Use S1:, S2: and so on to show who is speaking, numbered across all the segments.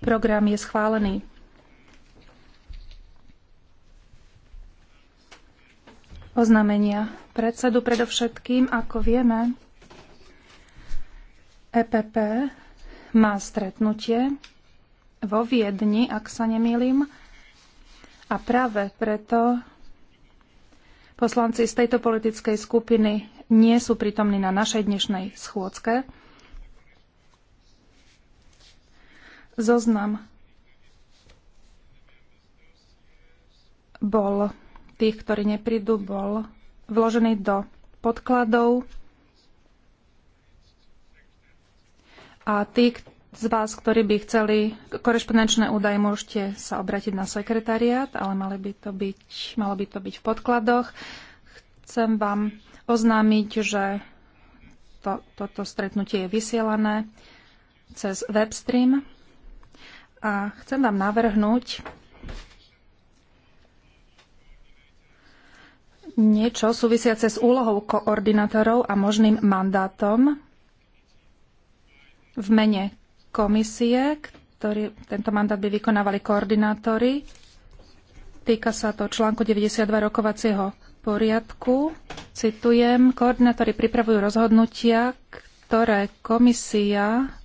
S1: Program je schválený. Oznamenia predsedu predovšetkým, ako vieme, EPP má stretnutie vo Viedni, ak sa nemýlim, a práve preto poslanci z tejto politickej skupiny nie sú prítomní na našej dnešnej schôdzke. Zoznam bol tých, ktorí neprídu, bol vložený do podkladov a tí z vás, ktorí by chceli korešpondenčné údaje, môžete sa obratiť na sekretariát, ale mali by to byť, malo by to byť v podkladoch. Chcem vám oznámiť, že to, toto stretnutie je vysielané cez webstream a chcem vám navrhnúť niečo súvisiace s úlohou koordinátorov a možným mandátom v mene komisie, ktorý, tento mandát by vykonávali koordinátori. Týka sa to článku 92 rokovacieho poriadku. Citujem, koordinátori pripravujú rozhodnutia, ktoré komisia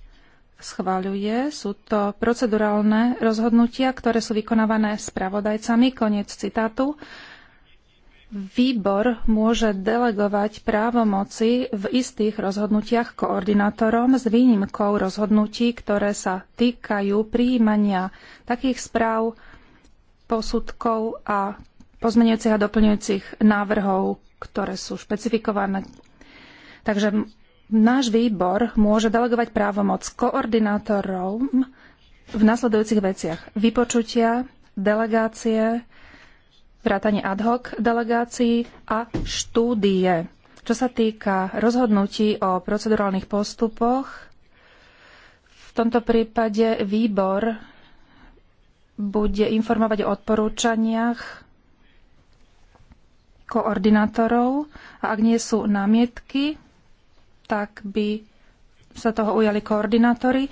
S1: schváľuje. Sú to procedurálne rozhodnutia, ktoré sú vykonávané spravodajcami. Koniec citátu. Výbor môže delegovať právomoci v istých rozhodnutiach koordinátorom s výnimkou rozhodnutí, ktoré sa týkajú príjmania takých správ, posudkov a pozmeňujúcich a doplňujúcich návrhov, ktoré sú špecifikované. Takže Náš výbor môže delegovať právomoc koordinátorom v nasledujúcich veciach. Vypočutia, delegácie, vrátanie ad hoc delegácií a štúdie. Čo sa týka rozhodnutí o procedurálnych postupoch, v tomto prípade výbor bude informovať o odporúčaniach koordinátorov a ak nie sú námietky, tak by sa toho ujali koordinátori.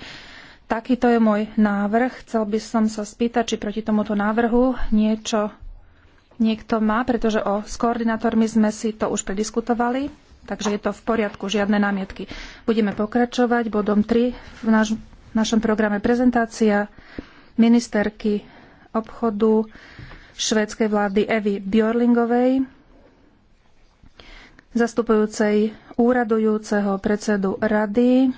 S1: Takýto je môj návrh. Chcel by som sa spýtať, či proti tomuto návrhu niečo niekto má, pretože o, s koordinátormi sme si to už prediskutovali, takže je to v poriadku, žiadne námietky. Budeme pokračovať bodom 3 v naš, našom programe prezentácia ministerky obchodu švédskej vlády Evy Björlingovej zastupujúcej úradujúceho predsedu rady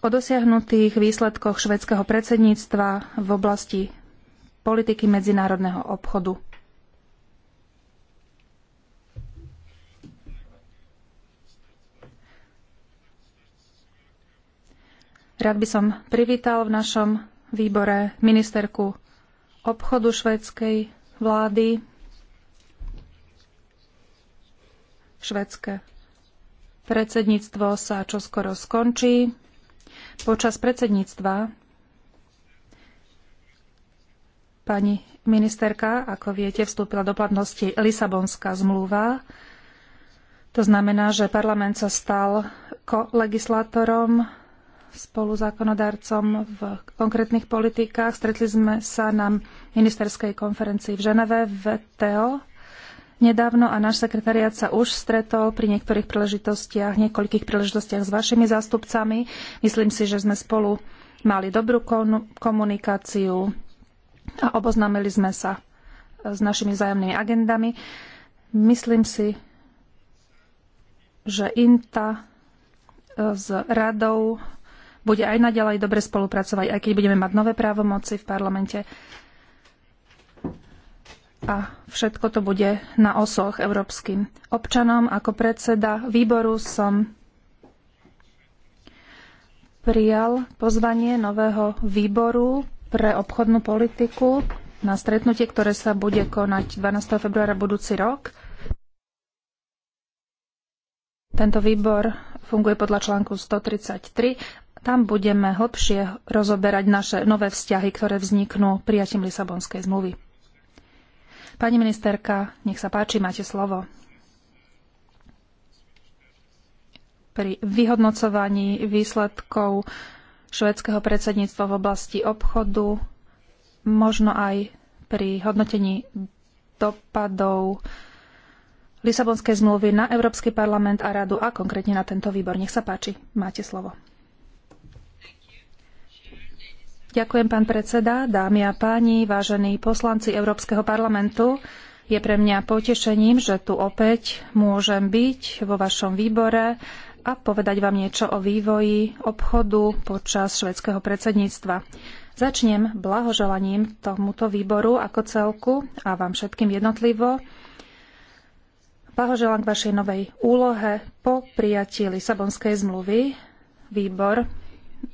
S1: o dosiahnutých výsledkoch švedského predsedníctva v oblasti politiky medzinárodného obchodu. Rád by som privítal v našom výbore ministerku obchodu švédskej vlády, Švedské predsedníctvo sa čoskoro skončí. Počas predsedníctva pani ministerka, ako viete, vstúpila do platnosti Lisabonská zmluva. To znamená, že parlament sa stal legislátorom, zákonodarcom v konkrétnych politikách. Stretli sme sa na ministerskej konferencii v Ženeve v TEO nedávno a náš sekretariat sa už stretol pri niektorých príležitostiach, niekoľkých príležitostiach s vašimi zástupcami. Myslím si, že sme spolu mali dobrú komunikáciu a oboznámili sme sa e, s našimi vzájomnými agendami. Myslím si, že INTA e, s radou bude aj naďalej dobre spolupracovať, aj keď budeme mať nové právomoci v parlamente a všetko to bude na osoch európskym občanom. Ako predseda výboru som prijal pozvanie nového výboru pre obchodnú politiku na stretnutie, ktoré sa bude konať 12. februára budúci rok. Tento výbor funguje podľa článku 133. Tam budeme hlbšie rozoberať naše nové vzťahy, ktoré vzniknú prijatím Lisabonskej zmluvy. Pani ministerka, nech sa páči, máte slovo. Pri vyhodnocovaní výsledkov švedského predsedníctva v oblasti obchodu, možno aj pri hodnotení dopadov Lisabonskej zmluvy na Európsky parlament a radu a konkrétne na tento výbor. Nech sa páči, máte slovo. Ďakujem, pán predseda, dámy a páni, vážení poslanci Európskeho parlamentu. Je pre mňa potešením, že tu opäť môžem byť vo vašom výbore a povedať vám niečo o vývoji obchodu počas švedského predsedníctva. Začnem blahoželaním tomuto výboru ako celku a vám všetkým jednotlivo. Blahoželám k vašej novej úlohe po prijatí Lisabonskej zmluvy. Výbor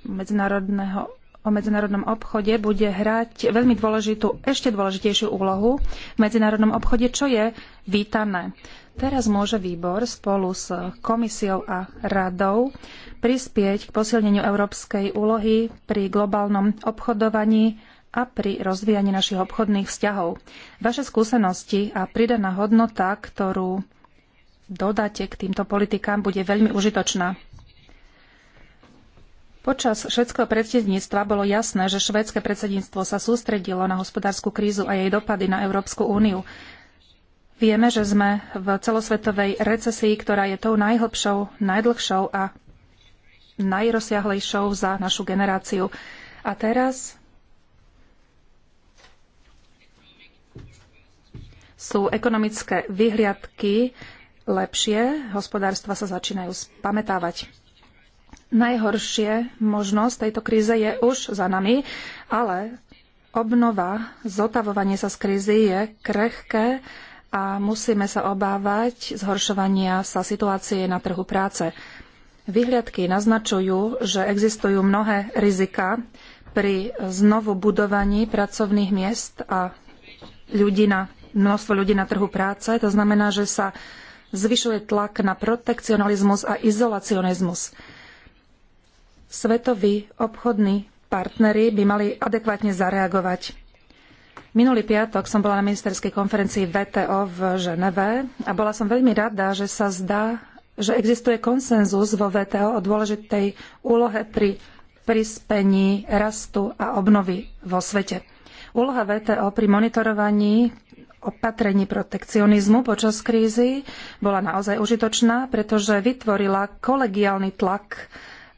S1: Medzinárodného o medzinárodnom obchode bude hrať veľmi dôležitú, ešte dôležitejšiu úlohu v medzinárodnom obchode, čo je vítané. Teraz môže výbor spolu s komisiou a radou prispieť k posilneniu európskej úlohy pri globálnom obchodovaní a pri rozvíjaní našich obchodných vzťahov. Vaše skúsenosti a pridaná hodnota, ktorú dodáte k týmto politikám, bude veľmi užitočná. Počas švedského predsedníctva bolo jasné, že švédske predsedníctvo sa sústredilo na hospodárskú krízu a jej dopady na Európsku úniu. Vieme, že sme v celosvetovej recesii, ktorá je tou najhlbšou, najdlhšou a najrozsiahlejšou za našu generáciu. A teraz sú ekonomické vyhliadky lepšie, hospodárstva sa začínajú spametávať najhoršie možnosť tejto kríze je už za nami, ale obnova, zotavovanie sa z krízy je krehké a musíme sa obávať zhoršovania sa situácie na trhu práce. Vyhliadky naznačujú, že existujú mnohé rizika pri znovu budovaní pracovných miest a ľudí na, množstvo ľudí na trhu práce. To znamená, že sa zvyšuje tlak na protekcionalizmus a izolacionizmus Svetoví obchodní partnery by mali adekvátne zareagovať. Minulý piatok som bola na ministerskej konferencii VTO v Ženeve a bola som veľmi rada, že sa zdá, že existuje konsenzus vo VTO o dôležitej úlohe pri prispení rastu a obnovy vo svete. Úloha VTO pri monitorovaní opatrení protekcionizmu počas krízy bola naozaj užitočná, pretože vytvorila kolegiálny tlak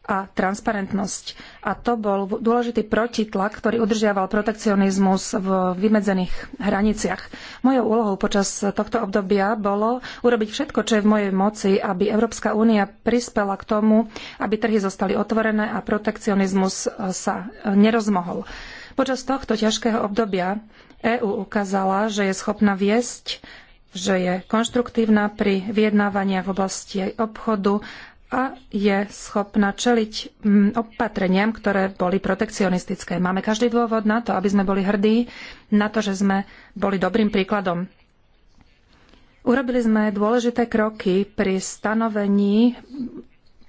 S1: a transparentnosť. A to bol dôležitý protitlak, ktorý udržiaval protekcionizmus v vymedzených hraniciach. Mojou úlohou počas tohto obdobia bolo urobiť všetko, čo je v mojej moci, aby Európska únia prispela k tomu, aby trhy zostali otvorené a protekcionizmus sa nerozmohol. Počas tohto ťažkého obdobia EÚ ukázala, že je schopná viesť že je konštruktívna pri vyjednávaniach v oblasti obchodu a je schopná čeliť mm, opatreniam, ktoré boli protekcionistické. Máme každý dôvod na to, aby sme boli hrdí na to, že sme boli dobrým príkladom. Urobili sme dôležité kroky pri stanovení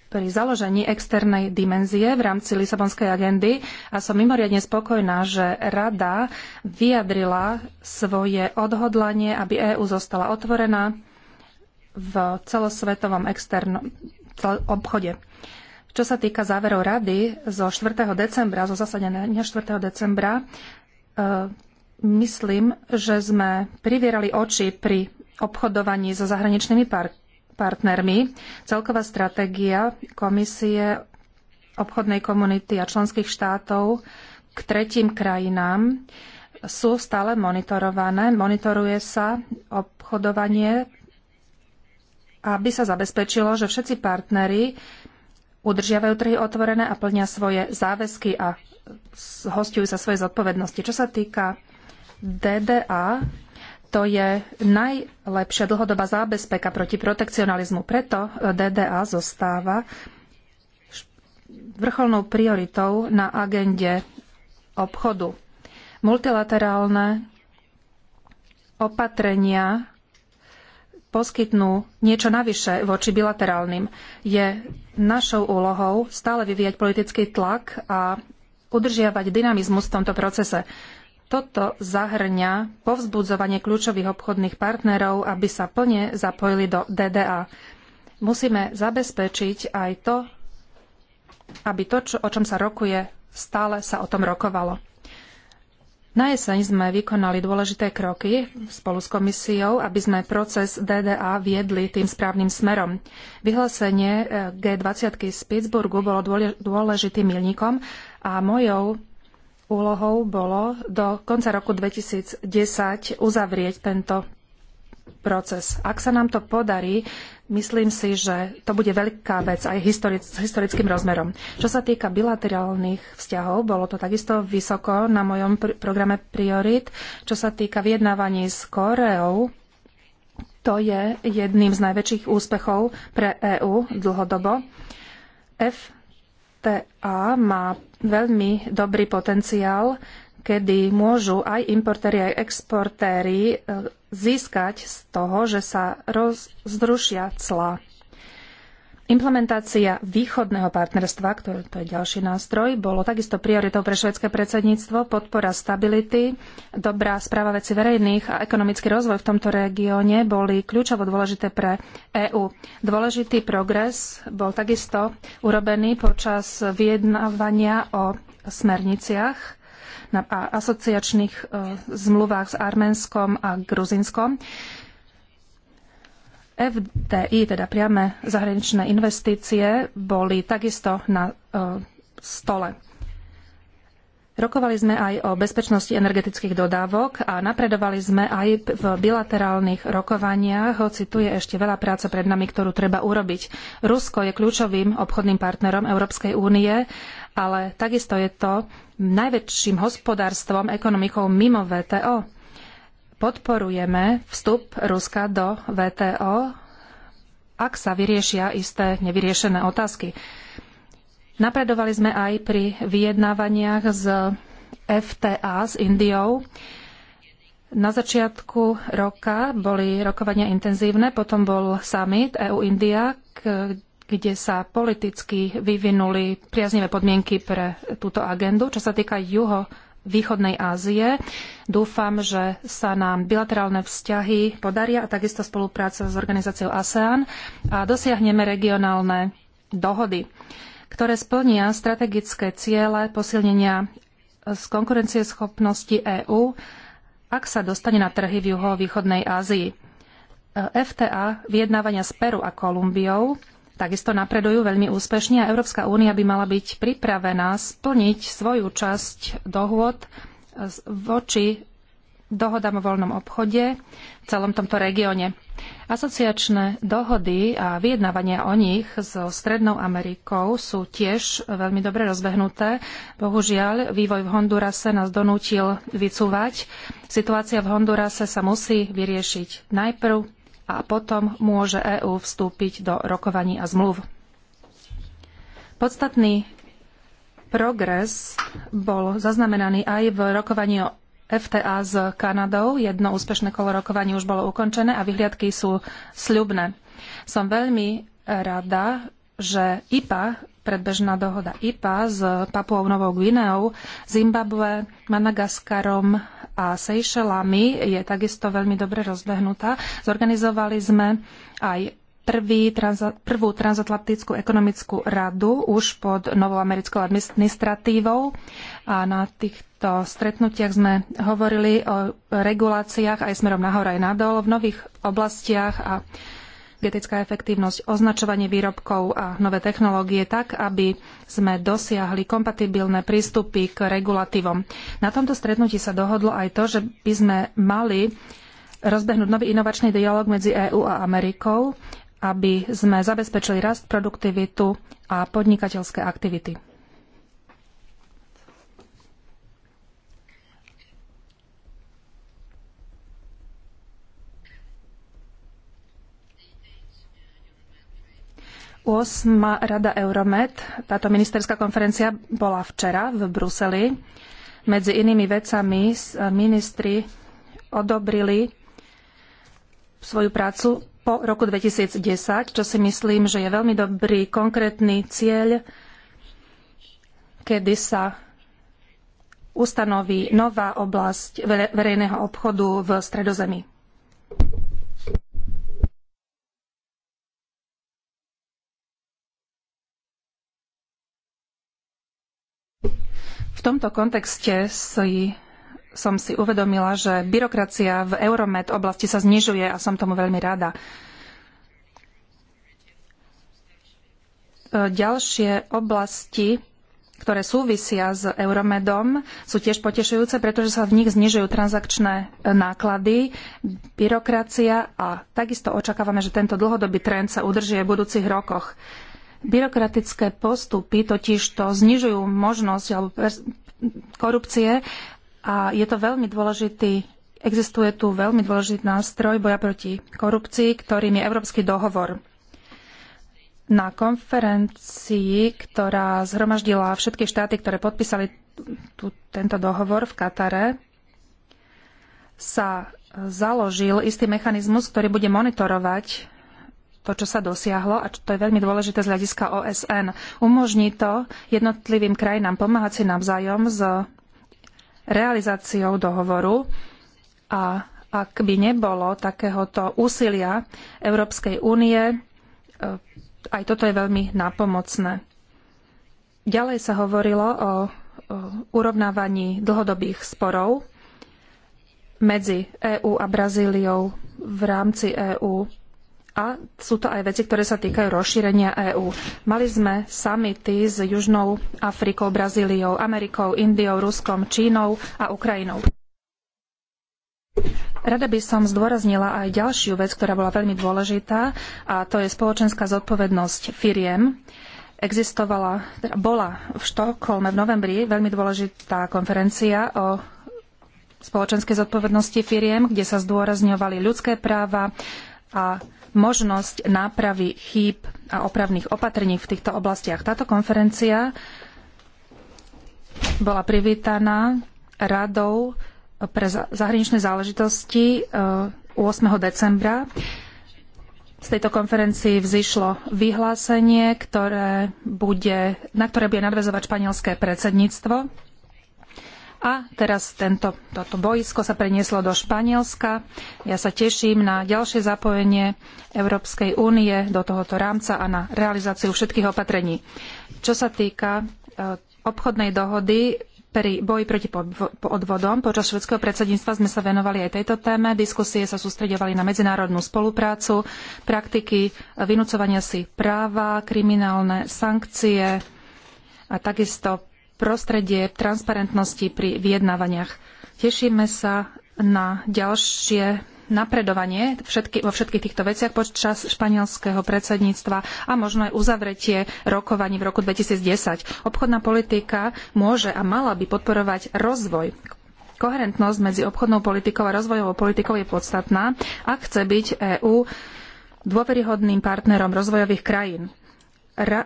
S1: pri založení externej dimenzie v rámci Lisabonskej agendy a som mimoriadne spokojná, že Rada vyjadrila svoje odhodlanie, aby EÚ zostala otvorená v celosvetovom externom obchode. Čo sa týka záverov rady zo 4. decembra, zo zasadenia 4. decembra, e, myslím, že sme privierali oči pri obchodovaní so zahraničnými par- partnermi. Celková stratégia komisie obchodnej komunity a členských štátov k tretím krajinám sú stále monitorované. Monitoruje sa obchodovanie aby sa zabezpečilo, že všetci partnery udržiavajú trhy otvorené a plnia svoje záväzky a hostiujú sa svoje zodpovednosti. Čo sa týka DDA, to je najlepšia dlhodobá zábezpeka proti protekcionalizmu. Preto DDA zostáva vrcholnou prioritou na agende obchodu. Multilaterálne opatrenia poskytnú niečo navyše voči bilaterálnym. Je našou úlohou stále vyvíjať politický tlak a udržiavať dynamizmus v tomto procese. Toto zahrňa povzbudzovanie kľúčových obchodných partnerov, aby sa plne zapojili do DDA. Musíme zabezpečiť aj to, aby to, čo, o čom sa rokuje, stále sa o tom rokovalo. Na jeseň sme vykonali dôležité kroky spolu s komisiou, aby sme proces DDA viedli tým správnym smerom. Vyhlásenie e, G20 z Pittsburghu bolo dôležitým milníkom a mojou úlohou bolo do konca roku 2010 uzavrieť tento proces. Ak sa nám to podarí, myslím si, že to bude veľká vec aj historic, s historickým rozmerom. Čo sa týka bilaterálnych vzťahov, bolo to takisto vysoko na mojom pr- programe priorit. Čo sa týka vyjednávaní s Koreou, to je jedným z najväčších úspechov pre EÚ dlhodobo. FTA má veľmi dobrý potenciál, kedy môžu aj importéri, aj exportéri e, získať z toho, že sa rozdrušia clá. Implementácia východného partnerstva, ktoré to je ďalší nástroj, bolo takisto prioritou pre švedské predsedníctvo, podpora stability, dobrá správa veci verejných a ekonomický rozvoj v tomto regióne boli kľúčovo dôležité pre EÚ. Dôležitý progres bol takisto urobený počas vyjednávania o smerniciach na asociačných e, zmluvách s Arménskom a Gruzinskom. FDI, teda priame zahraničné investície, boli takisto na e, stole. Rokovali sme aj o bezpečnosti energetických dodávok a napredovali sme aj v bilaterálnych rokovaniach, hoci tu je ešte veľa práce pred nami, ktorú treba urobiť. Rusko je kľúčovým obchodným partnerom Európskej únie ale takisto je to najväčším hospodárstvom, ekonomikou mimo VTO. Podporujeme vstup Ruska do VTO, ak sa vyriešia isté nevyriešené otázky. Napredovali sme aj pri vyjednávaniach z FTA s Indiou. Na začiatku roka boli rokovania intenzívne, potom bol summit EU-India, kde sa politicky vyvinuli priaznivé podmienky pre túto agendu. Čo sa týka juho východnej Ázie. Dúfam, že sa nám bilaterálne vzťahy podaria a takisto spolupráca s organizáciou ASEAN a dosiahneme regionálne dohody, ktoré splnia strategické ciele posilnenia z konkurencieschopnosti EÚ, ak sa dostane na trhy v juhovýchodnej Ázii. E, FTA vyjednávania s Peru a Kolumbiou takisto napredujú veľmi úspešne a Európska únia by mala byť pripravená splniť svoju časť dohôd e, voči dohodám o voľnom obchode v celom tomto regióne. Asociačné dohody a vyjednávania o nich so Strednou Amerikou sú tiež veľmi dobre rozbehnuté. Bohužiaľ, vývoj v Hondurase nás donútil vycúvať. Situácia v Hondurase sa musí vyriešiť najprv a potom môže EÚ vstúpiť do rokovaní a zmluv. Podstatný progres bol zaznamenaný aj v rokovaní o FTA s Kanadou. Jedno úspešné kolo rokovaní už bolo ukončené a vyhliadky sú sľubné. Som veľmi rada, že IPA, predbežná dohoda IPA s Papuou Novou Gvineou, Zimbabwe, Madagaskarom, a Seychellami je takisto veľmi dobre rozbehnutá. Zorganizovali sme aj prvý, transa, prvú transatlantickú ekonomickú radu už pod novou americkou administratívou a na týchto stretnutiach sme hovorili o reguláciách aj smerom nahor aj nadol v nových oblastiach a energetická efektívnosť, označovanie výrobkov a nové technológie tak, aby sme dosiahli kompatibilné prístupy k regulatívom. Na tomto stretnutí sa dohodlo aj to, že by sme mali rozbehnúť nový inovačný dialog medzi EÚ a Amerikou, aby sme zabezpečili rast, produktivitu a podnikateľské aktivity. 8. Rada Euromed, táto ministerská konferencia bola včera v Bruseli. Medzi inými vecami e, ministri odobrili svoju prácu po roku 2010, čo si myslím, že je veľmi dobrý konkrétny cieľ, kedy sa ustanoví nová oblasť verejného obchodu v stredozemi. V tomto kontexte si, som si uvedomila, že byrokracia v Euromed oblasti sa znižuje a som tomu veľmi rada. E, ďalšie oblasti, ktoré súvisia s Euromedom, sú tiež potešujúce, pretože sa v nich znižujú transakčné e, náklady, byrokracia a takisto očakávame, že tento dlhodobý trend sa udrží v budúcich rokoch. Byrokratické postupy totiž to znižujú možnosť alebo korupcie a je to veľmi dôležitý, existuje tu veľmi dôležitý nástroj boja proti korupcii, ktorým je Európsky dohovor. Na konferencii, ktorá zhromaždila všetky štáty, ktoré podpísali tu, tento dohovor v Katare, sa založil istý mechanizmus, ktorý bude monitorovať to, čo sa dosiahlo, a to je veľmi dôležité z hľadiska OSN. Umožní to jednotlivým krajinám pomáhať si navzájom s realizáciou dohovoru a ak by nebolo takéhoto úsilia Európskej únie, e, aj toto je veľmi nápomocné. Ďalej sa hovorilo o urovnávaní dlhodobých sporov medzi EÚ a Brazíliou v rámci EÚ. A sú to aj veci, ktoré sa týkajú rozšírenia EÚ. Mali sme samity s Južnou Afrikou, Brazíliou, Amerikou, Indiou, Ruskom, Čínou a Ukrajinou. Rada by som zdôraznila aj ďalšiu vec, ktorá bola veľmi dôležitá, a to je spoločenská zodpovednosť firiem. Existovala, teda bola v Štokholme v novembri veľmi dôležitá konferencia o spoločenskej zodpovednosti firiem, kde sa zdôrazňovali ľudské práva a možnosť nápravy chýb a opravných opatrení v týchto oblastiach. Táto konferencia bola privítaná radou pre zahraničné záležitosti 8. Eh, decembra. Z tejto konferencii vzýšlo vyhlásenie, ktoré bude, na ktoré bude nadvezovať španielské predsedníctvo. A teraz tento, toto boisko sa prenieslo do Španielska. Ja sa teším na ďalšie zapojenie Európskej únie do tohoto rámca a na realizáciu všetkých opatrení. Čo sa týka e, obchodnej dohody, pri boji proti odvodom počas švedského predsedníctva sme sa venovali aj tejto téme. Diskusie sa sústredovali na medzinárodnú spoluprácu, praktiky vynúcovania si práva, kriminálne sankcie a takisto prostredie transparentnosti pri vyjednávaniach. Tešíme sa na ďalšie napredovanie všetky, vo všetkých týchto veciach počas španielského predsedníctva a možno aj uzavretie rokovaní v roku 2010. Obchodná politika môže a mala by podporovať rozvoj. Koherentnosť medzi obchodnou politikou a rozvojovou politikou je podstatná, ak chce byť EÚ dôveryhodným partnerom rozvojových krajín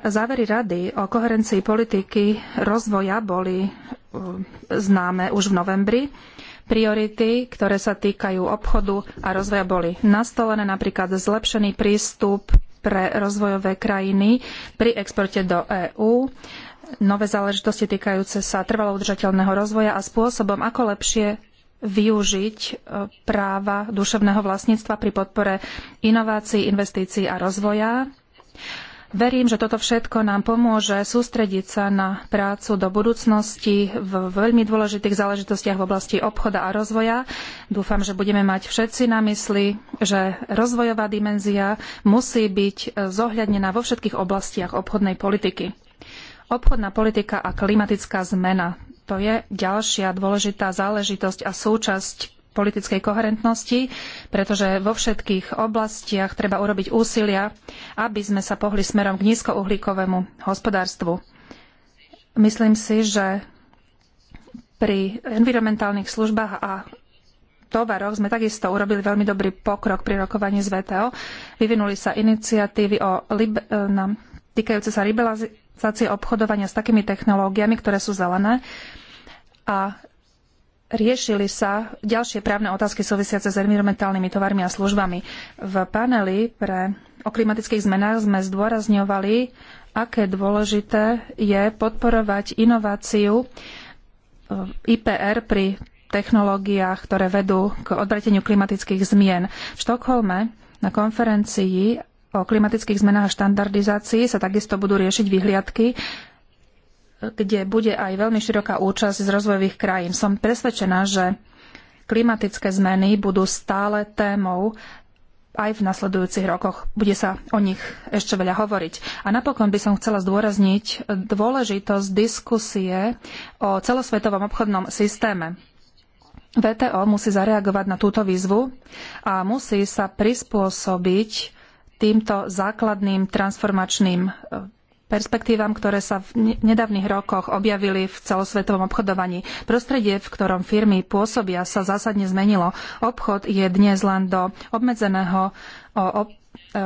S1: závery rady o koherencii politiky rozvoja boli um, známe už v novembri. Priority, ktoré sa týkajú obchodu a rozvoja, boli nastolené napríklad zlepšený prístup pre rozvojové krajiny pri exporte do EÚ, nové záležitosti týkajúce sa trvalo udržateľného rozvoja a spôsobom, ako lepšie využiť e, práva duševného vlastníctva pri podpore inovácií, investícií a rozvoja. Verím, že toto všetko nám pomôže sústrediť sa na prácu do budúcnosti v veľmi dôležitých záležitostiach v oblasti obchoda a rozvoja. Dúfam, že budeme mať všetci na mysli, že rozvojová dimenzia musí byť zohľadnená vo všetkých oblastiach obchodnej politiky. Obchodná politika a klimatická zmena. To je ďalšia dôležitá záležitosť a súčasť politickej koherentnosti, pretože vo všetkých oblastiach treba urobiť úsilia, aby sme sa pohli smerom k nízkouhlíkovému hospodárstvu. Myslím si, že pri environmentálnych službách a tovaroch sme takisto urobili veľmi dobrý pokrok pri rokovaní z VTO. Vyvinuli sa iniciatívy o lib- e, na, týkajúce sa liberalizácie obchodovania s takými technológiami, ktoré sú zelené. A riešili sa ďalšie právne otázky súvisiace s environmentálnymi tovarmi a službami. V paneli pre, o klimatických zmenách sme zdôrazňovali, aké dôležité je podporovať inováciu eh, IPR pri technológiách, ktoré vedú k odvrateniu klimatických zmien. V Štokholme na konferencii o klimatických zmenách a štandardizácii sa takisto budú riešiť vyhliadky kde bude aj veľmi široká účasť z rozvojových krajín. Som presvedčená, že klimatické zmeny budú stále témou aj v nasledujúcich rokoch. Bude sa o nich ešte veľa hovoriť. A napokon by som chcela zdôrazniť dôležitosť diskusie o celosvetovom obchodnom systéme. VTO musí zareagovať na túto výzvu a musí sa prispôsobiť týmto základným transformačným perspektívam, ktoré sa v nedávnych rokoch objavili v celosvetovom obchodovaní. Prostredie, v ktorom firmy pôsobia, sa zásadne zmenilo. Obchod je dnes len do obmedzeného o, o, e,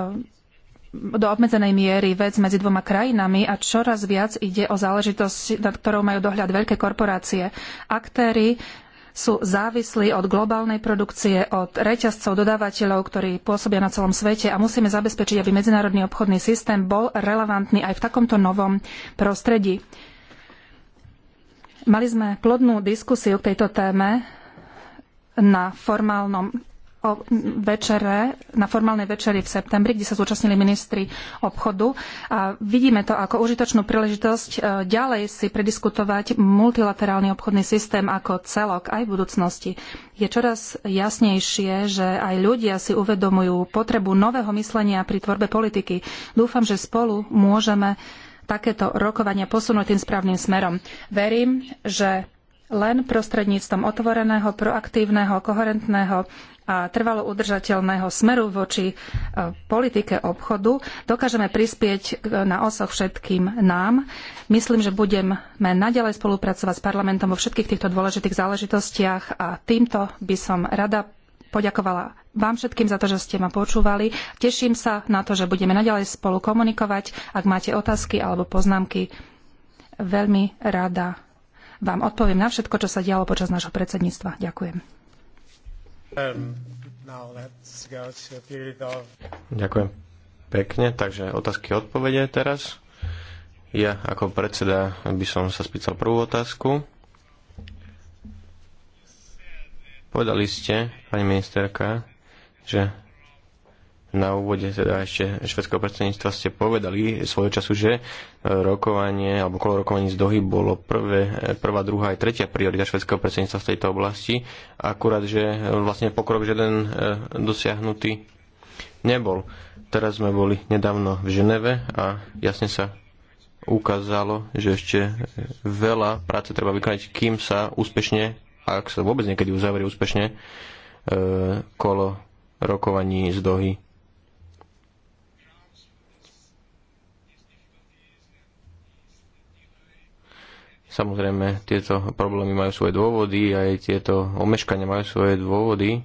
S1: do obmedzenej miery vec medzi dvoma krajinami a čoraz viac ide o záležitosť, nad ktorou majú dohľad veľké korporácie. Aktéry sú závislí od globálnej produkcie, od reťazcov, dodávateľov, ktorí pôsobia na celom svete a musíme zabezpečiť, aby medzinárodný obchodný systém bol relevantný aj v takomto novom prostredí. Mali sme plodnú diskusiu k tejto téme na formálnom večere, na formálnej večeri v septembri, kde sa zúčastnili ministri obchodu. A vidíme to ako užitočnú príležitosť e, ďalej si prediskutovať multilaterálny obchodný systém ako celok aj v budúcnosti. Je čoraz jasnejšie, že aj ľudia si uvedomujú potrebu nového myslenia pri tvorbe politiky. Dúfam, že spolu môžeme takéto rokovania posunúť tým správnym smerom. Verím, že len prostredníctvom otvoreného, proaktívneho, koherentného a trvalo udržateľného smeru voči e, politike obchodu dokážeme prispieť e, na osoch všetkým nám. Myslím, že budeme naďalej spolupracovať s parlamentom vo všetkých týchto dôležitých záležitostiach a týmto by som rada poďakovala vám všetkým za to, že ste ma počúvali. Teším sa na to, že budeme naďalej spolu komunikovať. Ak máte otázky alebo poznámky, veľmi rada vám odpoviem na všetko, čo sa dialo počas nášho predsedníctva. Ďakujem.
S2: Um,
S3: Ďakujem pekne, takže otázky odpovede teraz. Ja ako predseda by som sa spýtal prvú otázku. Povedali ste, pani ministerka, že na úvode teda ešte švedského predsedníctva ste povedali svojho času, že e, rokovanie alebo kolo rokovaní z Dohy bolo prvé, e, prvá, druhá aj tretia priorita švedského predsedníctva v tejto oblasti. Akurát, že vlastne pokrok žiaden e, dosiahnutý nebol. Teraz sme boli nedávno v Ženeve a jasne sa ukázalo, že ešte veľa práce treba vykonať, kým sa úspešne, ak sa vôbec niekedy uzavrie úspešne, kolo rokovaní z Dohy Samozrejme, tieto problémy majú svoje dôvody, aj tieto omeškania majú svoje dôvody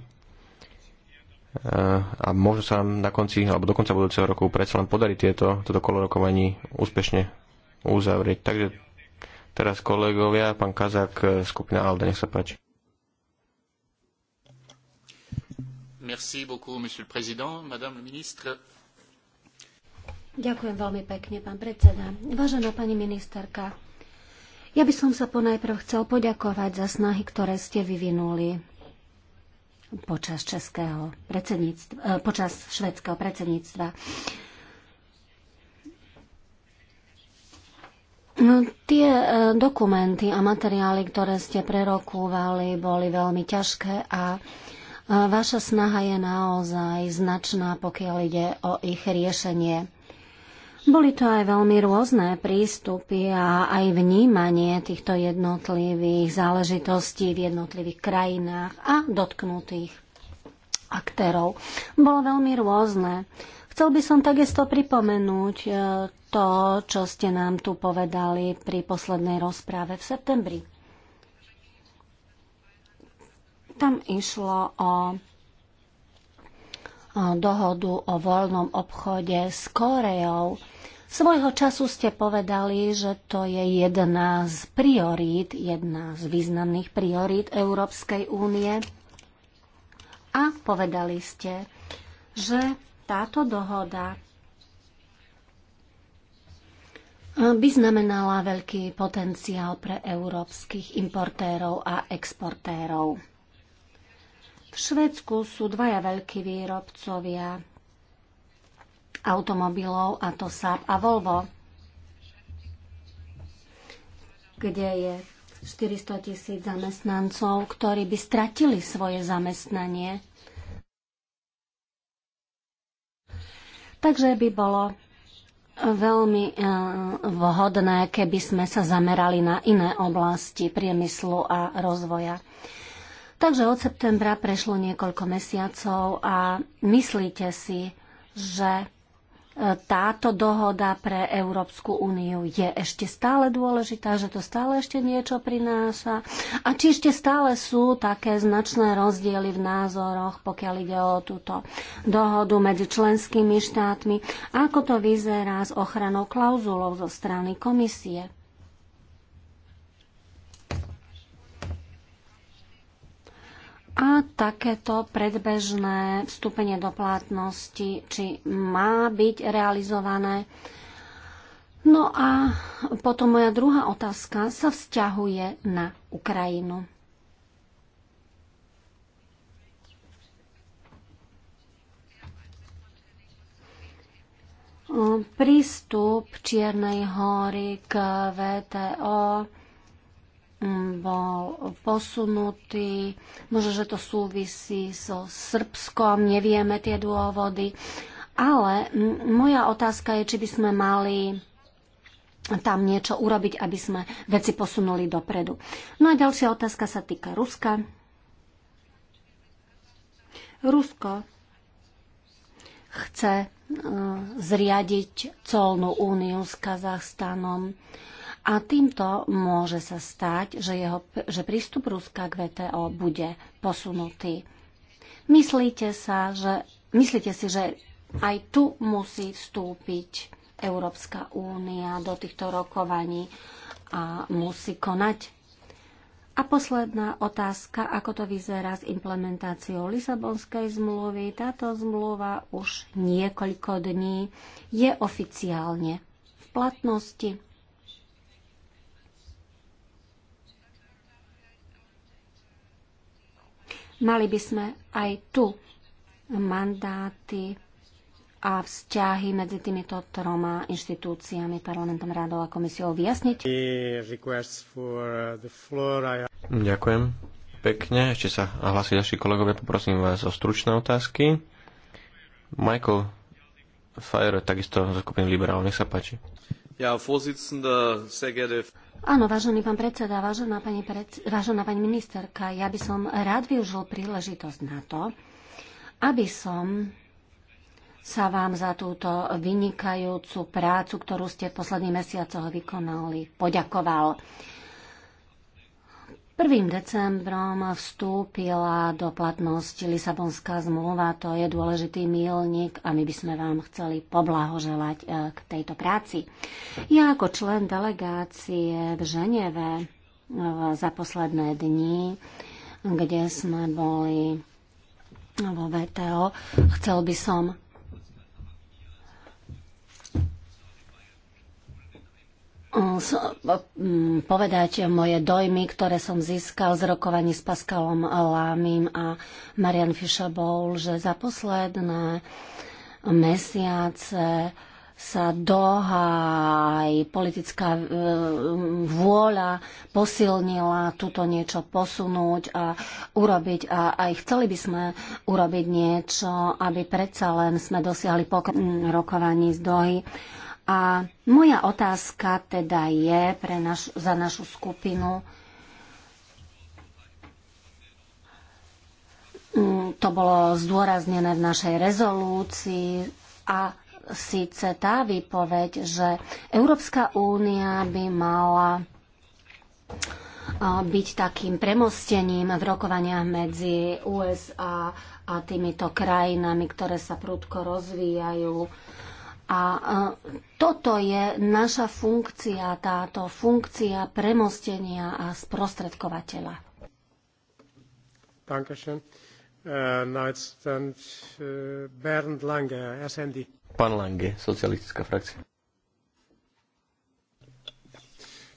S3: a možno sa nám na konci alebo do konca budúceho roku predsa len podarí tieto, toto kolo rokovaní úspešne uzavrieť. Takže teraz kolegovia, pán Kazák, skupina Alda, nech sa páči. Merci beaucoup, monsieur le président,
S1: madame le ministre.
S4: Ďakujem veľmi pekne, pán predseda. Vážená pani ministerka, ja by som sa ponajprv chcel poďakovať za snahy, ktoré ste vyvinuli počas českého predsedníctva, eh, počas švedského predsedníctva. No, tie eh, dokumenty a materiály, ktoré ste prerokúvali, boli veľmi ťažké a eh, vaša snaha je naozaj značná, pokiaľ ide o ich riešenie. Boli to aj veľmi rôzne prístupy a aj vnímanie týchto jednotlivých záležitostí v jednotlivých krajinách a dotknutých aktérov. Bolo veľmi rôzne. Chcel by som takisto pripomenúť e, to, čo ste nám tu povedali pri poslednej rozpráve v septembri. Tam išlo o Eh, dohodu o voľnom obchode s Kóreou. Svojho času ste povedali, že to je jedna z priorít, jedna z významných priorít Európskej únie. A povedali ste, že táto dohoda eh, by znamenala veľký potenciál pre európskych importérov a exportérov. V Švedsku sú dvaja veľkí výrobcovia automobilov, a to Saab a Volvo, kde je 400 tisíc zamestnancov, ktorí by stratili svoje zamestnanie. Takže by bolo veľmi eh, vhodné, keby sme sa zamerali na iné oblasti priemyslu a rozvoja. Takže od septembra prešlo niekoľko mesiacov a myslíte si, že e, táto dohoda pre Európsku úniu je ešte stále dôležitá, že to stále ešte niečo prináša a či ešte stále sú také značné rozdiely v názoroch, pokiaľ ide o túto dohodu medzi členskými štátmi, ako to vyzerá s ochranou klauzulov zo strany komisie. A takéto predbežné vstúpenie do platnosti, či má byť realizované. No a potom moja druhá otázka sa vzťahuje na Ukrajinu. Prístup Čiernej hory k VTO Mm, bol posunutý. Možno, že to súvisí so Srbskom, nevieme tie dôvody. Ale mm, moja otázka je, či by sme mali tam niečo urobiť, aby sme veci posunuli dopredu. No a ďalšia otázka sa týka Ruska. Rusko chce e, zriadiť colnú úniu s Kazachstanom. A týmto môže sa stať, že, jeho, že prístup Ruska k VTO bude posunutý. Myslíte, sa, že, myslíte si, že aj tu musí vstúpiť Európska únia do týchto rokovaní a musí konať? A posledná otázka, ako to vyzerá s implementáciou Lisabonskej zmluvy. Táto zmluva už niekoľko dní je oficiálne v platnosti. Mali by sme aj tu mandáty a vzťahy medzi týmito troma inštitúciami, parlamentom, rádou a komisiou vyjasniť?
S2: Uh, Ďakujem
S3: pekne. Ešte sa hlasí ďalší kolegovia. Poprosím vás o stručné otázky. Michael Fire, takisto zo skupiny Liberál. Nech sa páči. Ja, sehr geehrte
S4: Áno, vážený pán predseda, vážená pani, vážená pani ministerka, ja by som rád využil príležitosť na to, aby som sa vám za túto vynikajúcu prácu, ktorú ste v posledných mesiacoch vykonali, poďakoval. 1. decembrom vstúpila do platnosti Lisabonská zmluva, to je dôležitý milník a my by sme vám chceli poblahoželať e, k tejto práci. Ja ako člen delegácie v Ženeve e, za posledné dni, kde sme boli vo VTO, chcel by som Hm, hm, povedať moje dojmy, ktoré som získal z rokovaní s Pascalom Lámim a Marian Fischer-Bowl, že za posledné mesiace sa doha aj politická e, vôľa posilnila tuto niečo posunúť a urobiť a aj chceli by sme urobiť niečo, aby predsa len sme dosiahli pok- hm, rokovaní z dohy a moja otázka teda je pre naš, za našu skupinu, mm, to bolo zdôraznené v našej rezolúcii a síce tá výpoveď, že Európska únia by mala byť takým premostením v rokovaniach medzi USA a týmito krajinami, ktoré sa prudko rozvíjajú a e, toto je naša funkcia, táto funkcia premostenia a sprostredkovateľa.
S2: Dankeschön. Uh, now it's then, uh, Bernd Lange, SND.
S3: Pán Lange, socialistická frakcia.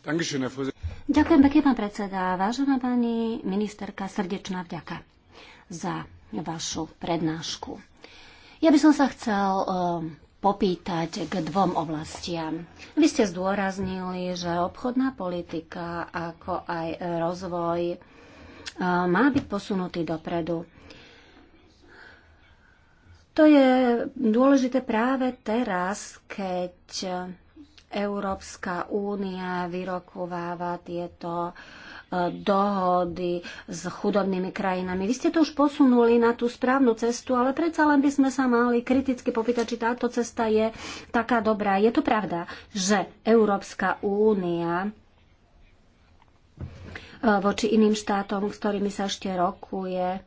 S2: Dankeschön, Herr Vorsitzender.
S4: Ďakujem pekne, pán predseda. Vážená pani ministerka, srdečná vďaka za vašu prednášku. Ja by som sa chcel popýtať k dvom oblastiam. Vy ste zdôraznili, že obchodná politika ako aj rozvoj e, má byť posunutý dopredu. To je dôležité práve teraz, keď Európska únia vyrokováva tieto uh, dohody s chudobnými krajinami. Vy ste to už posunuli na tú správnu cestu, ale predsa len by sme sa mali kriticky popýtať, či táto cesta je taká dobrá. Je to pravda, že Európska únia e, voči iným štátom, s ktorými sa ešte rokuje,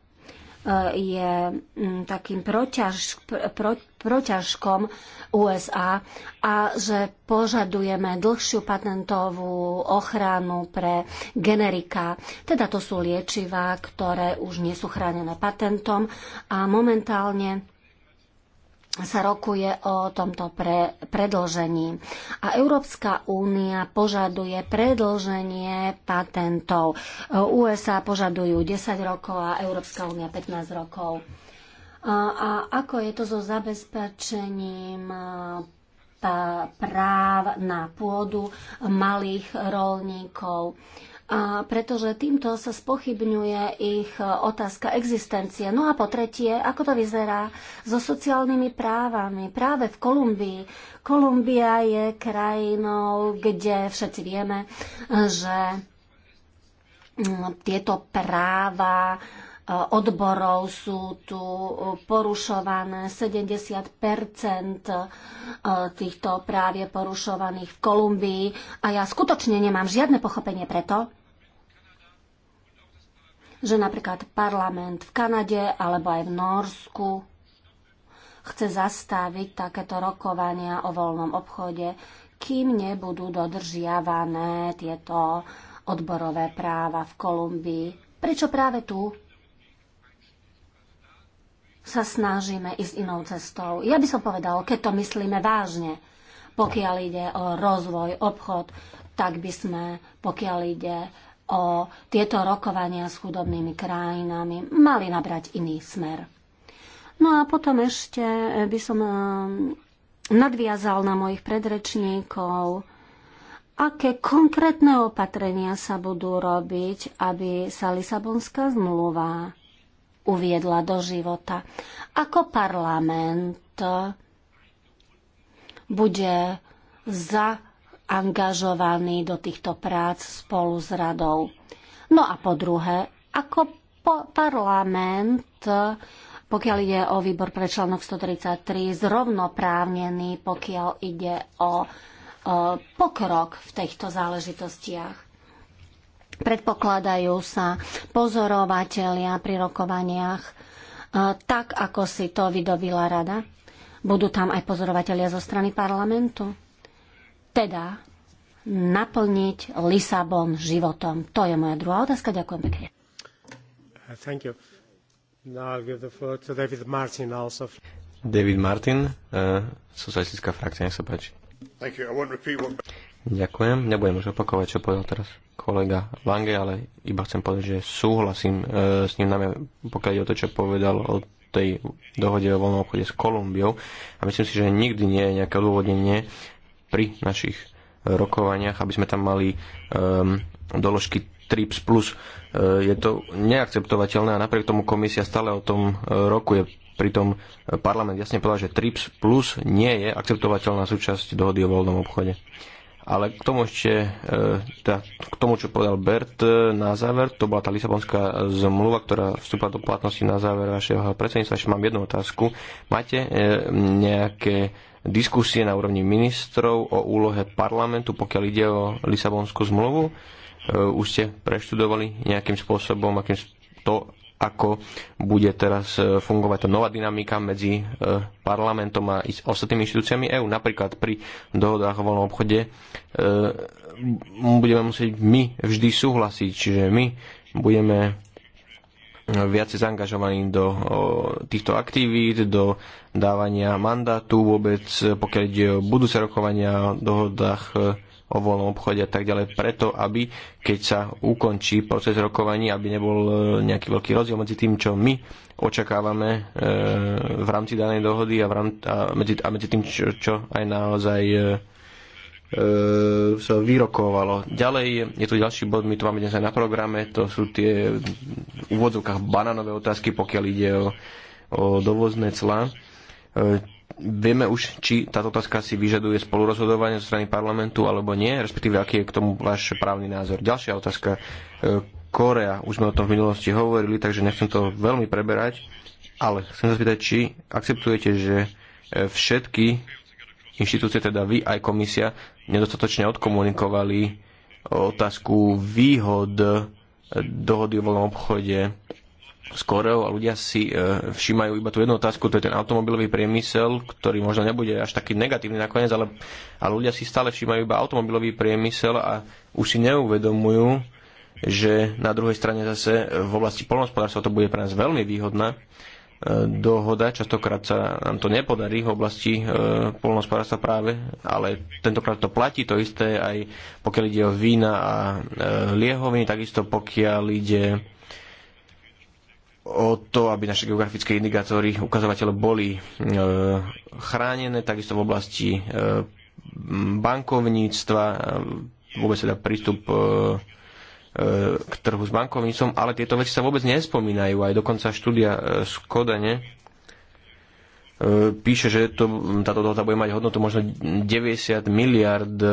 S4: je mm, takým proťaž, pro, proťažkom USA a že požadujeme dlhšiu patentovú ochranu pre generika. Teda to sú liečivá, ktoré už nie sú chránené patentom a momentálne sa rokuje o tomto pre, predlžení. A Európska únia požaduje predlženie patentov. USA požadujú 10 rokov a Európska únia 15 rokov. A, a ako je to so zabezpečením práv na pôdu malých rolníkov? a pretože týmto sa spochybňuje ich e, otázka existencie. No a po tretie, ako to vyzerá so sociálnymi právami práve v Kolumbii. Kolumbia je krajinou, kde všetci vieme, e, že tieto práva e, odborov sú tu porušované, 70 týchto práv je porušovaných v Kolumbii a ja skutočne nemám žiadne pochopenie preto, že napríklad parlament v Kanade alebo aj v Norsku chce zastaviť takéto rokovania o voľnom obchode, kým nebudú dodržiavané tieto odborové práva v Kolumbii. Prečo práve tu sa snažíme ísť inou cestou? Ja by som povedal, keď to myslíme vážne, pokiaľ ide o rozvoj, obchod, tak by sme, pokiaľ ide o tieto rokovania s chudobnými krajinami mali nabrať iný smer. No a potom ešte by som um, nadviazal na mojich predrečníkov, aké konkrétne opatrenia sa budú robiť, aby sa Lisabonská zmluva uviedla do života. Ako parlament uh, bude za angažovaní do týchto prác spolu s radou. No a po druhé, ako po parlament, pokiaľ ide o výbor pre článok 133, zrovnoprávnený, pokiaľ ide o, o pokrok v týchto záležitostiach. Predpokladajú sa pozorovatelia pri rokovaniach e, tak, ako si to vydobila rada? Budú tam aj pozorovatelia zo strany parlamentu? teda naplniť Lisabon životom? To je moja druhá otázka. Ďakujem pekne.
S2: Uh, thank you. Now I'll give the floor to David Martin also. David
S3: Martin, uh, socialistická frakcia, nech sa páči.
S2: Thank you. I won't repeat what...
S3: Ďakujem. Nebudem už opakovať, čo povedal teraz kolega Lange, ale iba chcem povedať, že súhlasím uh, s ním nami, pokiaľ je o to, čo povedal o tej dohode o voľnom obchode s Kolumbiou. A myslím si, že nikdy nie je nejaké odôvodnenie pri našich rokovaniach, aby sme tam mali um, doložky TRIPS+. Plus. E, je to neakceptovateľné a napriek tomu komisia stále o tom e, rokuje. Pritom e, parlament jasne povedal, že TRIPS Plus nie je akceptovateľná súčasť dohody o voľnom obchode. Ale k tomu ešte, teda k tomu, čo povedal Bert na záver, to bola tá Lisabonská zmluva, ktorá vstúpa do platnosti na záver vašeho predsedníctva. Ešte mám jednu otázku. Máte nejaké diskusie na úrovni ministrov o úlohe parlamentu, pokiaľ ide o Lisabonskú zmluvu. E, už ste preštudovali nejakým spôsobom, akým to, ako bude teraz e, fungovať tá nová dynamika medzi e, parlamentom a ostatnými inštitúciami EÚ. Napríklad pri dohodách o voľnom obchode budeme musieť my vždy súhlasiť, čiže my budeme viacej zaangažovaní do týchto aktivít, do dávania mandátu vôbec, pokiaľ ide o budúce rokovania o dohodách e, o voľnom obchode a tak ďalej, preto aby, keď sa ukončí proces rokovaní, aby nebol e, nejaký veľký rozdiel medzi tým, čo my očakávame e, v rámci danej dohody a, v rámci, a, medzi, a medzi tým, čo, čo aj naozaj E, sa vyrokovalo. Ďalej je tu ďalší bod, my tu máme dnes aj na programe, to sú tie v úvodzovkách bananové otázky, pokiaľ ide o, o dovozné cla. E, vieme už, či táto otázka si vyžaduje spolurozhodovanie zo strany parlamentu alebo nie, respektíve aký je k tomu váš právny názor. Ďalšia otázka, e, Korea, už sme o tom v minulosti hovorili, takže nechcem to veľmi preberať, ale chcem sa spýtať, či akceptujete, že e, všetky inštitúcie, teda vy aj komisia, nedostatočne odkomunikovali otázku výhod dohody o voľnom obchode s Koreou a ľudia si e, všímajú iba tú jednu otázku, to je ten automobilový priemysel, ktorý možno nebude až taký negatívny nakoniec, ale, ale ľudia si stále všímajú iba automobilový priemysel a už si neuvedomujú, že na druhej strane zase v oblasti polnospodárstva to bude pre nás veľmi výhodné, dohoda. Častokrát sa nám to nepodarí v oblasti e, polnospodárstva práve, ale tentokrát to platí to isté aj pokiaľ ide o vína a e, liehoviny, takisto pokiaľ ide o to, aby naše geografické indikátory, ukazovateľe boli e, chránené, takisto v oblasti e, bankovníctva, e, vôbec teda prístup e, k trhu s bankovnicom, ale tieto veci sa vôbec nespomínajú. Aj dokonca štúdia e, z Kodane e, píše, že to, táto dohoda bude mať hodnotu možno 90 miliard e,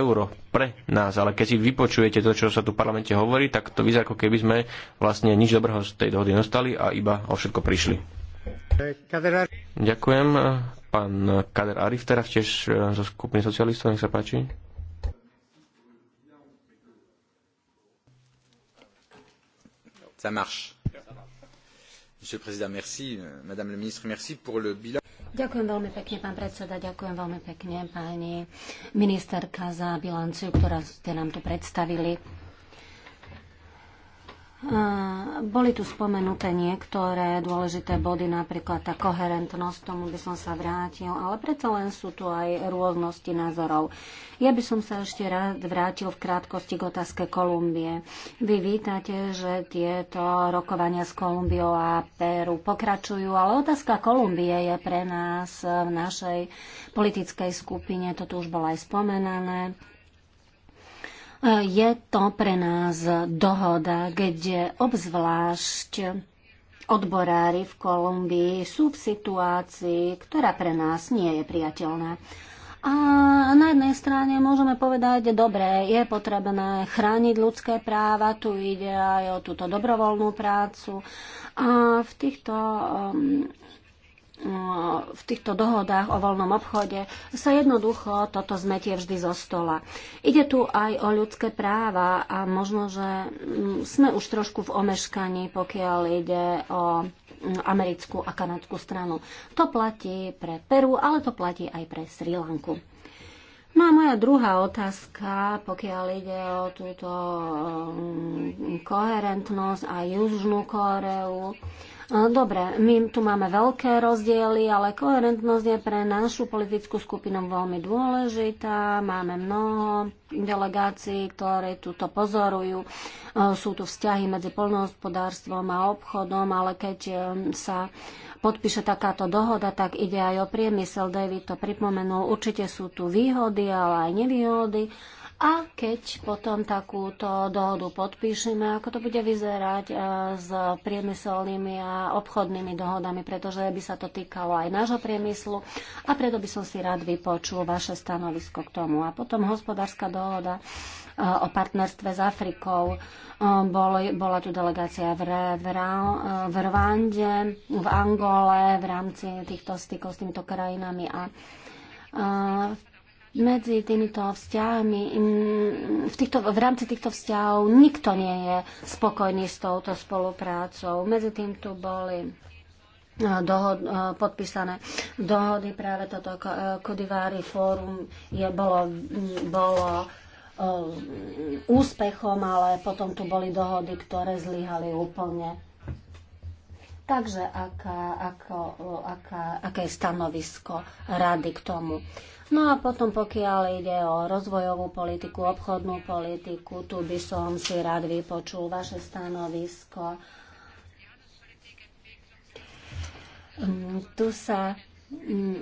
S3: eur pre nás, ale keď si vypočujete to, čo sa tu v parlamente hovorí, tak to vyzerá, ako keby sme vlastne nič dobrého z tej dohody nestali a iba o všetko prišli. Ďakujem. Pán Kader Arif teraz tiež zo skupiny socialistov, nech sa páči.
S4: Ďakujem veľmi pekne, pán predseda, ďakujem veľmi pekne, pani ministerka, za bilanciu, ktorá ste nám tu predstavili. Eh, boli tu spomenuté niektoré dôležité body, napríklad tá koherentnosť, tomu by som sa vrátil, ale predsa len sú tu aj rôznosti názorov. Ja by som sa ešte rád vrátil v krátkosti k otázke Kolumbie. Vy vítate, že tieto rokovania s Kolumbiou a Peru pokračujú, ale otázka Kolumbie je pre nás v našej politickej skupine, toto už bolo aj spomenané je to pre nás dohoda, kde obzvlášť odborári v Kolumbii sú v situácii, ktorá pre nás nie je priateľná. A na jednej strane môžeme povedať, dobre, je potrebné chrániť ľudské práva, tu ide aj o túto dobrovoľnú prácu. A v týchto um, Mm, v týchto dohodách o voľnom obchode sa jednoducho toto zmetie vždy zo stola. Ide tu aj o ľudské práva a možno, že mm, sme už trošku v omeškaní, pokiaľ ide o mm, americkú a kanadskú stranu. To platí pre Peru, ale to platí aj pre Sri Lanku. No a moja druhá otázka, pokiaľ ide o túto koherentnosť a Južnú Koreu, Dobre, my tu máme veľké rozdiely, ale koherentnosť je pre našu politickú skupinu veľmi dôležitá. Máme mnoho delegácií, ktoré túto pozorujú. E, sú tu vzťahy medzi poľnohospodárstvom a obchodom, ale keď e, sa podpíše takáto dohoda, tak ide aj o priemysel. David to pripomenul. Určite sú tu výhody, ale aj nevýhody a keď potom takúto dohodu podpíšeme, ako to bude vyzerať e, s priemyselnými a obchodnými dohodami, pretože by sa to týkalo aj nášho priemyslu a preto by som si rád vypočul vaše stanovisko k tomu. A potom hospodárska dohoda e, o partnerstve s Afrikou. E, bola tu delegácia v, v, v Rwande, v Angole v rámci týchto stykov s týmito krajinami a v medzi týmito vzťahmi, v, týchto, v rámci týchto vzťahov nikto nie je spokojný s touto spoluprácou. Medzi tým tu boli e, dohod, e, podpísané dohody, práve toto e, Kodivári fórum je, bolo, bolo úspechom, ale potom tu boli dohody, ktoré zlyhali úplne. Takže aká, ako, aká, aké je stanovisko rady k tomu? No a potom, pokiaľ ide o rozvojovú politiku, obchodnú politiku, tu by som si rád vypočul vaše stanovisko. Mm, tu sa mm,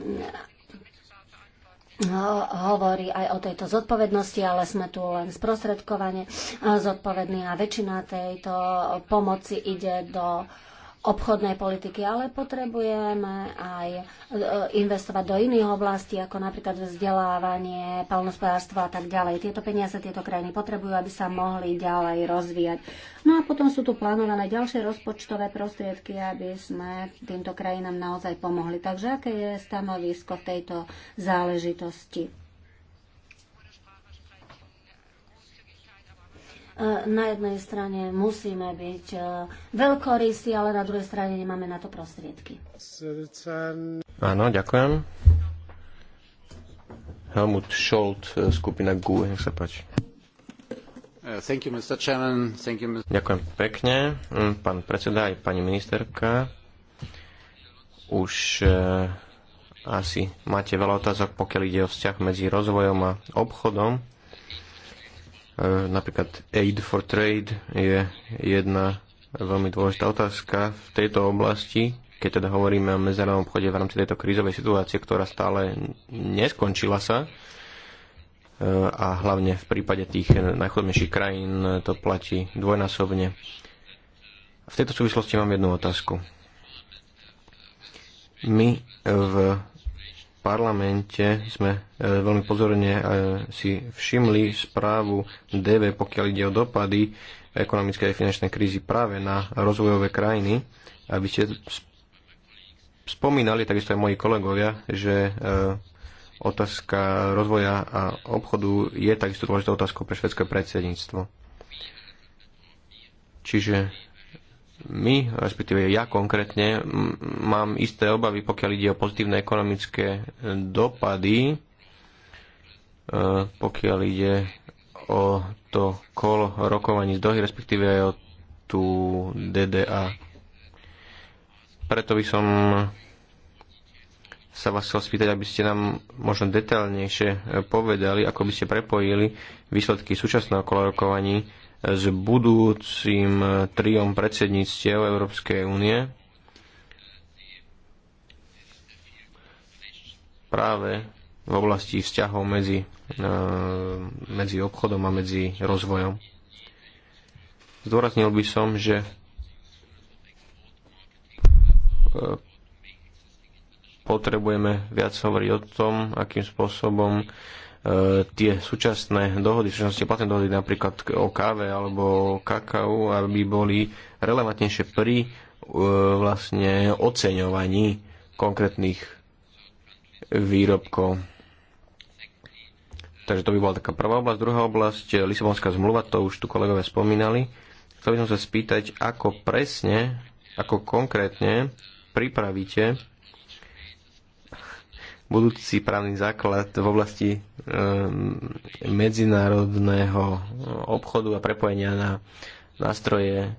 S4: hovorí aj o tejto zodpovednosti, ale sme tu len sprostredkovane zodpovední a väčšina tejto pomoci ide do uh, obchodnej politiky, ale potrebujeme aj e, investovať do iných oblastí, ako napríklad vzdelávanie, palnospodárstvo a tak ďalej. Tieto peniaze tieto krajiny potrebujú, aby sa mohli ďalej rozvíjať. No a potom sú tu plánované ďalšie rozpočtové prostriedky, aby sme týmto krajinám naozaj pomohli. Takže aké je stanovisko tejto záležitosti? E, na jednej strane musíme byť e, veľkorysí, ale na druhej strane nemáme na to prostriedky.
S3: Áno, ďakujem. Helmut Scholt, e, skupina GU, nech sa páči.
S2: Uh, you, you,
S3: ďakujem pekne, mm, pán predseda aj pani ministerka. Už asi máte veľa otázok, pokiaľ ide o vzťah medzi rozvojom a obchodom E, napríklad Aid for Trade je jedna veľmi dôležitá otázka v tejto oblasti, keď teda hovoríme o medzinárodnom obchode v rámci tejto krízovej situácie, ktorá stále neskončila sa e, a hlavne v prípade tých najchodnejších krajín to platí dvojnásobne. V tejto súvislosti mám jednu otázku. My v parlamente sme e, veľmi pozorne e, si všimli správu DV, pokiaľ ide o dopady ekonomickej a finančnej krízy práve na rozvojové krajiny. Aby ste spomínali, takisto aj moji kolegovia, že e, otázka rozvoja a obchodu je takisto dôležitou otázkou pre švedské predsedníctvo. Čiže my, respektíve ja konkrétne, mám isté obavy, pokiaľ ide o pozitívne ekonomické e, dopady, e, pokiaľ ide o to kolo rokovaní z dohy, respektíve aj o tú DDA. Preto by som sa vás chcel spýtať, aby ste nám možno detailnejšie e, povedali, ako by ste prepojili výsledky súčasného kola rokovaní s budúcim e, triom predsedníctiev Európskej únie. práve v oblasti vzťahov medzi, e, medzi obchodom a medzi rozvojom. Zdôraznil by som, že e, potrebujeme viac hovoriť o tom, akým spôsobom E, tie súčasné dohody, súčasnosti platné dohody napríklad o káve alebo o kakao, aby boli relevantnejšie pri e, vlastne oceňovaní konkrétnych výrobkov. Takže to by bola taká prvá oblasť. Druhá oblasť, Lisabonská zmluva, to už tu kolegovia spomínali. Chcel by som sa spýtať, ako presne, ako konkrétne pripravíte budúci právny základ v oblasti e, medzinárodného obchodu a prepojenia na nástroje e,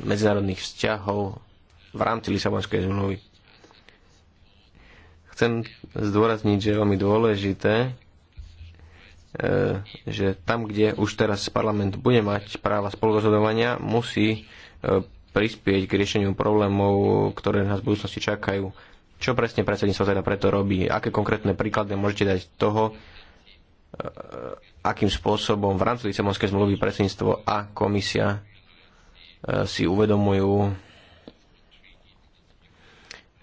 S3: medzinárodných vzťahov v rámci Lisabonskej zmluvy. Chcem zdôrazniť, že je veľmi dôležité, e, že tam, kde už teraz parlament bude mať práva spolurozhodovania, musí prispieť k riešeniu problémov, ktoré nás v budúcnosti čakajú čo presne predsedníctvo teda preto robí? Aké konkrétne príklady môžete dať toho, e, akým spôsobom v rámci Lisabonskej zmluvy predsedníctvo a komisia e, si uvedomujú,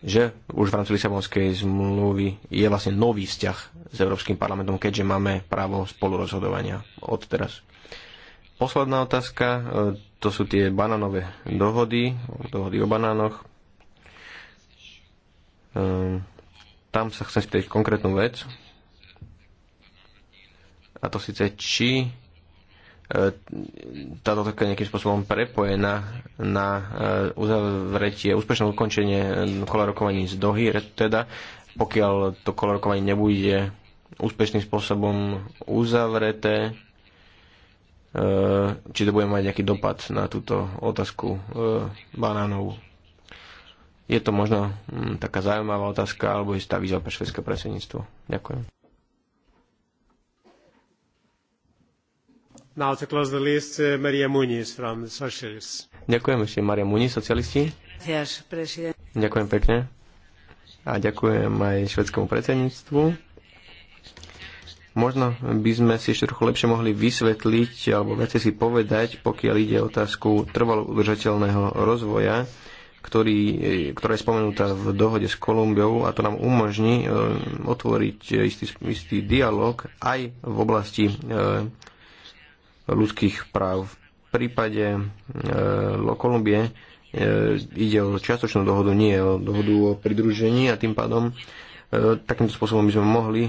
S3: že už v rámci Lisabonskej zmluvy je vlastne nový vzťah s Európskym parlamentom, keďže máme právo spolurozhodovania od teraz. Posledná otázka, e, to sú tie banánové dohody, dohody o banánoch. Ehm, tam sa chcem spýtať konkrétnu vec. A to síce, či e, táto dotoka nejakým spôsobom prepojená na e, uzavretie, úspešné ukončenie e, kola rokovaní z Dohy, teda pokiaľ to kola nebude úspešným spôsobom uzavreté, či to bude mať nejaký dopad na túto otázku banánovú je to možno hm, taká zaujímavá otázka alebo istá výzva pre švedské predsedníctvo. Ďakujem.
S2: Now to close the list, uh, Maria Muniz from the Socialists.
S3: Ďakujem ešte Maria Muniz, socialisti. ďakujem pekne. A ďakujem aj švedskému predsedníctvu. Možno by sme si ešte trochu lepšie mohli vysvetliť alebo viacej si povedať, pokiaľ ide o otázku trvalo udržateľného rozvoja ktorý, eh, ktorá je spomenutá v dohode s Kolumbiou a to nám umožní eh, otvoriť istý, istý dialog aj v oblasti eh, ľudských práv. V prípade Kolumbie ide o čiastočnú dohodu, nie o dohodu o pridružení a tým pádom takýmto spôsobom by sme mohli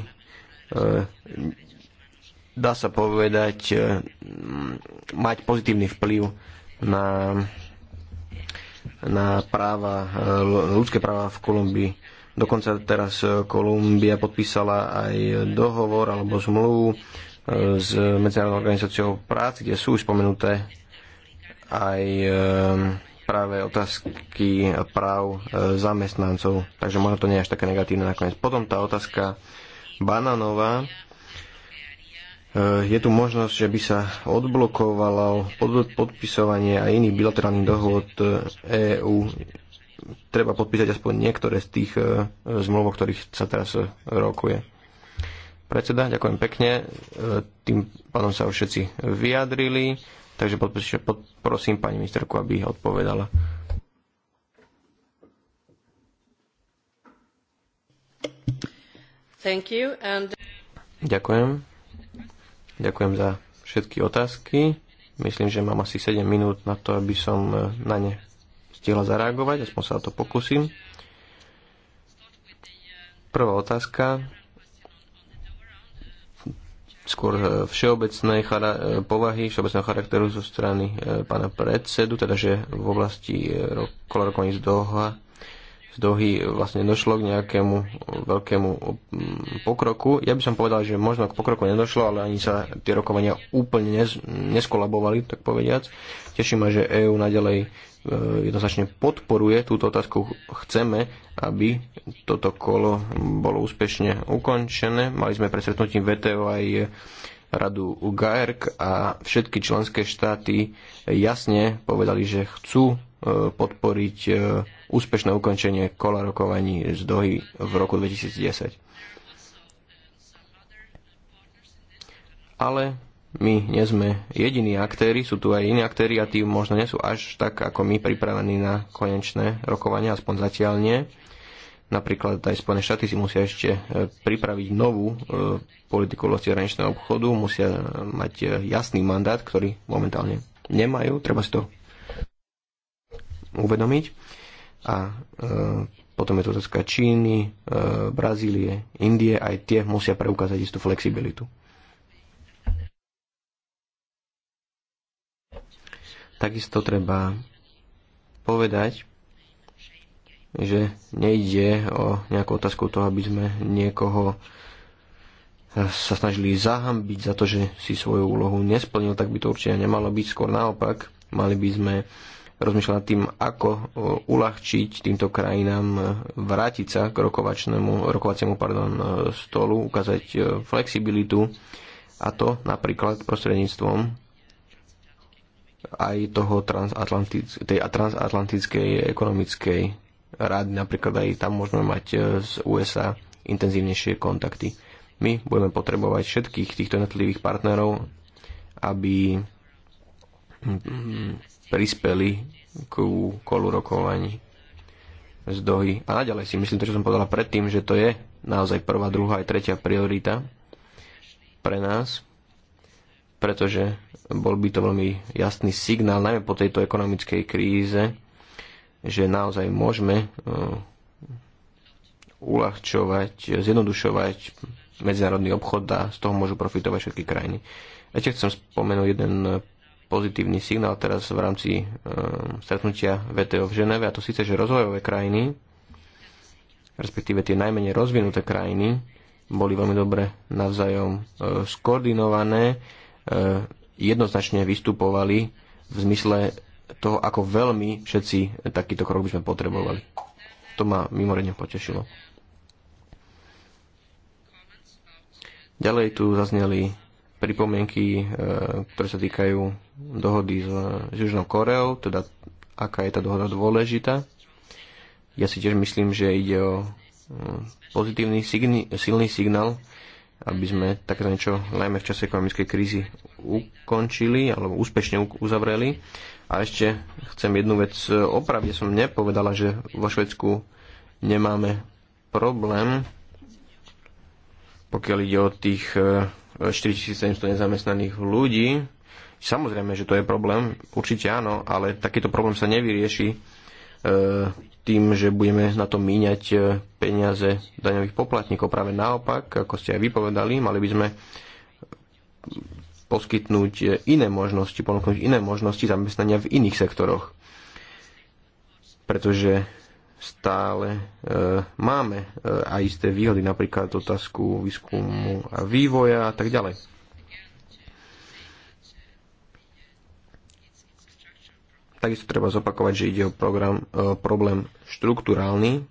S3: dá sa povedať mať pozitívny vplyv na na práva, eh, ľudské práva v Kolumbii. Dokonca teraz eh, Kolumbia podpísala aj dohovor alebo zmluvu eh, s Medzinárodnou organizáciou prác, kde sú spomenuté aj práve otázky práv zamestnancov. Takže možno to nie je až také negatívne nakoniec. Potom tá otázka bananová. Eh, je tu možnosť, že by sa odblokovalo podpisovanie a iných bilaterálnych dohôd EÚ. Eh, e Treba podpísať aspoň niektoré z tých eh, zmluv, o ktorých sa teraz rokuje. Predseda, ďakujem pekne. Tým pádom sa už všetci vyjadrili, takže prosím pani ministerku, aby odpovedala.
S2: Thank you and...
S3: Ďakujem. Ďakujem za všetky otázky. Myslím, že mám asi 7 minút na to, aby som e, na ne stihla zareagovať, aspoň sa o to pokúsim. Prvá otázka, skôr e, všeobecnej e, povahy, všeobecného charakteru zo strany pána predsedu, teda že v oblasti kolorokoní z Doha z Dohy vlastne došlo k nejakému veľkému mm, pokroku. Ja by som povedal, že možno k pokroku nedošlo, ale ani sa tie rokovania úplne nes- neskolabovali, tak povediac. Teší ma, že EÚ nadalej e, jednoznačne podporuje túto otázku. Chceme, aby toto kolo bolo úspešne ukončené. Mali sme pred stretnutím VTO aj radu GAERK a všetky členské štáty jasne povedali, že chcú Eh, podporiť eh, úspešné ukončenie kola rokovaní z Dohy v roku 2010. Ale my nie sme jediní aktéry, sú tu aj iní aktéry a tí možno nie sú až tak ako my pripravení na konečné rokovanie, aspoň zatiaľ nie. Napríklad aj Spojené štáty si musia ešte eh, pripraviť novú politiku vlasti zahraničného obchodu, musia mať jasný mandát, ktorý momentálne nemajú, treba si to uvedomiť. A e, potom je tu otázka Číny, e, Brazílie, Indie, aj tie musia preukázať istú flexibilitu. Takisto treba povedať, že nejde o nejakú otázku toho, aby sme niekoho e, sa snažili zahambiť za to, že si svoju úlohu nesplnil, tak by to určite nemalo byť. Skôr naopak, mali by sme rozmýšľa nad tým, ako e, uľahčiť týmto krajinám e, vrátiť sa k rokovačnému, rokovaciemu pardon, e, stolu, ukázať flexibilitu a to napríklad prostredníctvom aj toho transatlantic, tej transatlantickej ekonomickej rady, napríklad aj tam môžeme mať z USA intenzívnejšie kontakty. My budeme potrebovať všetkých týchto jednotlivých partnerov, aby prispeli k kolu rokovaní z Dohy. A naďalej si myslím to, čo som povedala predtým, že to je naozaj prvá, druhá aj tretia priorita pre nás, pretože bol by to veľmi jasný signál, najmä po tejto ekonomickej kríze, že naozaj môžeme e, uľahčovať, zjednodušovať medzinárodný obchod a z toho môžu profitovať všetky krajiny. Ešte chcem spomenúť jeden pozitívny signál teraz v rámci e, stretnutia VTO v Ženeve, a to síce, že rozvojové krajiny, respektíve tie najmenej rozvinuté krajiny, boli veľmi dobre navzájom e, skoordinované, e, jednoznačne vystupovali v zmysle toho, ako veľmi všetci takýto krok by sme potrebovali. To ma mimoriadne potešilo. Ďalej tu zazneli pripomienky, e, ktoré sa týkajú dohody s Južnou Koreou, teda aká je tá dohoda dôležitá. Ja si tiež myslím, že ide o e, pozitívny signi- silný signál, aby sme takéto niečo najmä v čase ekonomickej krízy ukončili alebo úspešne uzavreli. A ešte chcem jednu vec opraviť. Som nepovedala, že vo Švedsku nemáme problém, pokiaľ ide o tých e, 4700 nezamestnaných ľudí. Samozrejme, že to je problém, určite áno, ale takýto problém sa nevyrieši e, tým, že budeme na to míňať e, peniaze daňových poplatníkov. Práve naopak, ako ste aj vypovedali, mali by sme poskytnúť e, iné možnosti, ponúknuť iné možnosti zamestnania v iných sektoroch. Pretože stále e, máme e, a isté výhody, napríklad otázku výskumu a vývoja a tak ďalej. Takisto treba zopakovať, že ide o program, e, problém štruktúrálny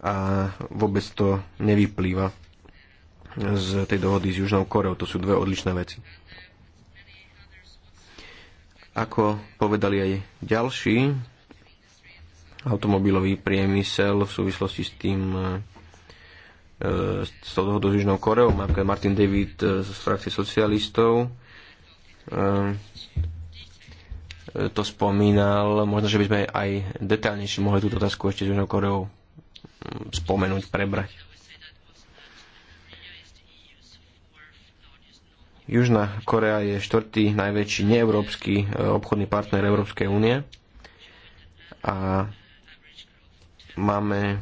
S3: a vôbec to nevyplýva z tej dohody s Južnou Koreou. To sú dve odlišné veci ako povedali aj ďalší, automobilový priemysel v súvislosti s tým e, e, s toho do Južnou Koreou, napríklad Martin David e, z frakcie socialistov to spomínal, možno, že by sme aj detaľnejšie mohli túto otázku ešte s Južnou Koreou mm, spomenúť, prebrať. Južná Korea je štvrtý najväčší neeurópsky obchodný partner Európskej únie a máme e,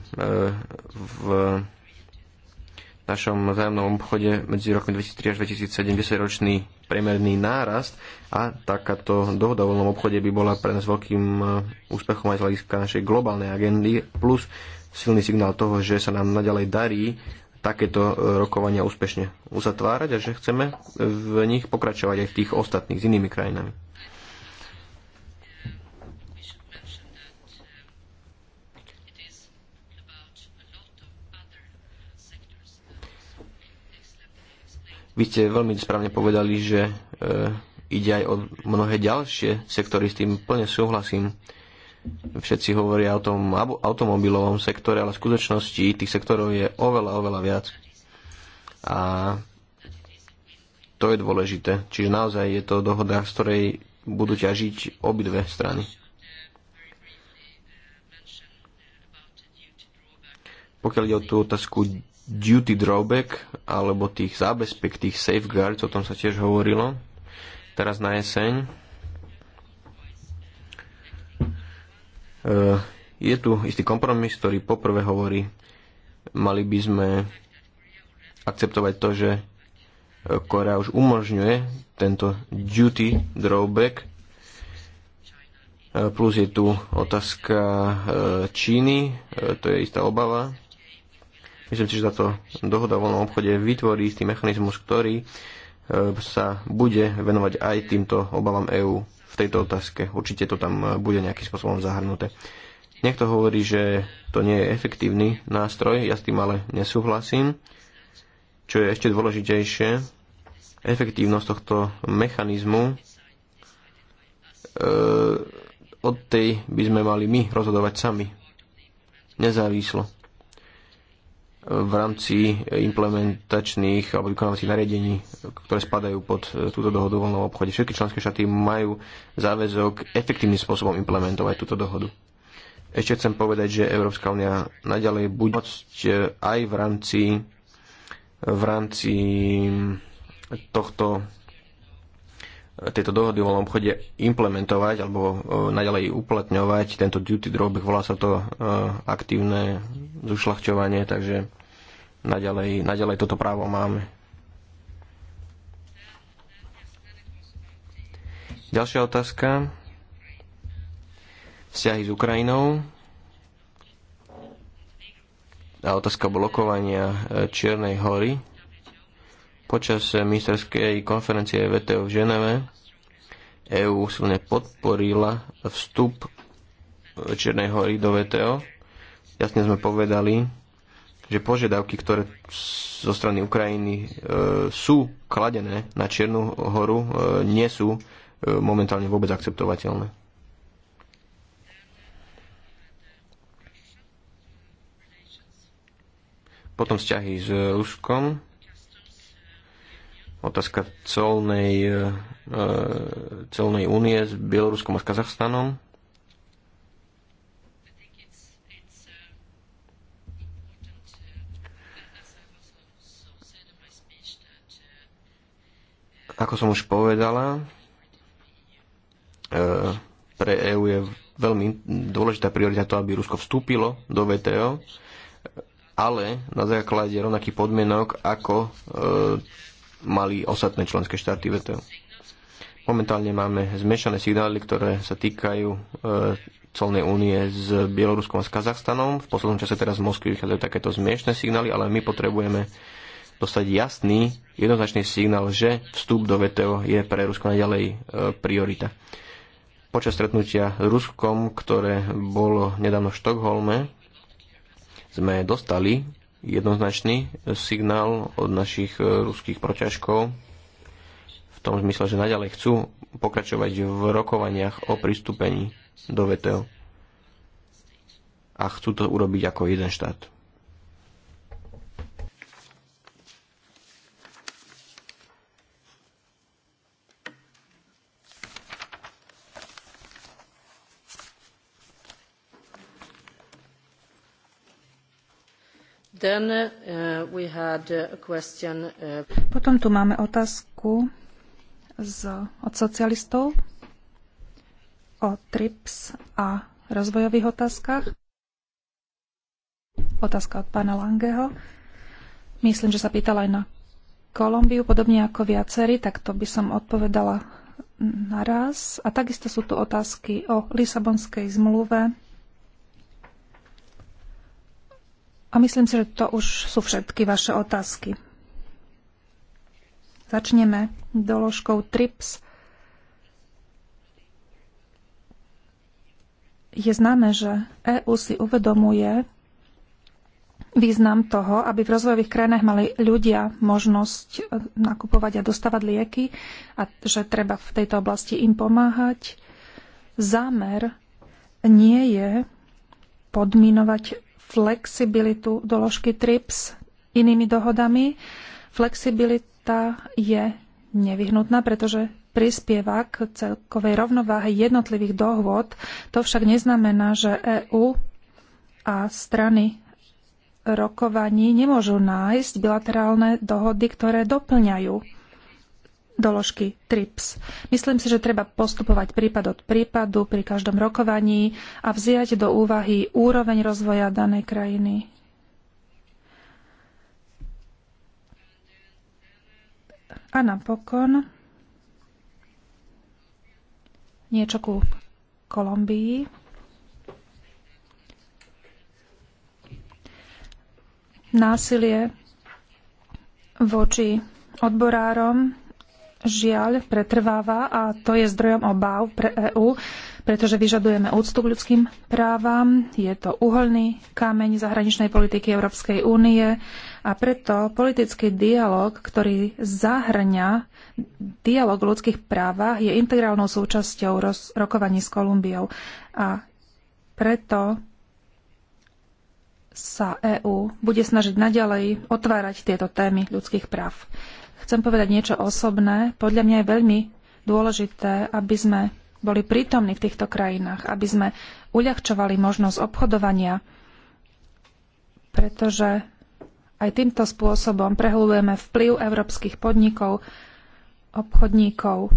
S3: v našom vzájomnom obchode medzi rokom 2003 až 2007 ročný priemerný nárast a takáto dohoda o voľnom obchode by bola pre nás veľkým e, úspechom aj z hľadiska našej globálnej agendy plus silný signál toho, že sa nám naďalej darí takéto e, rokovania úspešne uzatvárať a že chceme v nich pokračovať aj v tých ostatných s inými krajinami. Vy ste veľmi správne povedali, že e, ide aj o mnohé ďalšie sektory, s tým plne súhlasím. Všetci hovoria o tom automobilovom sektore, ale v skutočnosti tých sektorov je oveľa, oveľa viac. A to je dôležité. Čiže naozaj je to dohoda, z ktorej budú ťažiť obidve strany. Pokiaľ ide o tú otázku duty drawback, alebo tých zábezpek, tých safeguards, o tom sa tiež hovorilo teraz na jeseň. Eh, je tu istý kompromis, ktorý poprvé hovorí, mali by sme akceptovať to, že eh, Korea už umožňuje tento duty drawback. Eh, plus je tu otázka Číny, to je istá obava, Myslím si, že táto dohoda o voľnom obchode vytvorí istý mechanizmus, ktorý e, sa bude venovať aj týmto obavám EÚ v tejto otázke. Určite to tam e, bude nejakým spôsobom zahrnuté. Niekto hovorí, že to nie je efektívny nástroj, ja s tým ale nesúhlasím. Čo je ešte dôležitejšie, efektívnosť tohto mechanizmu e, od tej by sme mali my rozhodovať sami. Nezávislo v rámci implementačných alebo vykonávacích nariadení, ktoré spadajú pod e, túto dohodu o voľnom obchode. Všetky členské štáty majú záväzok efektívnym spôsobom implementovať túto dohodu. Ešte chcem povedať, že Európska únia naďalej bude môcť e, aj v rámci, v rámci tohto tieto dohody o voľnom obchode implementovať alebo e, naďalej uplatňovať tento duty drawback, volá sa to e, aktívne zušľachťovanie, takže naďalej, naďalej toto právo máme. Ďalšia otázka. Vzťahy s Ukrajinou. A otázka blokovania e, Čiernej hory Počas ministerskej konferencie VTO v Ženeve EÚ silne podporila vstup Čiernej hory do VTO. Jasne sme povedali, že požiadavky, ktoré zo strany Ukrajiny e, sú kladené na Čiernu horu, e, nie sú e, momentálne vôbec akceptovateľné. Potom vzťahy s Ruskom otázka celnej e, e, celnej únie s Bieloruskom a s Kazachstanom. Ako som už povedala, e, pre EÚ je veľmi dôležitá priorita to, aby Rusko vstúpilo do VTO, ale na základe rovnakých podmienok ako mali ostatné členské štáty VTO. Momentálne máme zmešané signály, ktoré sa týkajú e, colnej únie s Bieloruskom a s Kazachstanom. V poslednom čase teraz z Moskvy vychádzajú takéto zmiešné signály, ale my potrebujeme dostať jasný, jednoznačný signál, že vstup do VTO je pre Rusko naďalej e, priorita. Počas stretnutia s Ruskom, ktoré bolo nedávno v Štokholme, sme dostali jednoznačný signál od našich e, ruských proťažkov v tom zmysle, že naďalej chcú pokračovať v rokovaniach o pristúpení do VTO a chcú to urobiť ako jeden štát.
S4: Uh, uh, uh,
S1: Potom tu máme otázku z, od socialistov o TRIPS a rozvojových otázkach. Otázka od pána Langeho. Myslím, že sa pýtala aj na Kolumbiu, podobne ako viacerí, tak to by som odpovedala naraz. A takisto sú tu otázky o Lisabonskej zmluve, A myslím si, že to už sú všetky vaše otázky. Začneme doložkou TRIPS. Je známe, že EÚ si uvedomuje význam toho, aby v rozvojových krajinách mali ľudia možnosť e, nakupovať a dostávať lieky a že treba v tejto oblasti im pomáhať. Zámer nie je podminovať flexibilitu doložky TRIPS inými dohodami. Flexibilita je nevyhnutná, pretože prispieva k celkovej rovnováhe jednotlivých dohôd. To však neznamená, že EÚ a strany rokovaní nemôžu nájsť bilaterálne dohody, ktoré doplňajú doložky TRIPS. Myslím si, že treba postupovať prípad od prípadu pri každom rokovaní a vziať do úvahy úroveň rozvoja danej krajiny. A napokon niečo ku Kolumbii. Násilie voči odborárom žiaľ pretrváva a to je zdrojom obáv pre EÚ, pretože vyžadujeme úctu k ľudským právam, je to uholný kameň zahraničnej politiky Európskej únie a preto politický dialog, ktorý zahrňa dialog o ľudských právach, je integrálnou súčasťou rokovaní s Kolumbiou a preto sa EÚ bude snažiť naďalej otvárať tieto témy ľudských práv. Chcem povedať niečo osobné. Podľa mňa je veľmi dôležité, aby sme boli prítomní v týchto krajinách, aby sme uľahčovali možnosť obchodovania, pretože aj týmto spôsobom prehľujeme vplyv európskych podnikov, obchodníkov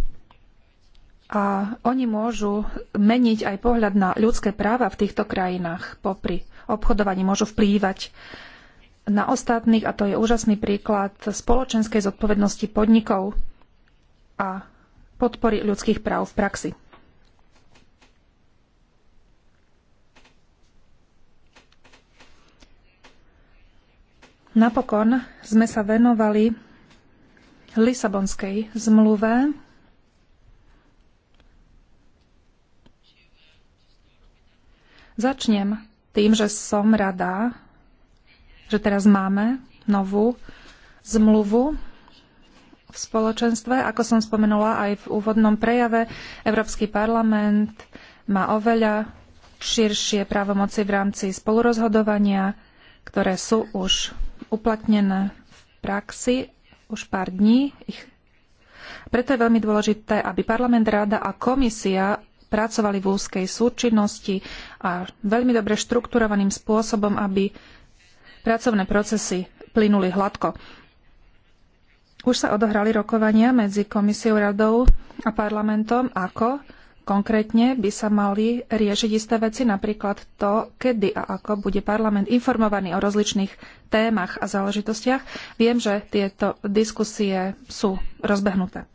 S1: a oni môžu meniť aj pohľad na ľudské práva v týchto krajinách popri obchodovaní, môžu vplývať na ostatných a to je úžasný príklad spoločenskej zodpovednosti podnikov a podpory ľudských práv v praxi. Napokon sme sa venovali Lisabonskej zmluve. Začnem tým, že som rada, že teraz máme novú zmluvu v spoločenstve. Ako som spomenula aj v úvodnom prejave, Európsky parlament má oveľa širšie právomoci v rámci spolurozhodovania, ktoré sú už uplatnené v praxi už pár dní. Ich preto je veľmi dôležité, aby parlament, rada a komisia pracovali v úzkej súčinnosti a veľmi dobre štrukturovaným spôsobom, aby pracovné procesy plynuli hladko. Už sa odohrali rokovania medzi komisiou radou a parlamentom, ako konkrétne by sa mali riešiť isté veci, napríklad to, kedy a ako bude parlament informovaný o rozličných témach a záležitostiach. Viem, že tieto diskusie sú rozbehnuté.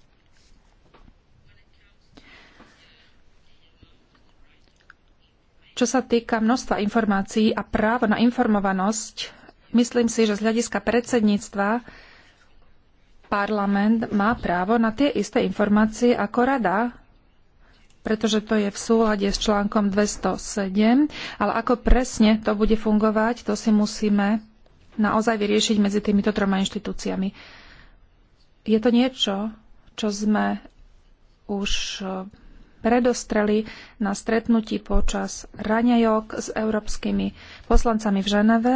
S1: Čo sa týka množstva informácií a právo na informovanosť Myslím si, že z hľadiska predsedníctva parlament má právo na tie isté informácie ako rada, pretože to je v súlade s článkom 207, ale ako presne to bude fungovať, to si musíme naozaj vyriešiť medzi týmito troma inštitúciami. Je to niečo, čo sme už eh, predostreli na stretnutí počas raňajok s európskymi poslancami v Ženeve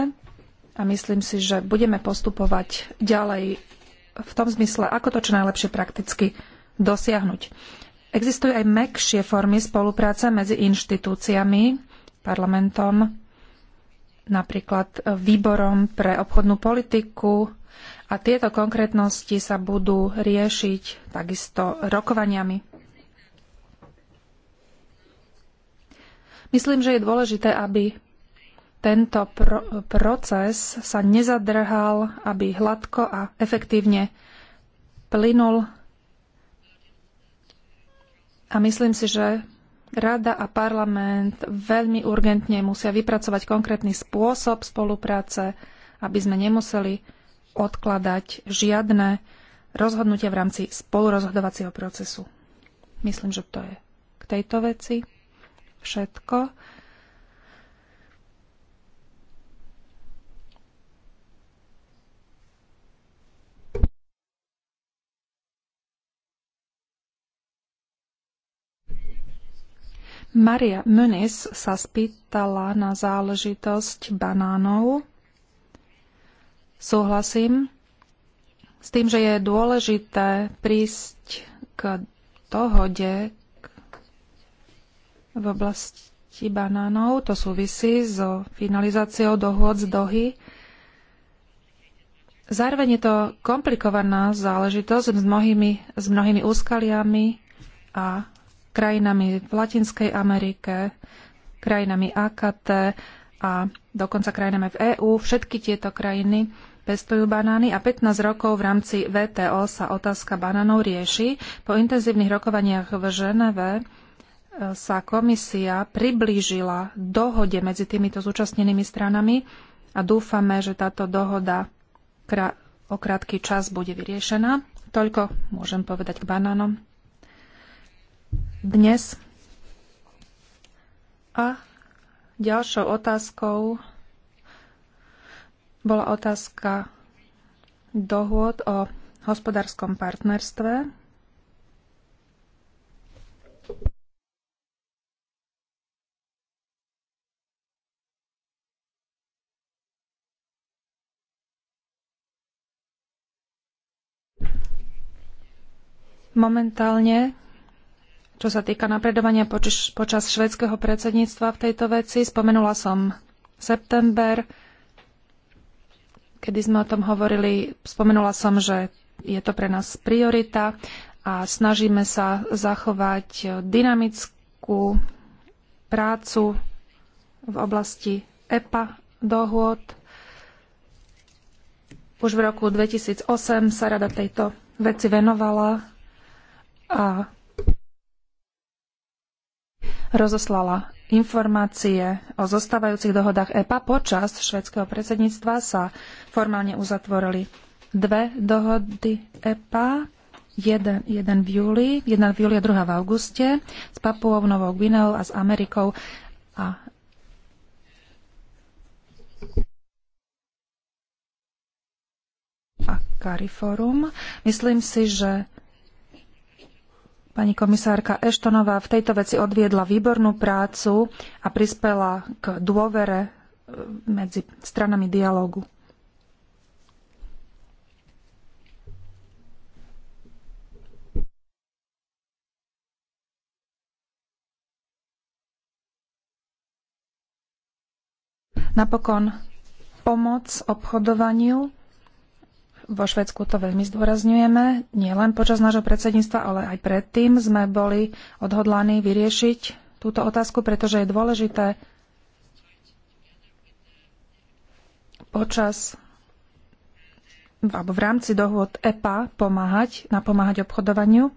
S1: a myslím si, že budeme postupovať ďalej v tom zmysle, ako to čo najlepšie prakticky dosiahnuť. Existujú aj mekšie formy spolupráce medzi inštitúciami, parlamentom, napríklad výborom pre obchodnú politiku a tieto konkrétnosti sa budú riešiť takisto rokovaniami. Myslím, že je dôležité, aby tento pro- proces sa nezadrhal, aby hladko a efektívne plynul. A myslím si, že Rada a parlament veľmi urgentne musia vypracovať konkrétny spôsob spolupráce, aby sme nemuseli odkladať žiadne rozhodnutia v rámci spolurozhodovacieho procesu. Myslím, že to je k tejto veci všetko. Maria Muniz sa spýtala na záležitosť banánov. Súhlasím s tým, že je dôležité prísť k dohode v oblasti banánov. To súvisí so finalizáciou dohôd z Dohy. Zároveň je to komplikovaná záležitosť s mnohými, s mnohými úskaliami a krajinami v Latinskej Amerike, krajinami AKT a dokonca krajinami v EÚ. Všetky tieto krajiny pestujú banány a 15 rokov v rámci VTO sa otázka banánov rieši. Po intenzívnych rokovaniach v Ženeve e, sa komisia priblížila dohode medzi týmito zúčastnenými stranami a dúfame, že táto dohoda o krátky čas bude vyriešená. Toľko môžem povedať k banánom dnes. A ďalšou otázkou bola otázka dohôd o hospodárskom partnerstve. Momentálne čo sa týka napredovania počas, počas švedského predsedníctva v tejto veci. Spomenula som september, kedy sme o tom hovorili. Spomenula som, že je to pre nás priorita a snažíme sa zachovať dynamickú prácu v oblasti EPA dohôd. Už v roku 2008 sa rada tejto veci venovala a rozoslala informácie o zostávajúcich dohodách EPA. Počas švedského predsedníctva sa formálne uzatvorili dve dohody EPA, jeden, jeden v júli, jedna v júli a druhá v auguste, s Papuou, Novou Gvineou a s Amerikou. A a Cariforum. Myslím si, že Pani komisárka Eštonová v tejto veci odviedla výbornú prácu a prispela k dôvere e, medzi stranami dialógu. Napokon pomoc obchodovaniu vo Švedsku to veľmi zdôrazňujeme, nielen počas nášho predsedníctva, ale aj predtým sme boli odhodlaní vyriešiť túto otázku, pretože je dôležité počas alebo v rámci dohôd EPA pomáhať, napomáhať obchodovaniu,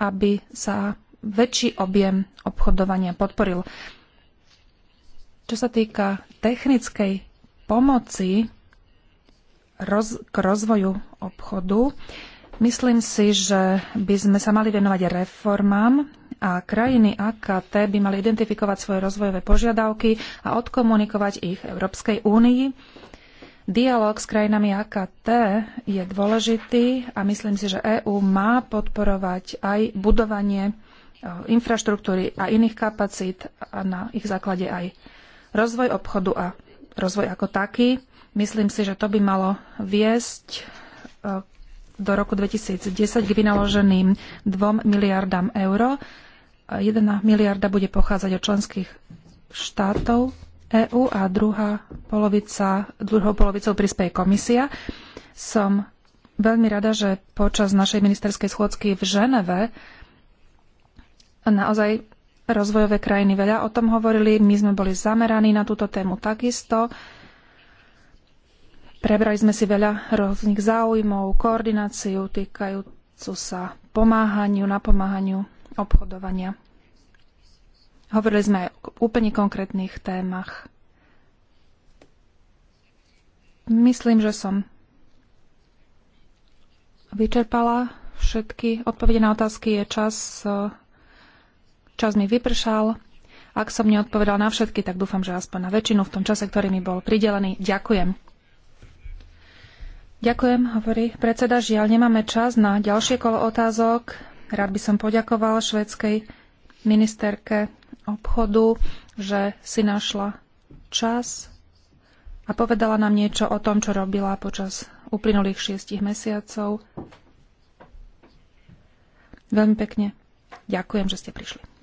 S1: aby sa väčší objem obchodovania podporil. Čo sa týka technickej pomoci, roz, k rozvoju obchodu. Myslím si, že by sme sa mali venovať reformám a krajiny AKT by mali identifikovať svoje rozvojové požiadavky a odkomunikovať ich Európskej únii. Dialóg s krajinami AKT je dôležitý a myslím si, že EÚ má podporovať aj budovanie e, infraštruktúry a iných kapacít a na ich základe aj rozvoj obchodu a rozvoj ako taký. Myslím si, že to by malo viesť e, do roku 2010 k vynaloženým 2 miliardám eur. 1 miliarda bude pochádzať od členských štátov EÚ a druhá polovica, druhou polovicou prispieje komisia. Som veľmi rada, že počas našej ministerskej schôdzky v Ženeve naozaj rozvojové krajiny veľa o tom hovorili. My sme boli zameraní na túto tému takisto. Prebrali sme si veľa rôznych záujmov, koordináciu týkajúcu sa pomáhaniu, napomáhaniu obchodovania. Hovorili sme aj o úplne konkrétnych témach. Myslím, že som vyčerpala všetky odpovede na otázky. Je čas, čas mi vypršal. Ak som neodpovedal na všetky, tak dúfam, že aspoň na väčšinu v tom čase, ktorý mi bol pridelený. Ďakujem. Ďakujem, hovorí predseda. Žiaľ, nemáme čas na ďalšie kolo otázok. Rád by som poďakoval švedskej ministerke obchodu, že si našla čas a povedala nám niečo o tom, čo robila počas uplynulých šiestich mesiacov. Veľmi pekne ďakujem, že ste prišli.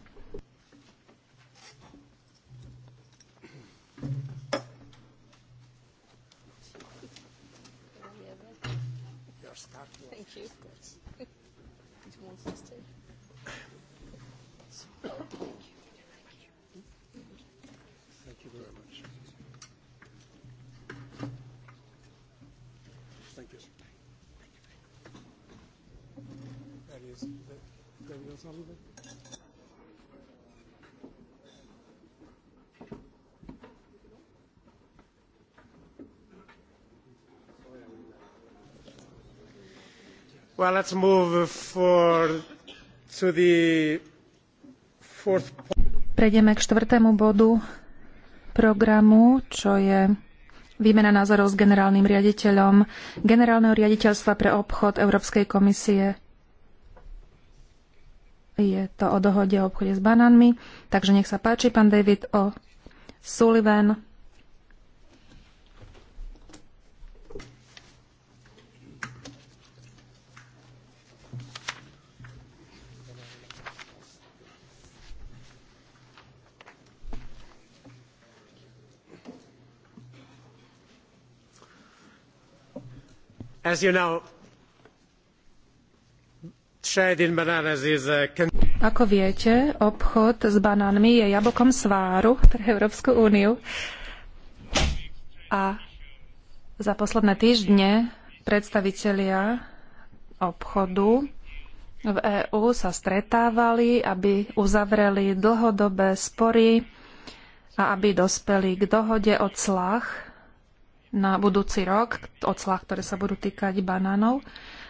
S2: Well, let's move for, to the fourth...
S1: Prejdeme k štvrtému bodu programu, čo je výmena názorov s generálnym riaditeľom Generálneho riaditeľstva pre obchod Európskej komisie. Je to o dohode o obchode s banánmi. Takže nech sa páči, pán David O. Sullivan,
S2: as you know, trade in bananas is a
S1: ako viete, obchod s banánmi je jablkom sváru pre Európsku úniu. A za posledné týždne predstavitelia obchodu v EÚ sa stretávali, aby uzavreli dlhodobé spory a aby dospeli k dohode o clách na budúci rok o clách, ktoré sa budú týkať banánov.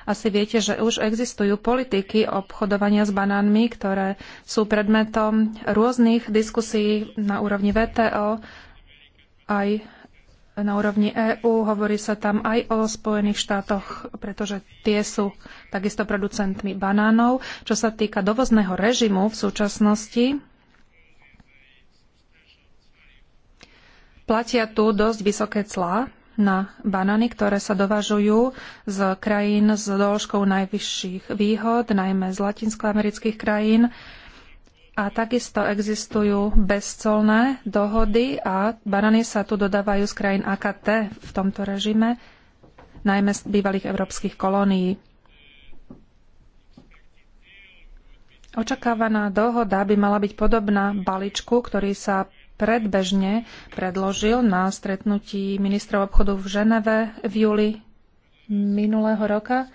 S1: Asi viete, že už existujú politiky obchodovania s banánmi, ktoré sú predmetom rôznych diskusí na úrovni VTO, aj na úrovni EÚ. Hovorí sa tam aj o Spojených štátoch, pretože tie sú takisto producentmi banánov. Čo sa týka dovozného režimu v súčasnosti, Platia tu dosť vysoké clá na banány, ktoré sa dovažujú z krajín s dĺžkou najvyšších výhod, najmä z latinskoamerických krajín. A takisto existujú bezcolné dohody a banány sa tu dodávajú z krajín AKT v tomto režime, najmä z bývalých európskych kolónií. Očakávaná dohoda by mala byť podobná balíčku, ktorý sa predbežne predložil na stretnutí ministrov obchodu v Ženeve v júli minulého roka.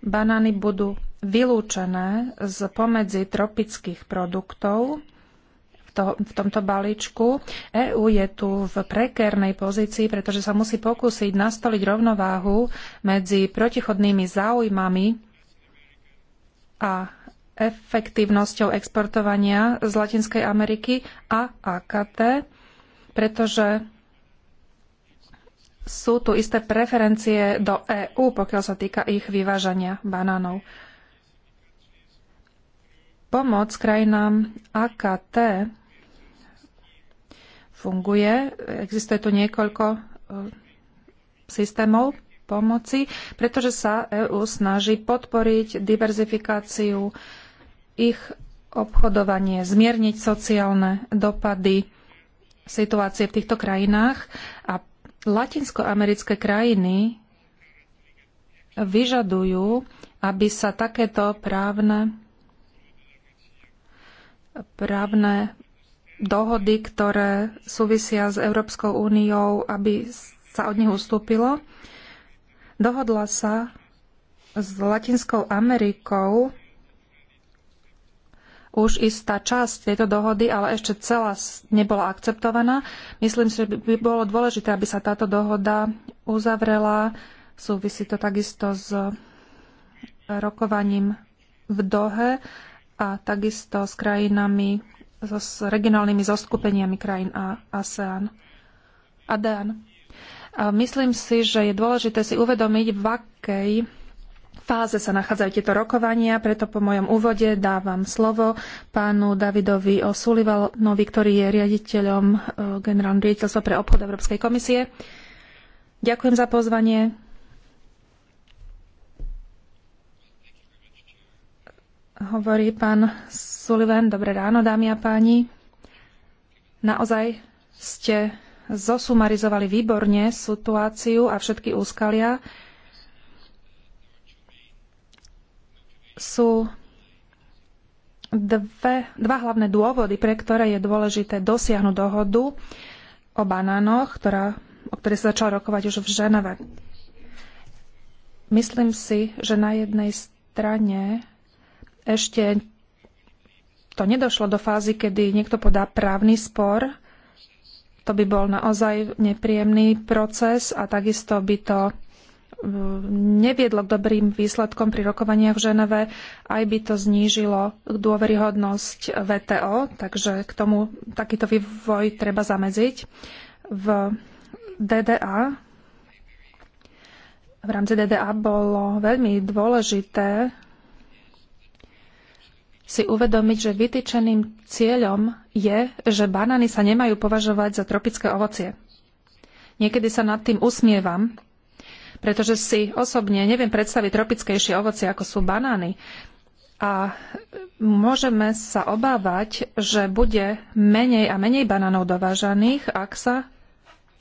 S1: Banány budú vylúčené z pomedzi tropických produktov v, to, v tomto balíčku. EÚ je tu v prekérnej pozícii, pretože sa musí pokúsiť nastoliť rovnováhu medzi protichodnými záujmami a efektívnosťou exportovania z Latinskej Ameriky a AKT, pretože sú tu isté preferencie do EÚ, pokiaľ sa týka ich vyvážania banánov. Pomoc krajinám AKT funguje. Existuje tu niekoľko e, systémov pomoci, pretože sa EÚ snaží podporiť diverzifikáciu ich obchodovanie, zmierniť sociálne dopady situácie v týchto krajinách a latinskoamerické krajiny vyžadujú, aby sa takéto právne, právne dohody, ktoré súvisia s Európskou úniou, aby sa od nich ustúpilo. Dohodla sa s Latinskou Amerikou už istá časť tejto dohody, ale ešte celá nebola akceptovaná. Myslím si, že by bolo dôležité, aby sa táto dohoda uzavrela. Súvisí to takisto s rokovaním v Dohe a takisto s krajinami, so, s regionálnymi zoskupeniami krajín a ASEAN. ADEAN. DEAN. myslím si, že je dôležité si uvedomiť, v akej fáze sa nachádzajú tieto rokovania, preto po mojom úvode dávam slovo pánu Davidovi Osulivanovi, ktorý je riaditeľom e, generálneho riaditeľstva pre obchod Európskej komisie. Ďakujem za pozvanie. Hovorí pán Sullivan. Dobré ráno, dámy a páni. Naozaj ste zosumarizovali výborne situáciu a všetky úskalia, sú dve, dva hlavné dôvody, pre ktoré je dôležité dosiahnuť dohodu o banánoch, ktorá, o ktorej sa začal rokovať už v Ženeve. Myslím si, že na jednej strane ešte to nedošlo do fázy, kedy niekto podá právny spor. To by bol naozaj nepríjemný proces a takisto by to neviedlo k dobrým výsledkom pri rokovaniach v Ženeve, aj by to znížilo dôveryhodnosť VTO, takže k tomu takýto vývoj treba zamedziť. V DDA, v rámci DDA bolo veľmi dôležité si uvedomiť, že vytýčeným cieľom je, že banány sa nemajú považovať za tropické ovocie. Niekedy sa nad tým usmievam, pretože si osobne neviem predstaviť tropickejšie ovocie, ako sú banány. A môžeme sa obávať, že bude menej a menej banánov dovážaných, ak sa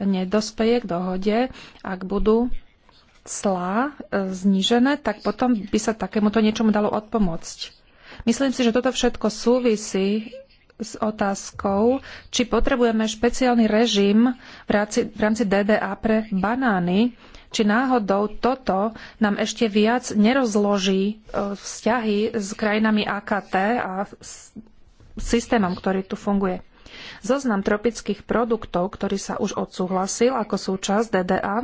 S1: nedospeje k dohode, ak budú clá e, znížené, tak potom by sa takémuto niečomu dalo odpomôcť. Myslím si, že toto všetko súvisí s otázkou, či potrebujeme špeciálny režim v rámci, v rámci DDA pre banány, či náhodou toto nám ešte viac nerozloží e, vzťahy s krajinami AKT a s systémom, ktorý tu funguje. Zoznam tropických produktov, ktorý sa už odsúhlasil ako súčasť DDA,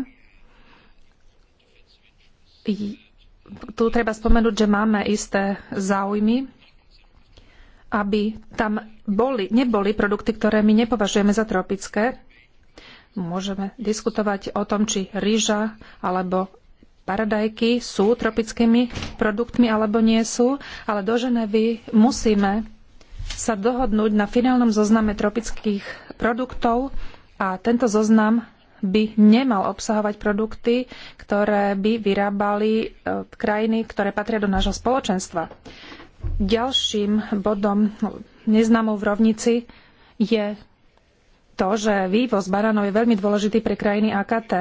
S1: tu treba spomenúť, že máme isté záujmy, aby tam boli, neboli produkty, ktoré my nepovažujeme za tropické, Môžeme diskutovať o tom, či rýža alebo paradajky sú tropickými produktmi alebo nie sú, ale do Ženevy musíme sa dohodnúť na finálnom zozname tropických produktov a tento zoznam by nemal obsahovať produkty, ktoré by vyrábali e, krajiny, ktoré patria do nášho spoločenstva. Ďalším bodom neznámou v rovnici je to, že vývoz baranov je veľmi dôležitý pre krajiny AKT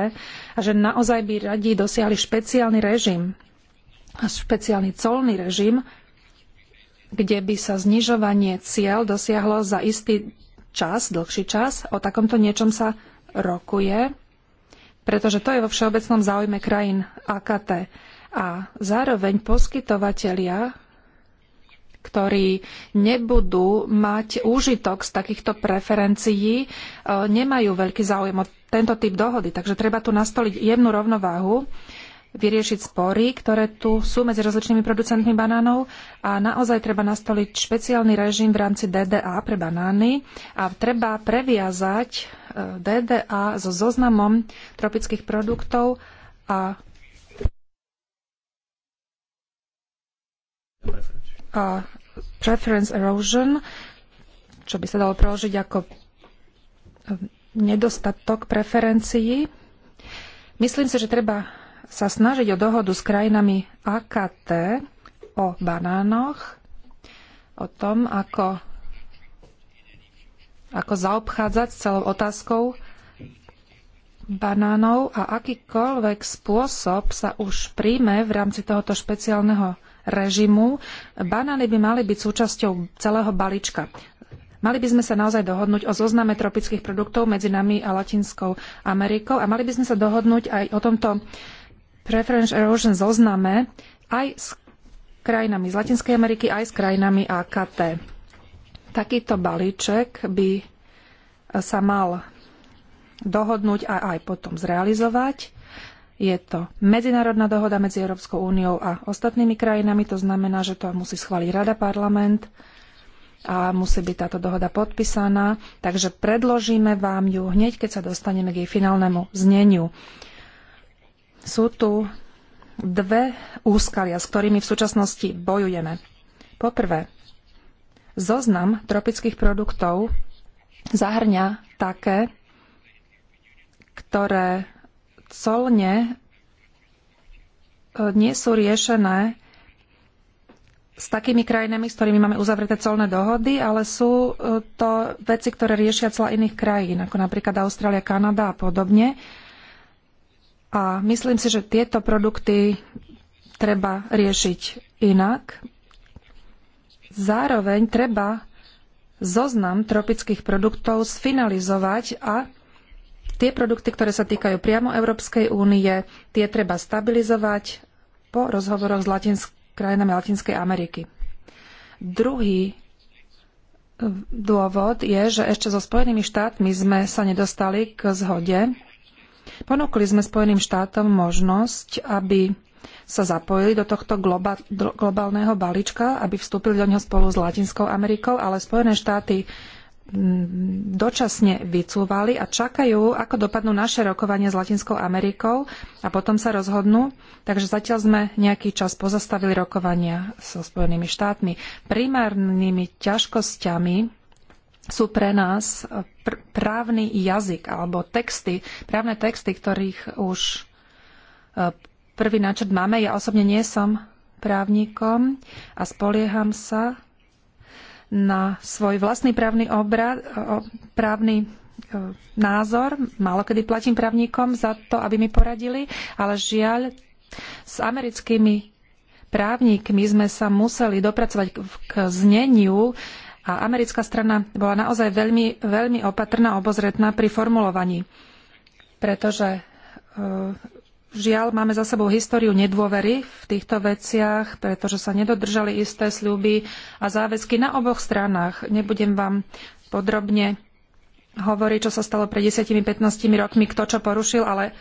S1: a že naozaj by radi dosiahli špeciálny režim, špeciálny colný režim, kde by sa znižovanie cieľ dosiahlo za istý čas, dlhší čas. O takomto niečom sa rokuje, pretože to je vo všeobecnom záujme krajín AKT. A zároveň poskytovatelia ktorí nebudú mať úžitok z takýchto preferencií, e, nemajú veľký záujem o tento typ dohody. Takže treba tu nastoliť jemnú rovnováhu, vyriešiť spory, ktoré tu sú medzi rozličnými producentmi banánov a naozaj treba nastoliť špeciálny režim v rámci DDA pre banány a treba previazať e, DDA so zoznamom tropických produktov a a preference erosion, čo by sa dalo preložiť ako um, nedostatok preferencií. Myslím si, že treba sa snažiť o dohodu s krajinami AKT o banánoch, o tom, ako, ako zaobchádzať s celou otázkou banánov a akýkoľvek spôsob sa už príjme v rámci tohoto špeciálneho režimu. Banány by mali byť súčasťou celého balíčka. Mali by sme sa naozaj dohodnúť o zozname tropických produktov medzi nami a Latinskou Amerikou a mali by sme sa dohodnúť aj o tomto Preference Erosion zozname aj s krajinami z Latinskej Ameriky, aj s krajinami AKT. Takýto balíček by sa mal dohodnúť a aj potom zrealizovať. Je to medzinárodná dohoda medzi Európskou úniou a ostatnými krajinami, to znamená, že to musí schváliť Rada parlament a musí byť táto dohoda podpísaná, takže predložíme vám ju hneď, keď sa dostaneme k jej finálnemu zneniu. Sú tu dve úskalia, s ktorými v súčasnosti bojujeme. Poprvé, zoznam tropických produktov zahrňa také, ktoré colne e, nie sú riešené s takými krajinami, s ktorými máme uzavreté colné dohody, ale sú e, to veci, ktoré riešia cla iných krajín, ako napríklad Austrália, Kanada a podobne. A myslím si, že tieto produkty treba riešiť inak. Zároveň treba zoznam tropických produktov sfinalizovať a Tie produkty, ktoré sa týkajú priamo Európskej únie, tie treba stabilizovať po rozhovoroch s krajinami Latinskej Ameriky. Druhý eh, dôvod je, že ešte so Spojenými štátmi sme sa nedostali k zhode. Ponúkli sme Spojeným štátom možnosť, aby sa zapojili do tohto globa, globálneho balíčka, aby vstúpili do neho spolu s Latinskou Amerikou, ale Spojené štáty dočasne vycúvali a čakajú, ako dopadnú naše rokovania s Latinskou Amerikou a potom sa rozhodnú. Takže zatiaľ sme nejaký čas pozastavili rokovania so Spojenými štátmi. Primárnymi ťažkosťami sú pre nás pr- právny jazyk alebo texty, právne texty, ktorých už e, prvý načrt máme. Ja osobne nie som právnikom a spolieham sa na svoj vlastný právny obrad, právny názor. Málokedy platím právnikom za to, aby mi poradili, ale žiaľ, s americkými právnikmi sme sa museli dopracovať k zneniu a americká strana bola naozaj veľmi, veľmi opatrná, obozretná pri formulovaní, pretože e, Žiaľ, máme za sebou históriu nedôvery v týchto veciach, pretože sa nedodržali isté sľuby a záväzky na oboch stranách. Nebudem vám podrobne hovoriť, čo sa stalo pred 10-15 rokmi, kto čo porušil, ale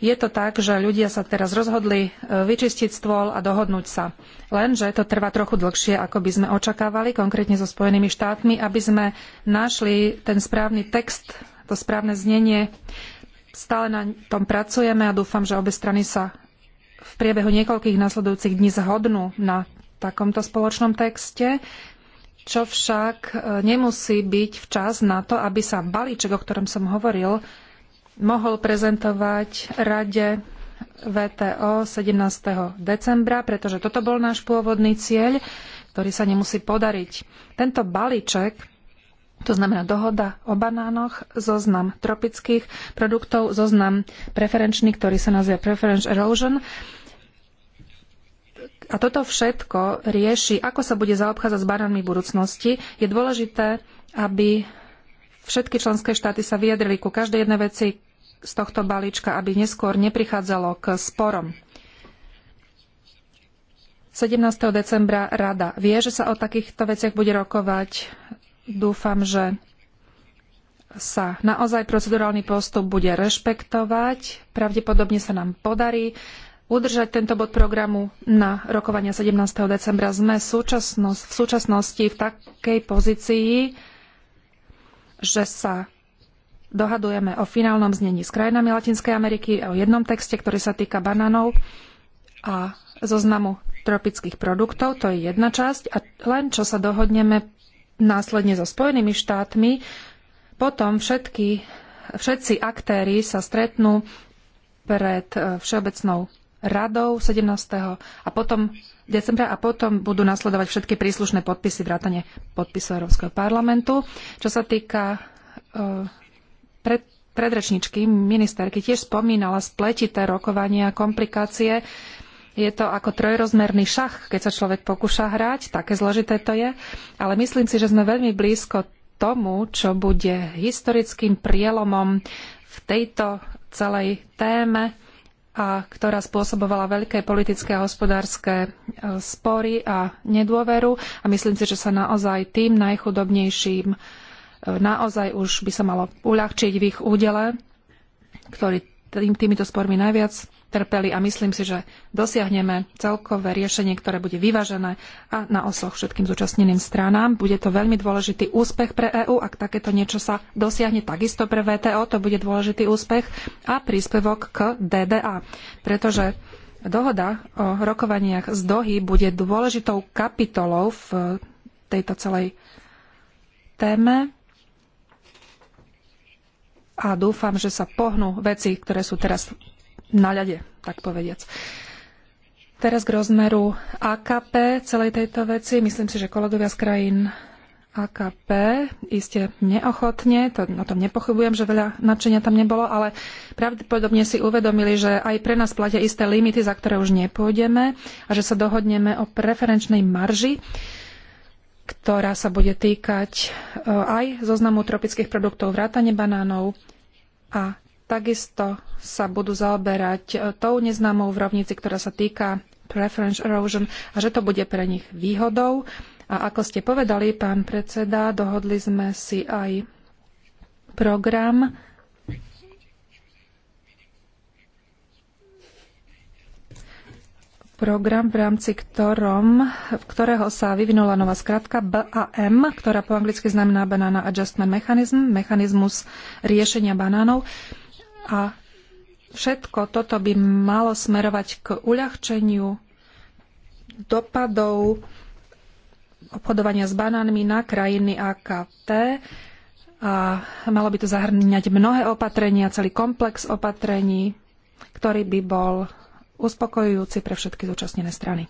S1: je to tak, že ľudia sa teraz rozhodli e, vyčistiť stôl a dohodnúť sa. Lenže to trvá trochu dlhšie, ako by sme očakávali, konkrétne so Spojenými štátmi, aby sme našli ten správny text, to správne znenie Stále na tom pracujeme a dúfam, že obe strany sa v priebehu niekoľkých nasledujúcich dní zhodnú na takomto spoločnom texte, čo však e, nemusí byť včas na to, aby sa balíček, o ktorom som hovoril, mohol prezentovať Rade VTO 17. decembra, pretože toto bol náš pôvodný cieľ, ktorý sa nemusí podariť. Tento balíček to znamená dohoda o banánoch, zoznam tropických produktov, zoznam preferenčný, ktorý sa nazýva Preference Erosion. A toto všetko rieši, ako sa bude zaobchádzať s banánmi v budúcnosti. Je dôležité, aby všetky členské štáty sa vyjadrili ku každej jednej veci z tohto balíčka, aby neskôr neprichádzalo k sporom. 17. decembra rada vie, že sa o takýchto veciach bude rokovať Dúfam, že sa naozaj procedurálny postup bude rešpektovať. Pravdepodobne sa nám podarí udržať tento bod programu na rokovania 17. decembra. Sme v súčasnosti v takej pozícii, že sa dohadujeme o finálnom znení s krajinami Latinskej Ameriky, o jednom texte, ktorý sa týka banánov a zoznamu tropických produktov, to je jedna časť. A len čo sa dohodneme následne so Spojenými štátmi. Potom všetky, všetci aktéry sa stretnú pred e, Všeobecnou radou 17. a potom decembra a potom budú nasledovať všetky príslušné podpisy vrátane podpisu Európskeho parlamentu. Čo sa týka uh, pred, predrečničky, ministerky tiež spomínala spletité rokovania, komplikácie. Je to ako trojrozmerný šach, keď sa človek pokúša hrať, také zložité to je, ale myslím si, že sme veľmi blízko tomu, čo bude historickým prielomom v tejto celej téme a ktorá spôsobovala veľké politické a hospodárske e, spory a nedôveru a myslím si, že sa naozaj tým najchudobnejším e, naozaj už by sa malo uľahčiť v ich údele, ktorí tým, týmito spormi najviac trpeli a myslím si, že dosiahneme celkové riešenie, ktoré bude vyvážené a na osoch všetkým zúčastneným stranám. Bude to veľmi dôležitý úspech pre EÚ, ak takéto niečo sa dosiahne takisto pre VTO, to bude dôležitý úspech a príspevok k DDA, pretože dohoda o rokovaniach z Dohy bude dôležitou kapitolou v tejto celej téme a dúfam, že sa pohnú veci, ktoré sú teraz na ľade, tak povediac. Teraz k rozmeru AKP celej tejto veci. Myslím si, že kolegovia z krajín AKP iste neochotne, to, o tom nepochybujem, že veľa nadšenia tam nebolo, ale pravdepodobne si uvedomili, že aj pre nás platia isté limity, za ktoré už nepôjdeme a že sa dohodneme o preferenčnej marži, ktorá sa bude týkať e, aj zoznamu tropických produktov vrátane banánov a takisto sa budú zaoberať e, tou neznámou v rovnici, ktorá sa týka preference erosion a že to bude pre nich výhodou. A ako ste povedali, pán predseda, dohodli sme si aj program, program, v rámci ktorom, v ktorého sa vyvinula nová skratka BAM, ktorá po anglicky znamená Banana Adjustment Mechanism, mechanizmus riešenia banánov. Uh, a všetko toto by malo smerovať k uľahčeniu dopadov obchodovania s banánmi na krajiny AKT a malo by to zahrňať mnohé opatrenia, celý komplex opatrení, ktorý by bol uspokojujúci pre všetky zúčastnené strany.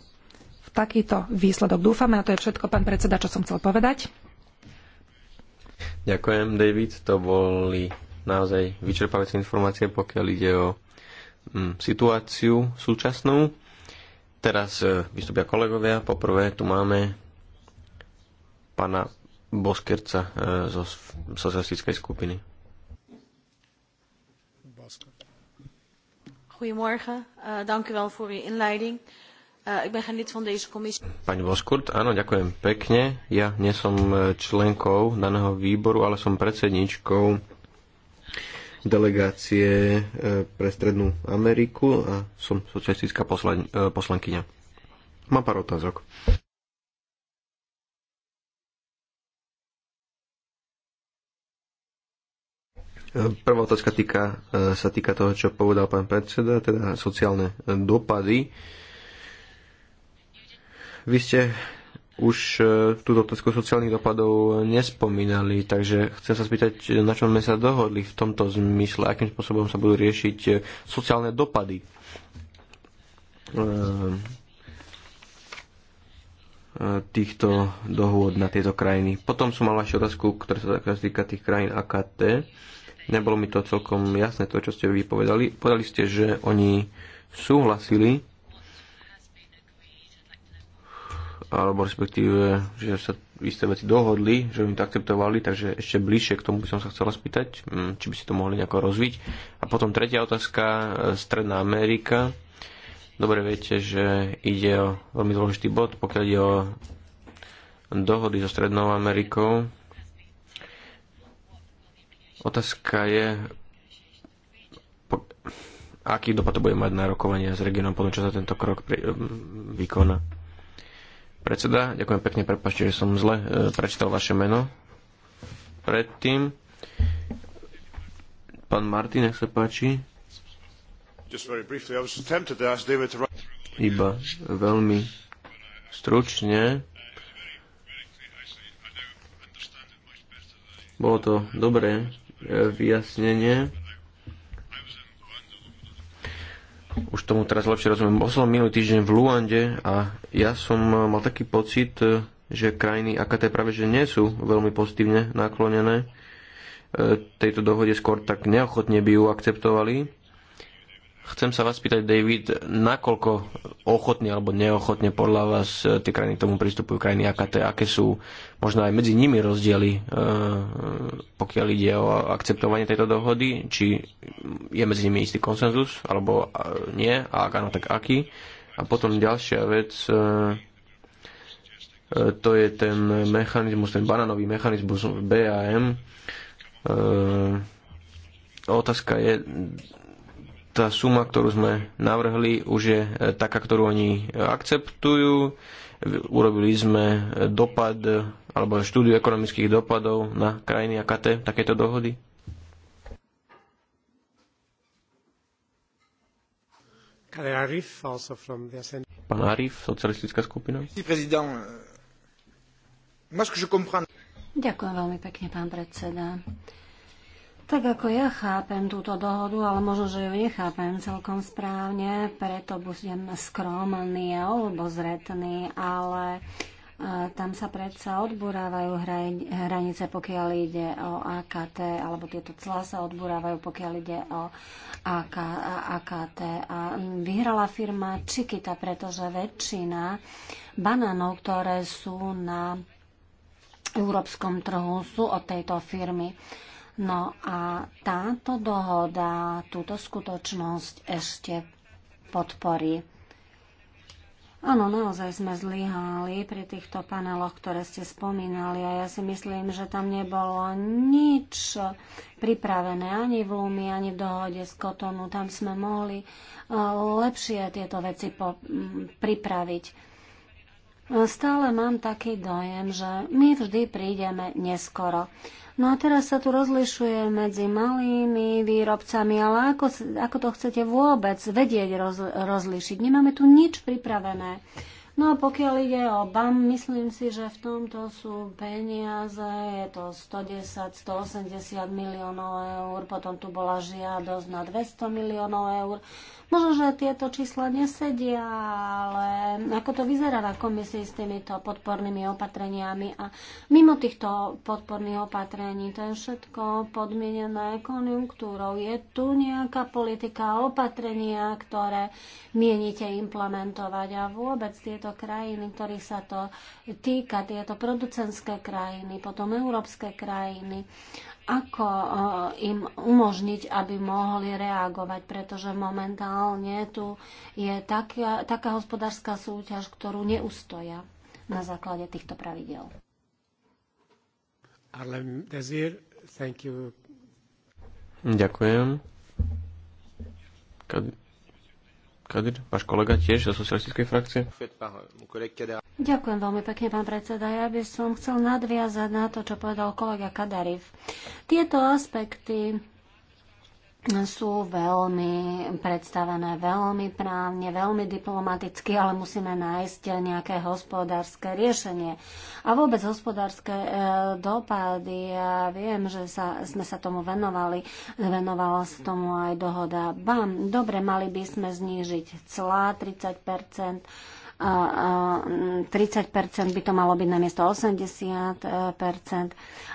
S1: V takýto výsledok dúfame a to je všetko, pán predseda, čo som chcel povedať.
S3: Ďakujem, David. To boli naozaj vyčerpávajúce informácie, pokiaľ ide o mm, situáciu súčasnú. Teraz e, vystúpia kolegovia. Poprvé tu máme pána Boskerca e, zo socialistickej skupiny.
S4: Goedemorgen, uh, dank u wel voor uw inleiding. Uh, ik ben geen lid van deze commissie.
S3: Pani Boskurt, áno, ďakujem pekne. Ja nie som eh, členkou daného výboru, ale som predsedničkou delegácie eh, pre Strednú Ameriku a som socialistická poslan- eh, poslankyňa. Mám pár otázok. Eh, prvá otázka týka, sa týka toho, čo povedal pán predseda, teda sociálne dopady. Vy ste už e, túto otázku sociálnych dopadov nespomínali, takže chcem sa spýtať, na čom sme sa dohodli v tomto zmysle, akým spôsobom sa budú riešiť e, sociálne dopady. E, týchto dohôd na tieto krajiny. Potom som mal vašu otázku, ktorá sa týka tých krajín AKT. Nebolo mi to celkom jasné, to, čo ste vypovedali. Povedali ste, že oni súhlasili alebo respektíve, že sa isté veci dohodli, že im to akceptovali, takže ešte bližšie k tomu by som sa chcela spýtať, mm, či by si to mohli nejako rozviť. A potom tretia otázka, e, Stredná Amerika. Dobre viete, že ide o veľmi dôležitý bod, pokiaľ ide o dohody so Strednou Amerikou. Otázka je, po, aký dopad to bude mať na rokovania s regionom, podľa čo sa tento krok pri, mm, vykoná. Predseda, ďakujem pekne, prepačte, že som zle e, prečítal vaše meno. Predtým, pán Martin, nech sa páči. Iba veľmi stručne. Bolo to dobré e, vyjasnenie. už tomu teraz lepšie rozumiem. Bol som minulý týždeň v Luande a ja som e, mal taký pocit, e, že krajiny AKT práve že nie sú veľmi pozitívne naklonené e, tejto dohode, skôr tak neochotne by ju akceptovali Chcem sa vás pýtať, David, nakoľko ochotne alebo neochotne podľa vás e, tie krajiny k tomu pristupujú, krajiny AKT, aké sú možno aj medzi nimi rozdiely, e, pokiaľ ide o akceptovanie tejto dohody, či je medzi nimi istý konsenzus, alebo e, nie, a ak áno, tak aký. A potom ďalšia vec, to je ten mechanizmus, ten bananový mechanizmus BAM. Otázka je, tá suma, ktorú sme navrhli, už je e, taká, ktorú oni akceptujú. Urobili sme e, dopad e, alebo štúdiu ekonomických dopadov na krajiny KT takéto dohody? Pán Arif, socialistická skupina.
S4: Ďakujem veľmi pekne, pán predseda. Tak ako ja chápem túto dohodu, ale možno, že ju nechápem celkom správne, preto budem skromný alebo zretný, ale e, tam sa predsa odburávajú hranice, pokiaľ ide o AKT, alebo tieto clá sa odburávajú, pokiaľ ide o AK, AKT. A vyhrala firma Čikita, pretože väčšina banánov, ktoré sú na európskom trhu, sú od tejto firmy. No a táto dohoda túto skutočnosť ešte podporí. Áno, naozaj sme zlyhali pri týchto paneloch, ktoré ste spomínali a ja si myslím, že tam nebolo nič pripravené ani v Lumi, ani v dohode z Kotonu. Tam sme mohli eh, lepšie tieto veci pripraviť stále mám taký dojem, že my vždy prídeme neskoro. No a teraz sa tu rozlišuje medzi malými výrobcami, ale ako, ako to chcete vôbec vedieť roz, rozlišiť? Nemáme tu nič pripravené. No a pokiaľ ide o BAM, myslím si, že v tomto sú peniaze, je to 110, 180 miliónov eur, potom tu bola žiadosť na 200 miliónov eur. Možno, že tieto čísla nesedia, ale ako to vyzerá na komisii s týmito podpornými opatreniami a mimo týchto podporných opatrení, to je všetko podmienené konjunktúrou. Je tu nejaká politika opatrenia, ktoré mienite implementovať a vôbec tieto krajiny, ktorých sa to týka, tieto producentské krajiny, potom európske krajiny, ako eh, im umožniť, aby mohli reagovať, pretože momentálne tu je taká, taká hospodárska súťaž, ktorú neustoja na základe týchto pravidel.
S3: Ďakujem. Kadir, váš kolega tiež zo socialistickej frakcie.
S4: Ďakujem veľmi pekne, pán predseda. Ja by som chcel nadviazať na to, čo povedal kolega Kadarif. Tieto aspekty sú veľmi predstavené veľmi právne, veľmi diplomaticky, ale musíme nájsť nejaké hospodárske riešenie. A vôbec hospodárske e, dopady, ja viem, že sa, sme sa tomu venovali, venovala sa tomu aj dohoda BAM. Dobre, mali by sme znížiť clá 30 30 by to malo byť na miesto 80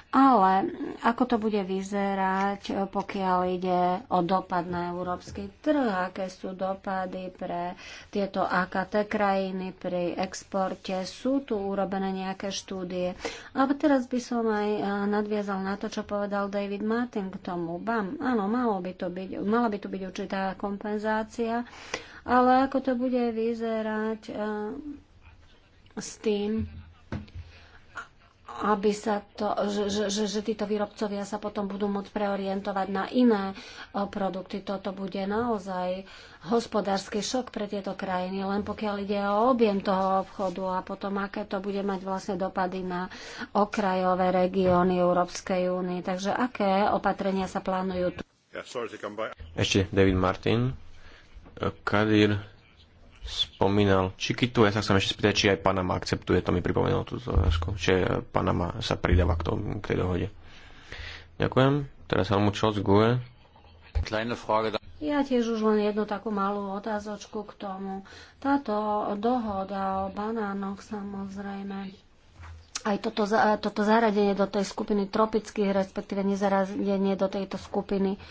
S4: ale ako to bude vyzerať, eh, pokiaľ ide o dopad na európsky trh, aké sú dopady pre tieto AKT krajiny pri exporte, sú tu urobené nejaké štúdie. A teraz by som aj eh, nadviazal na to, čo povedal David Martin k tomu. Bam, áno, malo by to byť, mala by tu byť určitá kompenzácia, ale ako to bude vyzerať eh, s tým, aby sa to, že, že, že títo výrobcovia sa potom budú môcť preorientovať na iné e, produkty. Toto bude naozaj hospodársky šok pre tieto krajiny, len pokiaľ ide o objem toho obchodu a potom aké to bude mať vlastne dopady na okrajové regióny Európskej únie. Takže aké opatrenia sa plánujú tu?
S3: Ešte David Martin. E, Kadir spomínal Čikitu. Ja sa chcem ešte spýtať, či aj Panama akceptuje, to mi pripomenulo túto otázku, či Panama sa pridáva k, tomu, k tej dohode. Ďakujem. Teraz Helmut Scholz, GUE.
S4: Ja tiež už len jednu takú malú otázočku k tomu. Táto dohoda o banánoch samozrejme aj toto, toto zaradenie do tej skupiny tropických, respektíve nezaradenie do tejto skupiny uh,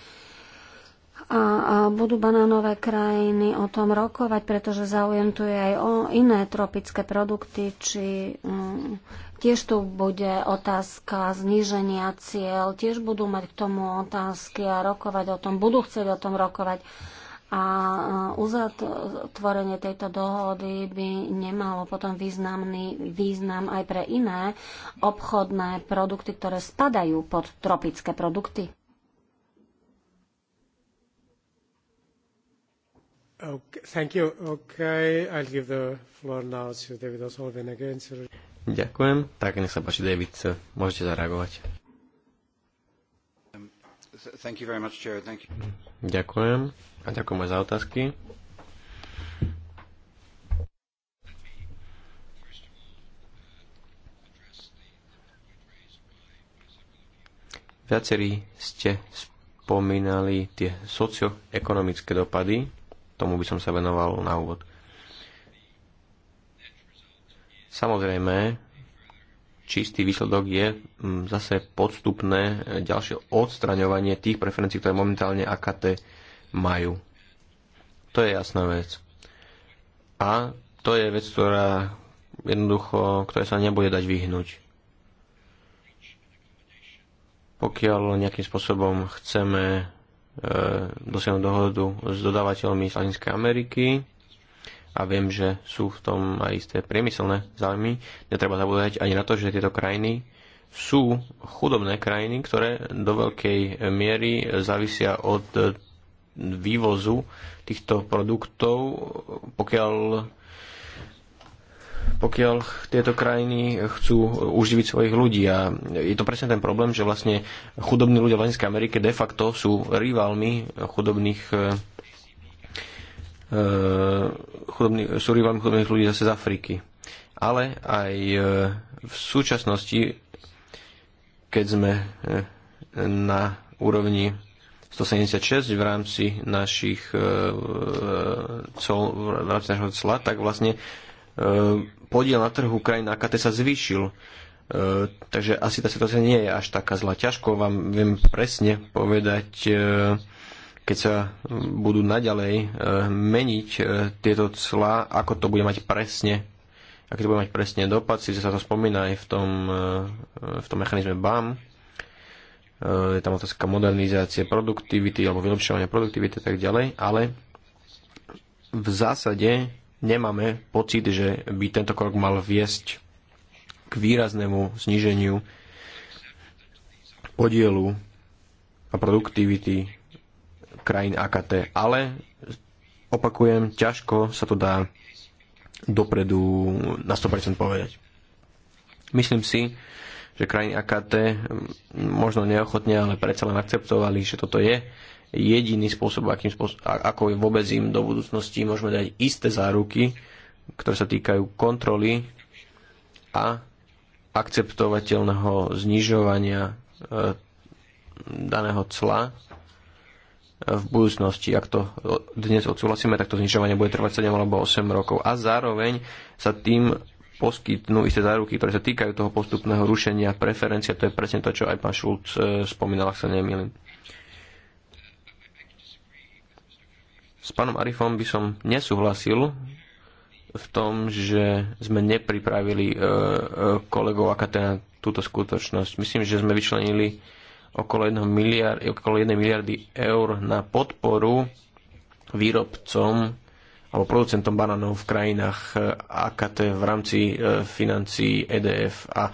S4: a, a budú banánové krajiny o tom rokovať, pretože záujem tu je aj o iné tropické produkty, či um, tiež tu bude otázka zníženia cieľ, tiež budú mať k tomu otázky a rokovať o tom, budú chcieť o tom rokovať. A e, uzatvorenie tejto dohody by nemalo potom významný význam aj pre iné obchodné produkty, ktoré spadajú pod tropické produkty.
S2: thank you. Okay, I'll give the floor now to David O'Sullivan again. Sir.
S3: Ďakujem. Tak nech sa páči, David, môžete zareagovať.
S4: Um, thank you very much, Chair. Thank you.
S3: Ďakujem a ďakujem aj za otázky. Viacerí ste spomínali tie socioekonomické dopady tomu by som sa venoval na úvod. Samozrejme, čistý výsledok je mm, zase podstupné e, ďalšie odstraňovanie tých preferencií, ktoré momentálne AKT majú. To je jasná vec. A to je vec, ktorá jednoducho, ktoré sa nebude dať vyhnúť. Pokiaľ nejakým spôsobom chceme E, dosiahnuť dohodu s dodávateľmi z Latinskej Ameriky a viem, že sú v tom aj isté priemyselné záujmy. Netreba zabúdať ani na to, že tieto krajiny sú chudobné krajiny, ktoré do veľkej miery závisia od vývozu týchto produktov, pokiaľ pokiaľ tieto krajiny chcú uživiť svojich ľudí. A je to presne ten problém, že vlastne chudobní ľudia v Latinskej Amerike de facto sú rivalmi chudobných e, e, chudobný, sú rivalmi chudobných ľudí zase z Afriky. Ale aj e, v súčasnosti, keď sme na úrovni 176 v rámci našich cel, v rámci našho cla, tak vlastne podiel na trhu krajín AKT sa zvýšil. E, takže asi tá situácia nie je až taká zlá. Ťažko vám viem presne povedať, e, keď sa budú naďalej e, meniť e, tieto clá, ako to bude mať presne aký to bude mať presne dopad, si sa to spomína aj v tom, e, v tom mechanizme BAM, e, je tam otázka modernizácie produktivity alebo vylepšovania produktivity a tak ďalej, ale v zásade nemáme pocit, že by tento krok mal viesť k výraznému zníženiu podielu a produktivity krajín AKT. Ale opakujem, ťažko sa to dá dopredu na 100% povedať. Myslím si, že krajiny AKT mm, možno neochotne, ale predsa len akceptovali, že toto je jediný spôsob, akým spôsob, ako vôbec im do budúcnosti môžeme dať isté záruky, ktoré sa týkajú kontroly a akceptovateľného znižovania e, daného cla v budúcnosti. Ak to e, dnes odsúhlasíme, tak to znižovanie bude trvať 7 alebo 8 rokov. A zároveň sa tým poskytnú isté záruky, ktoré sa týkajú toho postupného rušenia preferencia. To je presne to, čo aj pán Šulc e, spomínal, ak sa nemýlim. S pánom Arifom by som nesúhlasil v tom, že sme nepripravili e, e, kolegov AKT na túto skutočnosť. Myslím, že sme vyčlenili okolo 1, miliard, okolo 1 miliardy eur na podporu výrobcom alebo producentom banánov v krajinách e, AKT v rámci financií EDF. A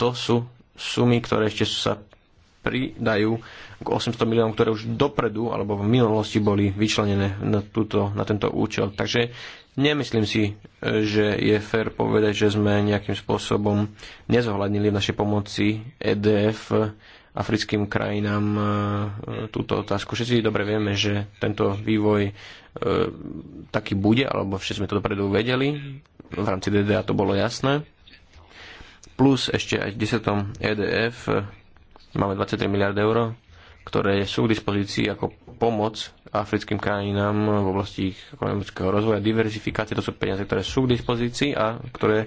S3: to sú sumy, ktoré ešte sa pridajú 800 miliónov, ktoré už dopredu alebo v minulosti boli vyčlenené na, túto, na tento účel. Takže nemyslím si, e, že je fér povedať, že sme nejakým spôsobom nezohľadnili v našej pomoci EDF africkým krajinám e, túto otázku. Všetci dobre vieme, že tento vývoj e, taký bude, alebo všetci sme to dopredu vedeli. V rámci DDA to bolo jasné. Plus ešte aj v 10. EDF máme 23 miliard eur ktoré sú k dispozícii ako pomoc africkým krajinám v oblasti ich ekonomického rozvoja, diverzifikácie, to sú peniaze, ktoré sú k dispozícii a ktoré,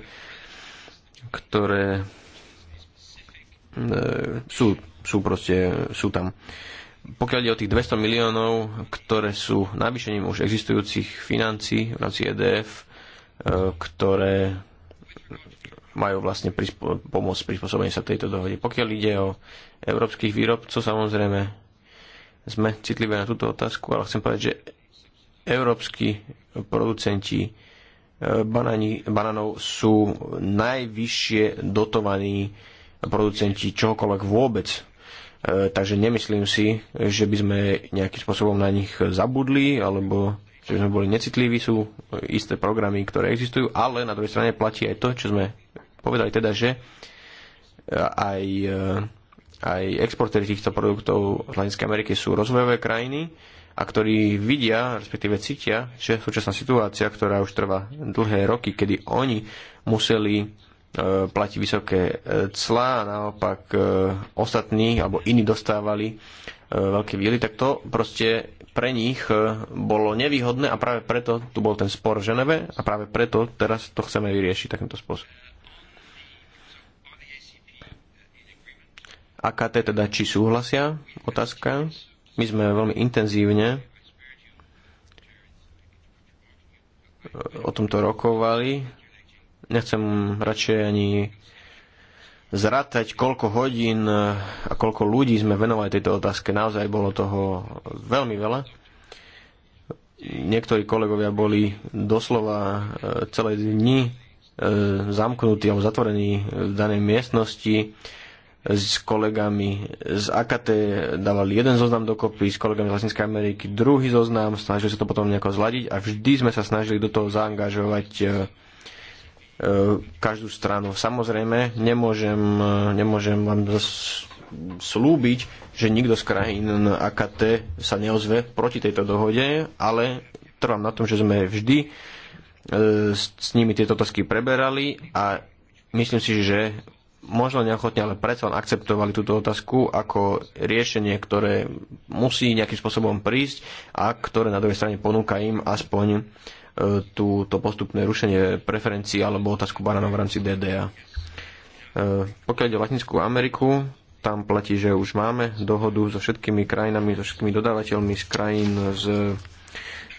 S3: ktoré e, sú, sú proste, sú tam. Pokiaľ ide o tých 200 miliónov, ktoré sú navýšením už existujúcich financí v rámci EDF, e, ktoré majú vlastne prispo- pomôcť prispôsobení sa tejto dohode. Pokiaľ ide o európskych výrobcov, samozrejme sme citlivé na túto otázku, ale chcem povedať, že európsky producenti e, banani, bananov sú najvyššie dotovaní producenti čohokoľvek vôbec. E, takže nemyslím si, že by sme nejakým spôsobom na nich zabudli, alebo že by sme boli necitliví, sú isté programy, ktoré existujú, ale na druhej strane platí aj to, čo sme povedali teda, že e, aj, e, aj exportéry týchto produktov z Latinskej Ameriky sú rozvojové krajiny a ktorí vidia, respektíve cítia, že súčasná situácia, ktorá už trvá dlhé roky, kedy oni museli e, platiť vysoké clá a naopak ostatní alebo iní dostávali veľké výly, tak to proste pre nich bolo nevýhodné a práve preto tu bol ten spor v Ženeve a práve preto teraz to chceme vyriešiť takýmto spôsobom. AKT, teda či súhlasia, otázka. My sme veľmi intenzívne eh, o tomto rokovali. Nechcem radšej ani zrátať, koľko hodín eh, a koľko ľudí sme venovali tejto otázke. Naozaj bolo toho veľmi veľa. Niektorí kolegovia boli doslova eh, celé dni zamknutí alebo zatvorení v danej miestnosti s kolegami z AKT dávali jeden zoznam dokopy, s kolegami z Latinskej Ameriky druhý zoznam, snažili sa to potom nejako zladiť a vždy sme sa snažili do toho zaangažovať e, e, každú stranu. Samozrejme, nemôžem, e, nemôžem vám slúbiť, že nikto z krajín AKT sa neozve proti tejto dohode, ale trvám na tom, že sme vždy s nimi tieto otázky preberali a myslím si, že možno neochotne, ale predsa len akceptovali túto otázku ako riešenie, ktoré musí nejakým spôsobom prísť a ktoré na druhej strane ponúka im aspoň e, túto postupné rušenie preferencií alebo otázku banánov v rámci DDA. E, pokiaľ ide o Latinskú Ameriku, tam platí, že už máme dohodu so všetkými krajinami, so všetkými dodávateľmi z krajín z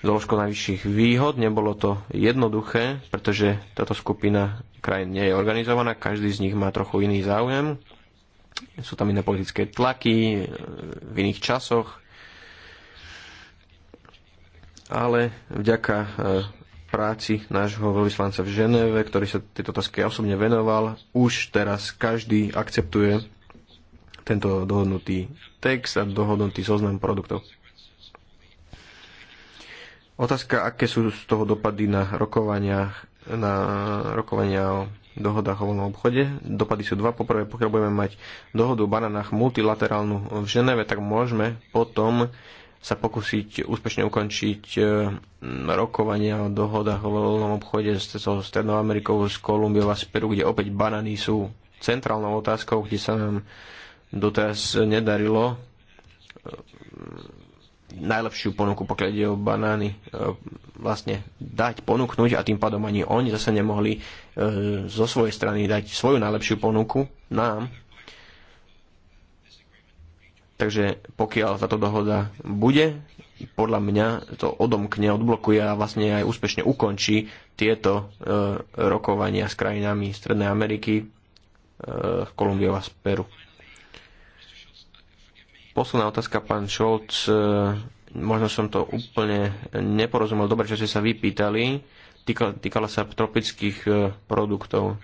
S3: zložkou najvyšších výhod. Nebolo to jednoduché, pretože táto skupina krajín nie je organizovaná, každý z nich má trochu iný záujem. Sú tam iné politické tlaky eh, v iných časoch, ale vďaka eh, práci nášho veľvyslanca v Ženeve, ktorý sa tejto otázke osobne venoval, už teraz každý akceptuje tento dohodnutý text a dohodnutý zoznam produktov. Otázka, aké sú z toho dopady na rokovania, na rokovania o dohodách o voľnom obchode. Dopady sú dva. Poprvé, pokiaľ budeme mať dohodu o bananách multilaterálnu v Ženeve, tak môžeme potom sa pokúsiť úspešne ukončiť e, rokovania o dohodách o voľnom obchode so Strednou Amerikou, s Kolumbiou a z Peru, kde opäť banany sú centrálnou otázkou, kde sa nám doteraz nedarilo e, najlepšiu ponuku, pokiaľ ide o banány, e, vlastne dať, ponúknuť a tým pádom ani oni zase nemohli e, zo svojej strany dať svoju najlepšiu ponuku nám. Takže pokiaľ táto dohoda bude, podľa mňa to odomkne, odblokuje a vlastne aj úspešne ukončí tieto e, rokovania s krajinami Strednej Ameriky, e, Kolumbiova z Peru. Posledná otázka, pán Šolc. E, možno som to úplne neporozumel. Dobre, čo ste sa vypýtali. týkala sa tropických e, produktov.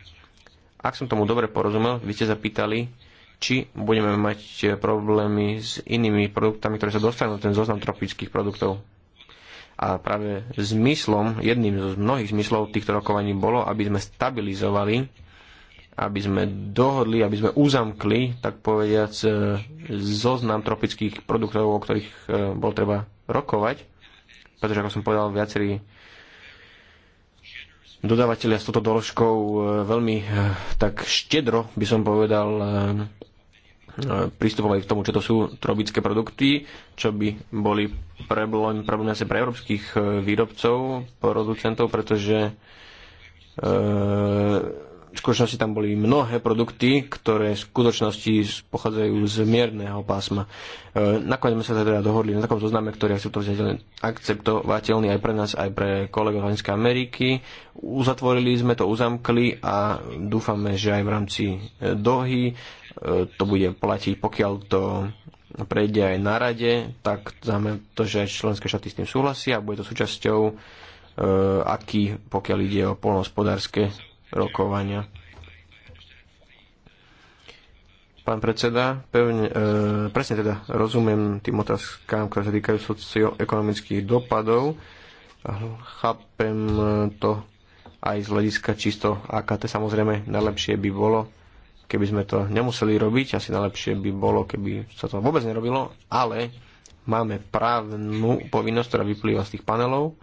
S3: Ak som tomu dobre porozumel, vy ste zapýtali, či budeme mať e, problémy s inými produktami, ktoré sa dostanú ten zoznam tropických produktov. A práve zmyslom, jedným z mnohých zmyslov týchto rokovaní bolo, aby sme stabilizovali aby sme dohodli, aby sme uzamkli, tak povediac, e, zoznam tropických produktov, o ktorých e, bol treba rokovať, pretože, ako som povedal, viacerí dodávateľia s touto doložkou e, veľmi tak štedro, by som povedal, pristupovali k tomu, čo to sú tropické produkty, čo by boli problém, problém pre európskych výrobcov, producentov, pretože e, v skutočnosti tam boli mnohé produkty, ktoré v skutočnosti pochádzajú z mierneho pásma. E, nakoniec sme sa teda dohodli na takom zozname, ktorý je akceptovateľný aj pre nás, aj pre kolegov z Ameriky. Uzatvorili sme to, uzamkli a dúfame, že aj v rámci e, dohy e, to bude platiť, pokiaľ to prejde aj na rade, tak znamená to, že členské štáty s tým súhlasia a bude to súčasťou e, aký, pokiaľ ide o polnohospodárske rokovania. Pán predseda, pevne, e, presne teda rozumiem tým otázkám, ktoré sa týkajú socioekonomických dopadov. Chápem e, to aj z hľadiska čisto AKT. Samozrejme, najlepšie by bolo, keby sme to nemuseli robiť. Asi najlepšie by bolo, keby sa to vôbec nerobilo, ale máme právnu povinnosť, ktorá vyplýva z tých panelov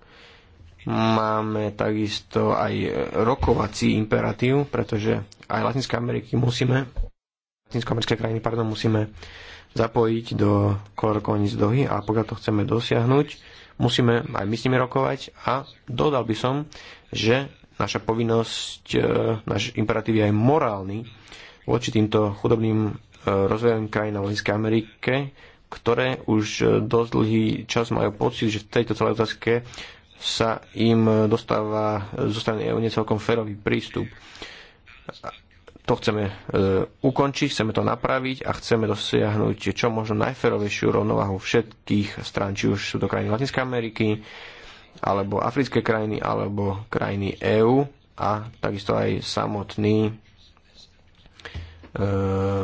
S3: Máme takisto aj rokovací imperatív, pretože aj Latinské Ameriky musíme, latinskoamerické krajiny, pardon, musíme zapojiť do kolorokovaní z dohy a pokiaľ to chceme dosiahnuť, musíme aj my s nimi rokovať a dodal by som, že naša povinnosť, e, náš imperatív je aj morálny voči týmto chudobným e, rozvojovým krajinám v Latinskej Amerike, ktoré už e, dosť dlhý čas majú pocit, že v tejto celej otázke sa im dostáva zo strany EU necelkom férový prístup. To chceme e, ukončiť, chceme to napraviť a chceme dosiahnuť čo možno najférovejšiu rovnováhu všetkých strán, či už sú to krajiny Latinskej Ameriky, alebo africké krajiny, alebo krajiny EÚ a takisto aj samotní e,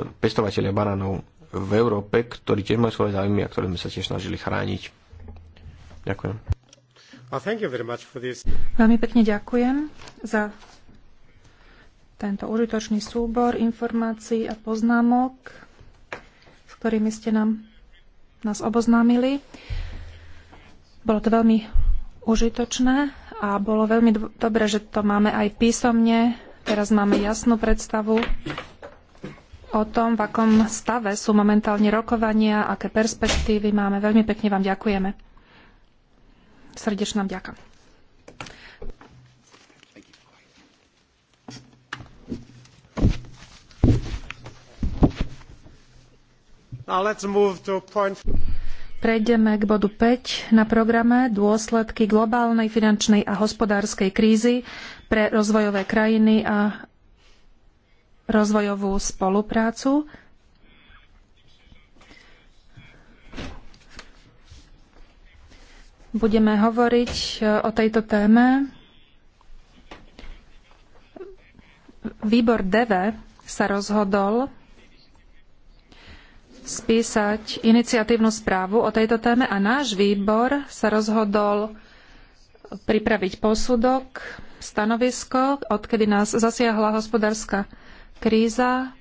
S3: pestovateľia banánov v Európe, ktorí tiež majú svoje záujmy
S2: a ktoré sme sa tiež snažili chrániť. Ďakujem. Veľmi
S1: pekne ďakujem za tento užitočný súbor informácií a poznámok, s ktorými ste nám, nás oboznámili. Bolo to veľmi užitočné a bolo veľmi dobre, že to máme aj písomne. Teraz máme jasnú predstavu o tom, v akom stave sú momentálne rokovania, aké perspektívy máme. Veľmi pekne vám ďakujeme. Srdečná vďaka. Prejdeme k bodu 5 na programe dôsledky globálnej finančnej a hospodárskej krízy pre rozvojové krajiny a rozvojovú spoluprácu. budeme hovoriť e, o tejto téme. Výbor DV sa rozhodol spísať iniciatívnu správu o tejto téme a náš výbor sa rozhodol pripraviť posudok, stanovisko, odkedy nás zasiahla hospodárska kríza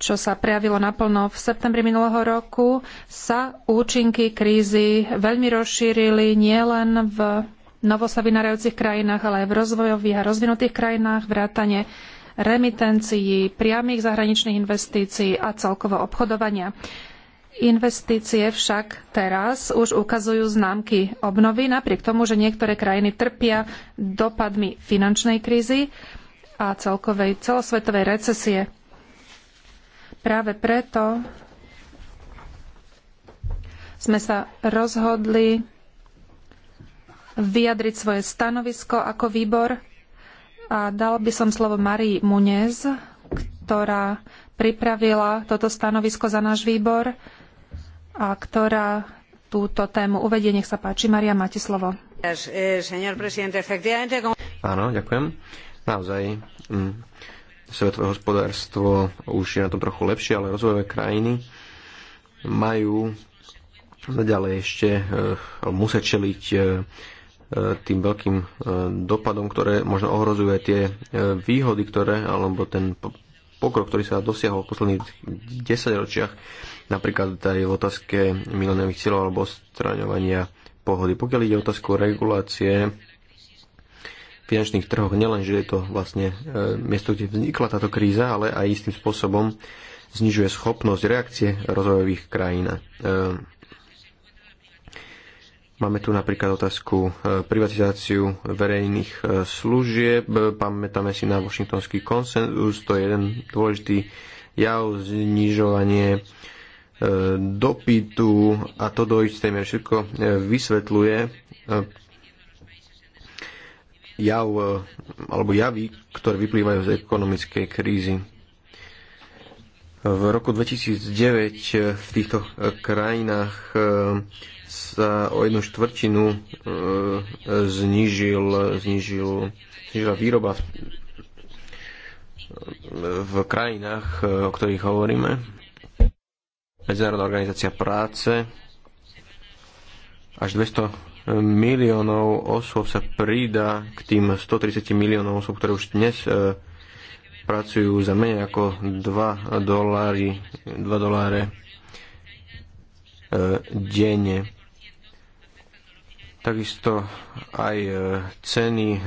S1: čo sa prejavilo naplno v septembri minulého roku, sa účinky krízy veľmi rozšírili nielen v novosa krajinách, ale aj v rozvojových a rozvinutých krajinách, vrátane remitencií, priamých zahraničných investícií a celkovo obchodovania. Investície však teraz už ukazujú známky obnovy, napriek tomu, že niektoré krajiny trpia dopadmi finančnej krízy a celkovej celosvetovej recesie. Práve preto sme sa rozhodli vyjadriť svoje stanovisko ako výbor a dal by som slovo Marii Munez, ktorá pripravila toto stanovisko za náš výbor a ktorá túto tému uvedie. Nech sa páči, Maria, máte slovo.
S3: Áno, ďakujem. Naozaj, mm, Svetové hospodárstvo už je na tom trochu lepšie, ale rozvojové krajiny majú naďalej ešte e, musia čeliť e, e, tým veľkým dopadom, ktoré možno ohrozuje tie výhody, ktoré, alebo ten pokrok, ktorý sa dosiahol v posledných 10 ročiach, napríklad aj v otázke milenových cieľov alebo straňovania pohody. Pokiaľ ide o otázku regulácie finančných trhoch nielen, že je to vlastne e, miesto, kde vznikla táto kríza, ale aj istým spôsobom znižuje schopnosť reakcie rozvojových krajín. E, máme tu napríklad otázku e, privatizáciu verejných služieb. Pamätáme si na Washingtonský konsenzus, to je jeden dôležitý jav, znižovanie dopytu a to do istej miery všetko vysvetľuje jav e, alebo javy, ktoré vyplývajú z ekonomickej krízy. V roku 2009 e, v týchto e, krajinách sa o jednu štvrtinu znižil, znižil, znižila výroba v, krajinách, o ktorých hovoríme. Medzinárodná organizácia práce až 200 miliónov osôb sa prída k tým 130 miliónov osôb, ktoré už dnes e, pracujú za menej ako 2 doláry, 2 doláre e, denne. Takisto aj e, ceny e,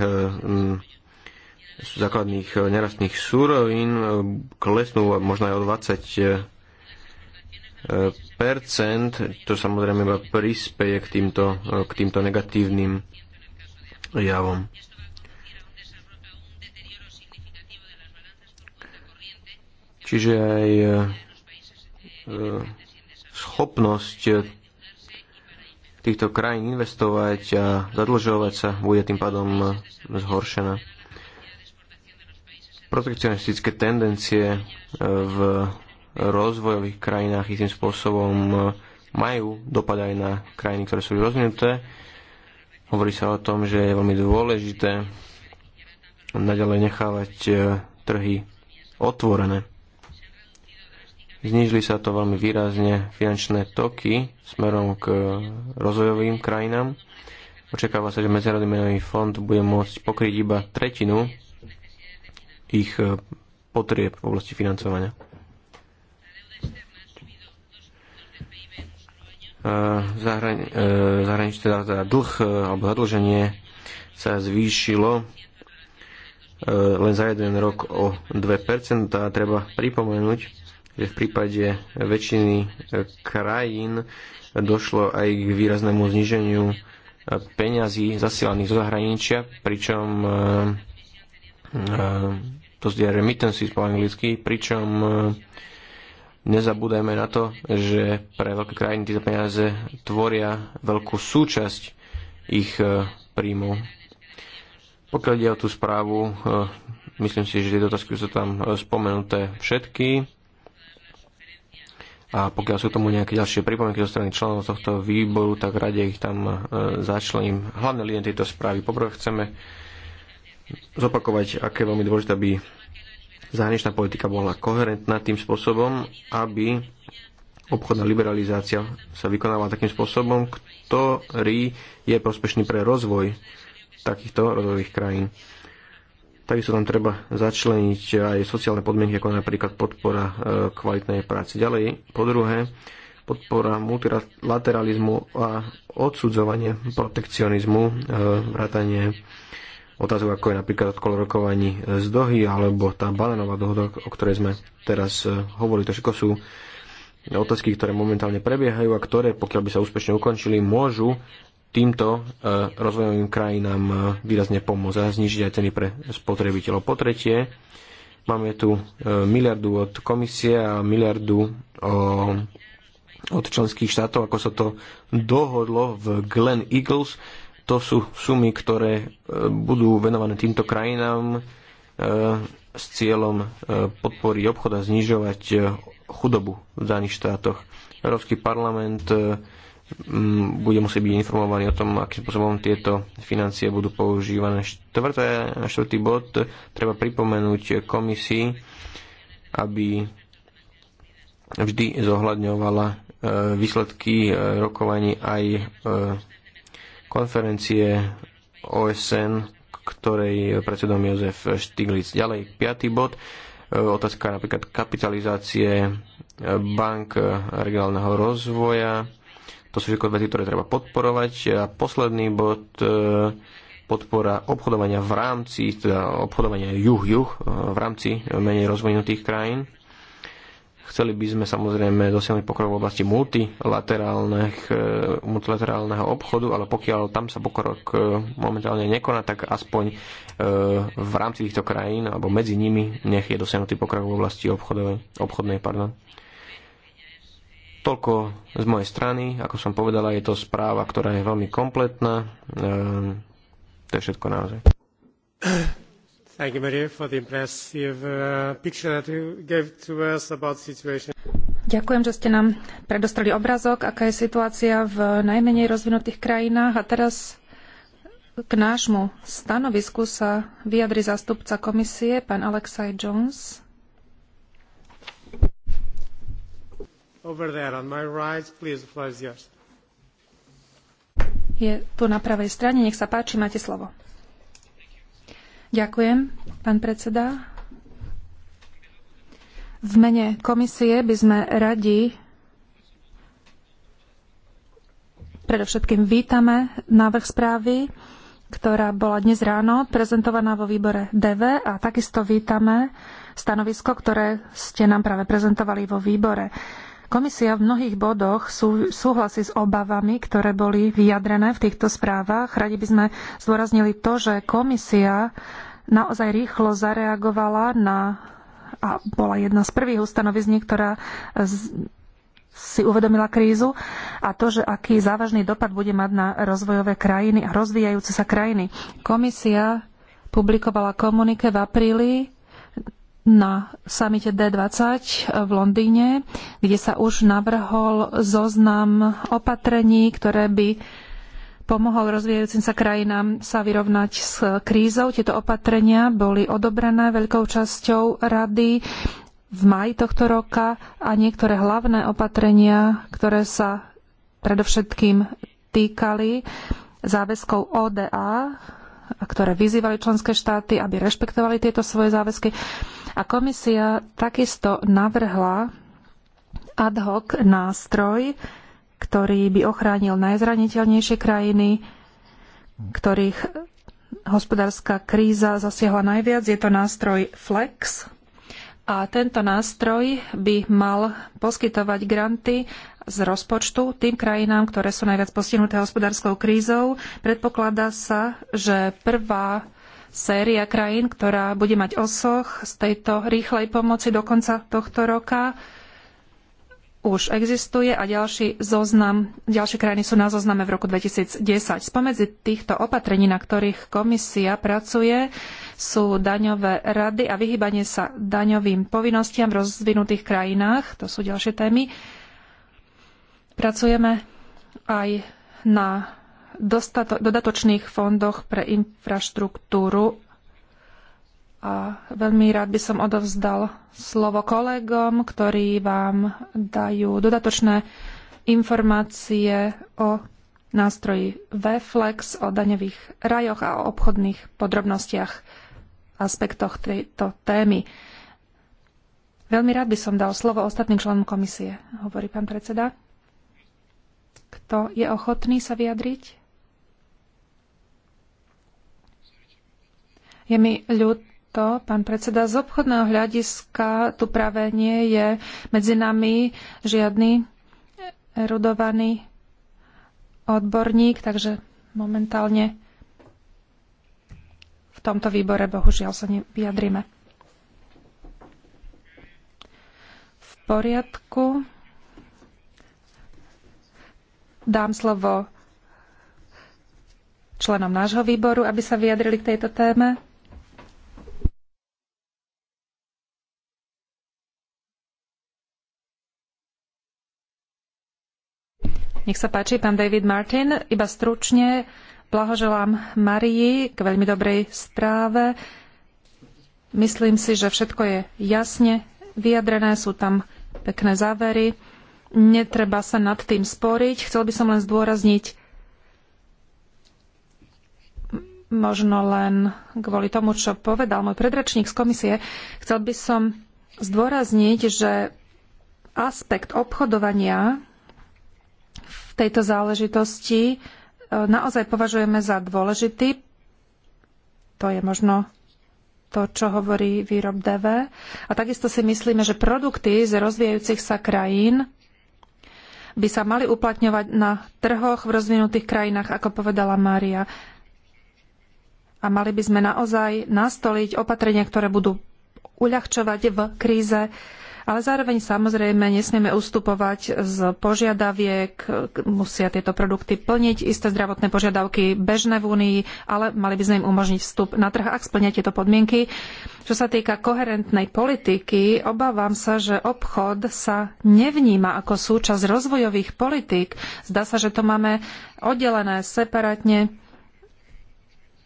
S3: m, základných e, nerastných súrovín e, klesnú možno aj o 20 e, to samozrejme iba prispieje k týmto, k týmto negatívnym javom. Čiže aj e, e, schopnosť týchto krajín investovať a zadlžovať sa bude tým pádom e, zhoršená. Protekcionistické tendencie v rozvojových krajinách istým spôsobom e, majú dopad aj na krajiny, ktoré sú rozvinuté. Hovorí sa o tom, že je veľmi dôležité naďalej nechávať e, trhy otvorené. Znižili sa to veľmi výrazne finančné toky smerom k e, rozvojovým krajinám. Očakáva sa, že Medzinárodný menový fond bude môcť pokryť iba tretinu ich potrieb v oblasti financovania. E, zahrani, e, teda, teda dlh e, alebo zadlženie sa zvýšilo len za jeden rok o 2%. A treba pripomenúť, že v prípade väčšiny krajín došlo aj k výraznému zniženiu peňazí zasielaných zo zahraničia, pričom to zdia remittances po anglicky, pričom Nezabúdajme na to, že pre veľké krajiny tieto peniaze tvoria veľkú súčasť ich e, príjmov. Pokiaľ ide o tú správu, e, myslím si, že tie otázky sú tam e, spomenuté všetky. A pokiaľ sú tomu nejaké ďalšie pripomienky zo strany členov tohto výboru, tak rade ich tam začlením. Hlavné linie tejto správy. Poprvé chceme zopakovať, aké veľmi dôležité, by zahraničná politika bola koherentná tým spôsobom, aby obchodná liberalizácia sa vykonávala takým spôsobom, ktorý je prospešný pre rozvoj takýchto rozvojových krajín. Takisto tam treba začleniť aj sociálne podmienky, ako napríklad podpora e, kvalitnej práce. Ďalej, po druhé, podpora multilateralizmu a odsudzovanie protekcionizmu, e, vrátanie otázok, ako je napríklad odkolo rokovaní z Dohy alebo tá Balenová dohoda, o ktorej sme teraz e, hovorili. To všetko sú otázky, ktoré momentálne prebiehajú a ktoré, pokiaľ by sa úspešne ukončili, môžu týmto e, rozvojovým krajinám e, výrazne pomôcť a znižiť aj ceny pre spotrebiteľov. Po tretie, máme tu miliardu od komisie a miliardu od členských štátov, ako sa to dohodlo v Glen Eagles to sú sumy, ktoré e, budú venované týmto krajinám e, s cieľom e, podpory obchoda a znižovať chudobu v daných štátoch. Európsky parlament bude musieť byť informovaný o tom, akým spôsobom tieto financie budú používané. Štvrté, štvrtý bod, treba pripomenúť komisii, aby vždy zohľadňovala výsledky rokovaní aj konferencie OSN, ktorej predsedom Jozef Štiglic. Ďalej, piatý bod, e, otázka napríklad kapitalizácie e, bank e, regionálneho rozvoja. To sú všetko veci, ktoré treba podporovať. A posledný bod, podpora obchodovania v rámci, teda obchodovania juh-juh, v rámci menej rozvinutých krajín Chceli by sme samozrejme dosiahnuť pokrok v oblasti e, multilaterálneho obchodu, ale pokiaľ tam sa pokrok e, momentálne nekoná, tak aspoň e, v rámci týchto krajín alebo medzi nimi nech je dosiahnutý pokrok v oblasti obchodnej. Pardon. Toľko z mojej strany. Ako som povedala, je to správa, ktorá je veľmi kompletná. To je všetko naozaj.
S2: Thank you, Maria, for the impressive uh, picture that you gave to us about the situation.
S1: Ďakujem, že ste nám predostali obrazok, aká je situácia v najmenej rozvinutých krajinách. A teraz k nášmu stanovisku sa vyjadri zástupca komisie, pán Alexei Jones.
S2: Over there on my right, please, the floor is
S1: yours. Je tu na pravej strane, nech sa páči, máte slovo. Ďakujem, pán predseda. V mene komisie by sme radi predovšetkým vítame návrh správy, ktorá bola dnes ráno prezentovaná vo výbore DV a takisto vítame stanovisko, ktoré ste nám práve prezentovali vo výbore. Komisia v mnohých bodoch sú, súhlasí s obavami, ktoré boli vyjadrené v týchto správach. Radi by sme zdôraznili to, že komisia naozaj rýchlo zareagovala na a bola jedna z prvých ustanovizní, ktorá z, si uvedomila krízu a to, že aký závažný dopad bude mať na rozvojové krajiny a rozvíjajúce sa krajiny. Komisia publikovala komunike v apríli na samite D20 v Londýne, kde sa už navrhol zoznam opatrení, ktoré by pomohol rozvíjajúcim sa krajinám sa vyrovnať s krízou. Tieto opatrenia boli odobrené veľkou časťou rady v maji tohto roka a niektoré hlavné opatrenia, ktoré sa predovšetkým týkali záväzkov ODA, ktoré vyzývali členské štáty, aby rešpektovali tieto svoje záväzky, a komisia takisto navrhla ad hoc nástroj, ktorý by ochránil najzraniteľnejšie krajiny, ktorých hospodárska kríza zasiahla najviac. Je to nástroj FLEX, a tento nástroj by mal poskytovať granty z rozpočtu tým krajinám, ktoré sú najviac postihnuté hospodárskou krízou. Predpokladá sa, že prvá séria krajín, ktorá bude mať osoch z tejto rýchlej pomoci do konca tohto roka. Už existuje a ďalší zoznam, ďalšie krajiny sú na zozname v roku 2010. Spomedzi týchto opatrení, na ktorých komisia pracuje, sú daňové rady a vyhýbanie sa daňovým povinnostiam v rozvinutých krajinách. To sú ďalšie témy. Pracujeme aj na dodatočných fondoch pre infraštruktúru. A veľmi rád by som odovzdal slovo kolegom, ktorí vám dajú dodatočné informácie o nástroji VFlex, o daňových rajoch a o obchodných podrobnostiach, aspektoch tejto témy. Veľmi rád by som dal slovo ostatným členom komisie, hovorí pán predseda. Kto je ochotný sa vyjadriť? Je mi ľúto, pán predseda, z obchodného hľadiska tu práve nie je medzi nami žiadny erudovaný odborník, takže momentálne v tomto výbore bohužiaľ sa nevyjadrime. V poriadku. Dám slovo členom nášho výboru, aby sa vyjadrili k tejto téme. Nech sa páči, pán David Martin. Iba stručne blahoželám Marii k veľmi dobrej správe. Myslím si, že všetko je jasne vyjadrené, sú tam pekné závery. Netreba sa nad tým sporiť. Chcel by som len zdôrazniť možno len kvôli tomu, čo povedal môj predračník z komisie, chcel by som zdôrazniť, že aspekt obchodovania v tejto záležitosti e, naozaj považujeme za dôležitý. To je možno to, čo hovorí výrob DV. A takisto si myslíme, že produkty z rozvíjajúcich sa krajín by sa mali uplatňovať na trhoch v rozvinutých krajinách, ako povedala Mária. A mali by sme naozaj nastoliť opatrenia, ktoré budú uľahčovať v kríze ale zároveň samozrejme nesmieme ustupovať z požiadaviek, musia tieto produkty plniť isté zdravotné požiadavky bežné v Únii, ale mali by sme im umožniť vstup na trh, ak splnia tieto podmienky. Čo sa týka koherentnej politiky, obávam sa, že obchod sa nevníma ako súčasť rozvojových politík. Zdá sa, že to máme oddelené separátne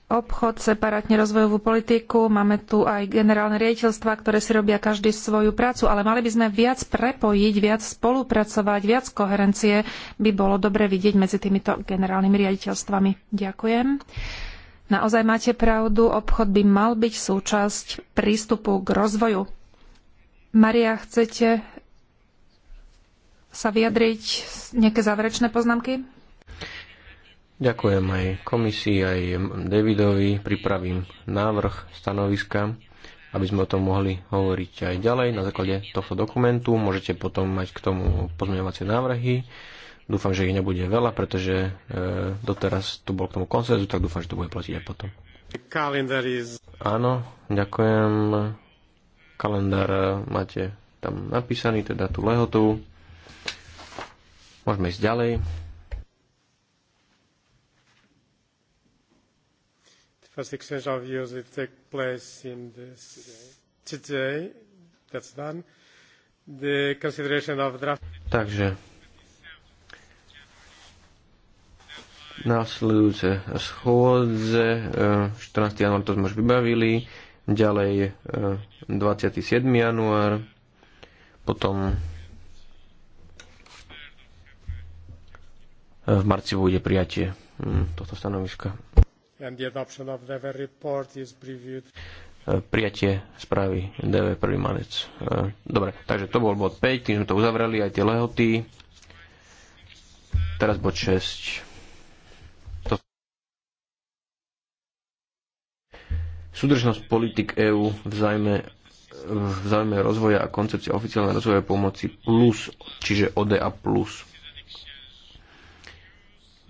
S1: obchod, separátne rozvojovú politiku, máme tu aj generálne riaditeľstva, ktoré si robia každý svoju prácu, ale mali by sme viac prepojiť, viac spolupracovať, viac koherencie by bolo dobre vidieť medzi týmito generálnymi riaditeľstvami. Ďakujem. Naozaj máte pravdu, obchod by mal byť súčasť prístupu k rozvoju. Maria, chcete sa vyjadriť nejaké záverečné poznámky?
S3: Ďakujem aj komisii, aj Davidovi. Pripravím návrh stanoviska, aby sme o tom mohli hovoriť aj ďalej. Na základe tohto dokumentu môžete potom mať k tomu pozmeňovacie návrhy. Dúfam, že ich nebude veľa, pretože e, doteraz tu bol k tomu konsenzu, tak dúfam, že to bude platiť aj potom. Is... Áno, ďakujem. Kalendár e, máte tam napísaný, teda tú lehotu. Môžeme ísť ďalej.
S2: First exchange of views will take place in this today. That's done. The consideration of draft.
S3: Takže následujúce schôdze, 14. Eh, január to sme už vybavili, ďalej 27. Eh, január, potom eh, v marci bude prijatie hm, tohto stanoviska. E, prijatie správy DV 1. marec. E, dobre, takže to bol bod 5, tým sme to uzavreli, aj tie lehoty. Teraz bod 6. To... Súdržnosť politik EÚ v zájme, v rozvoja a koncepcia oficiálnej rozvoja pomoci plus, čiže ODA plus.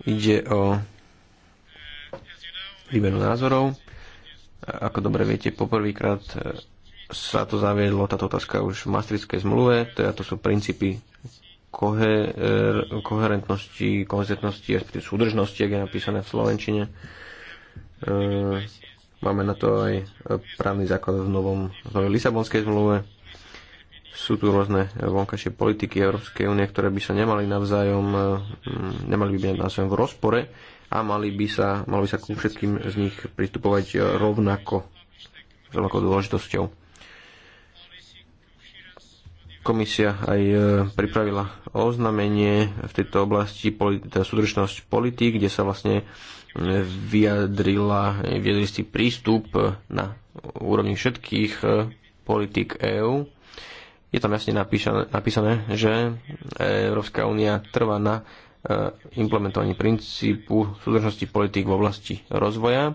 S3: Ide o výmenu názorov. Ako dobre viete, poprvýkrát e, sa to zaviedlo, táto otázka už v Maastrichtskej zmluve, teda to sú princípy koher, koherentnosti, konzistentnosti, respektíve súdržnosti, ak je napísané v Slovenčine. E, máme na to aj právny základ v novom v novej Lisabonskej zmluve. Sú tu rôzne vonkajšie politiky Európskej únie, ktoré by sa nemali navzájom, e, nemali by byť navzájom v rozpore a mali by sa, malo by sa ku všetkým z nich pristupovať e, rovnako, s rovnakou dôležitosťou. Komisia aj e, pripravila oznámenie v tejto oblasti politi- teda súdržnosť politik, kde sa vlastne e, vyjadrila vyjadristý prístup na úrovni všetkých politik EÚ. Je tam jasne napísané, napísané že Európska únia trvá na Eh, implementovaní princípu súdržnosti politik v oblasti rozvoja.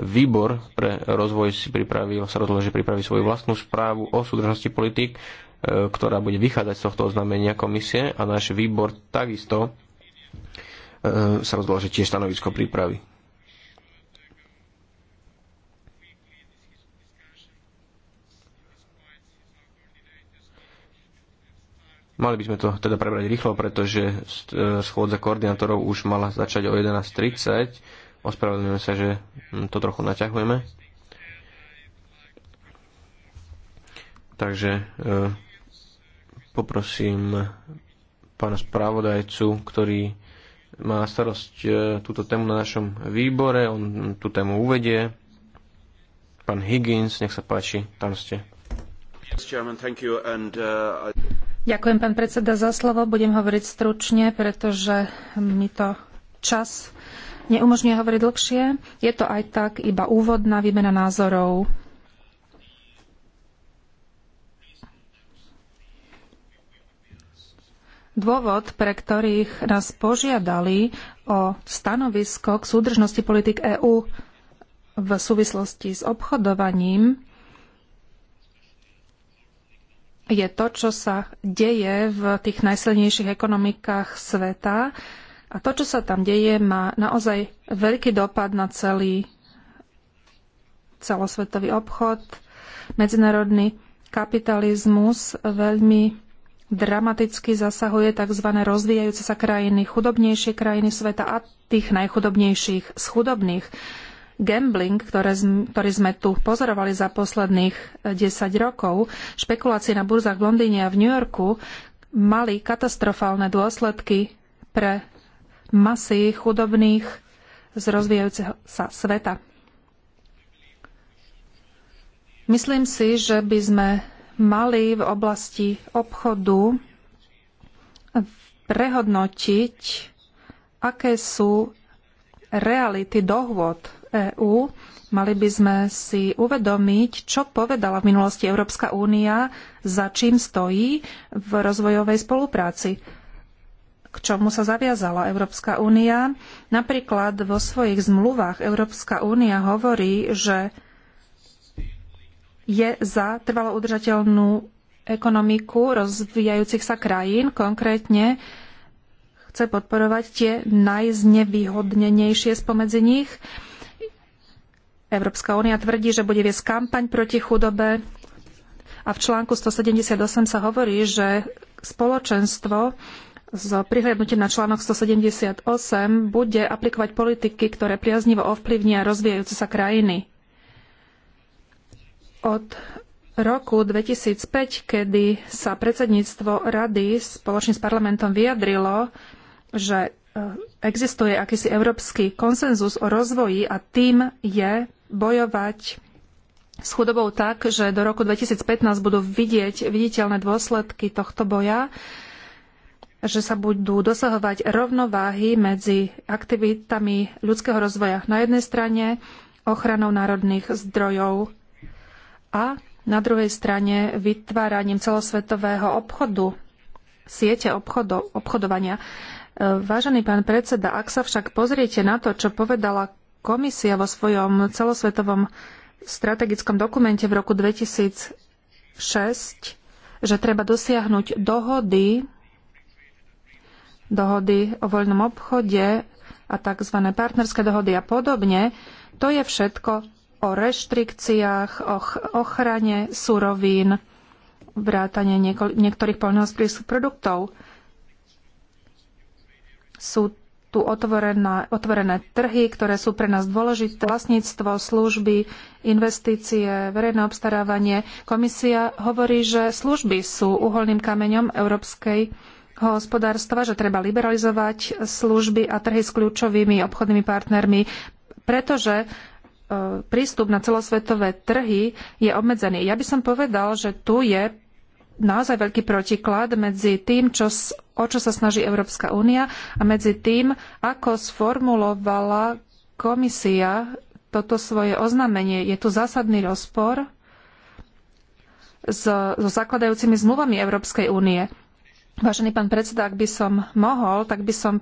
S3: Výbor pre rozvoj si pripravil, sa rozhodol, že pripraví svoju vlastnú správu o súdržnosti politik, eh, ktorá bude vychádzať z tohto oznámenia komisie a náš výbor takisto eh, sa rozhodol, že tiež stanovisko pripraví. Mali by sme to teda prebrať rýchlo, pretože e, schôdza koordinátorov už mala začať o 11.30. Ospravedlňujeme sa, že hm, to trochu naťahujeme. Takže e, poprosím pána spravodajcu, ktorý má na starosť e, túto tému na našom výbore. On tú tému uvedie. Pán Higgins, nech sa páči, tam ste.
S2: Uh,
S1: Ďakujem, pán predseda, za slovo. Budem hovoriť stručne, pretože mi to čas neumožňuje hovoriť dlhšie. Je to aj tak iba úvodná výmena názorov. Dôvod, pre ktorých nás požiadali o stanovisko k súdržnosti politik EÚ v súvislosti s obchodovaním, je to, čo sa deje v tých najsilnejších ekonomikách sveta. A to, čo sa tam deje, má naozaj veľký dopad na celý celosvetový obchod, medzinárodný kapitalizmus veľmi dramaticky zasahuje tzv. rozvíjajúce sa krajiny, chudobnejšie krajiny sveta a tých najchudobnejších z chudobných gambling, ktoré, ktorý sme tu pozorovali za posledných 10 eh, rokov, špekulácie na burzách v Londýne a v New Yorku mali katastrofálne dôsledky pre masy chudobných z rozvíjajúceho sa sveta. Myslím si, že by sme mali v oblasti obchodu prehodnotiť, aké sú reality dohôd EÚ, mali by sme si uvedomiť, čo povedala v minulosti Európska únia, za čím stojí v rozvojovej spolupráci k čomu sa zaviazala Európska únia. Napríklad vo svojich zmluvách Európska únia hovorí, že je za trvalo udržateľnú ekonomiku rozvíjajúcich sa krajín, konkrétne chce podporovať tie najznevýhodnenejšie spomedzi nich Európska únia tvrdí, že bude viesť kampaň proti chudobe a v článku 178 sa hovorí, že spoločenstvo s prihliadnutím na článok 178 bude aplikovať politiky, ktoré priaznivo ovplyvnia rozvíjajúce sa krajiny. Od roku 2005, kedy sa predsedníctvo rady spoločne s parlamentom vyjadrilo, že e, existuje akýsi európsky konsenzus o rozvoji a tým je bojovať s chudobou tak, že do roku 2015 budú vidieť viditeľné dôsledky tohto boja, že sa budú dosahovať rovnováhy medzi aktivitami ľudského rozvoja na jednej strane, ochranou národných zdrojov a na druhej strane vytváraním celosvetového obchodu, siete obchodu, obchodovania. E, vážený pán predseda, ak sa však pozriete na to, čo povedala komisia vo svojom celosvetovom strategickom dokumente v roku 2006, že treba dosiahnuť dohody, dohody o voľnom obchode a tzv. partnerské dohody a podobne, to je všetko o reštrikciách, o ochrane surovín, vrátane niektorých poľnohospodárských produktov. Sú tu otvorené, otvorené trhy, ktoré sú pre nás dôležité, vlastníctvo, služby, investície, verejné obstarávanie. Komisia hovorí, že služby sú uholným kameňom európskej hospodárstva, že treba liberalizovať služby a trhy s kľúčovými obchodnými partnermi, pretože e, prístup na celosvetové trhy je obmedzený. Ja by som povedal, že tu je naozaj veľký protiklad medzi tým, čo, o čo sa snaží Európska únia a medzi tým, ako sformulovala komisia toto svoje oznámenie. Je tu zásadný rozpor so, so zakladajúcimi zmluvami Európskej únie. Vážený pán predseda, ak by som mohol, tak by som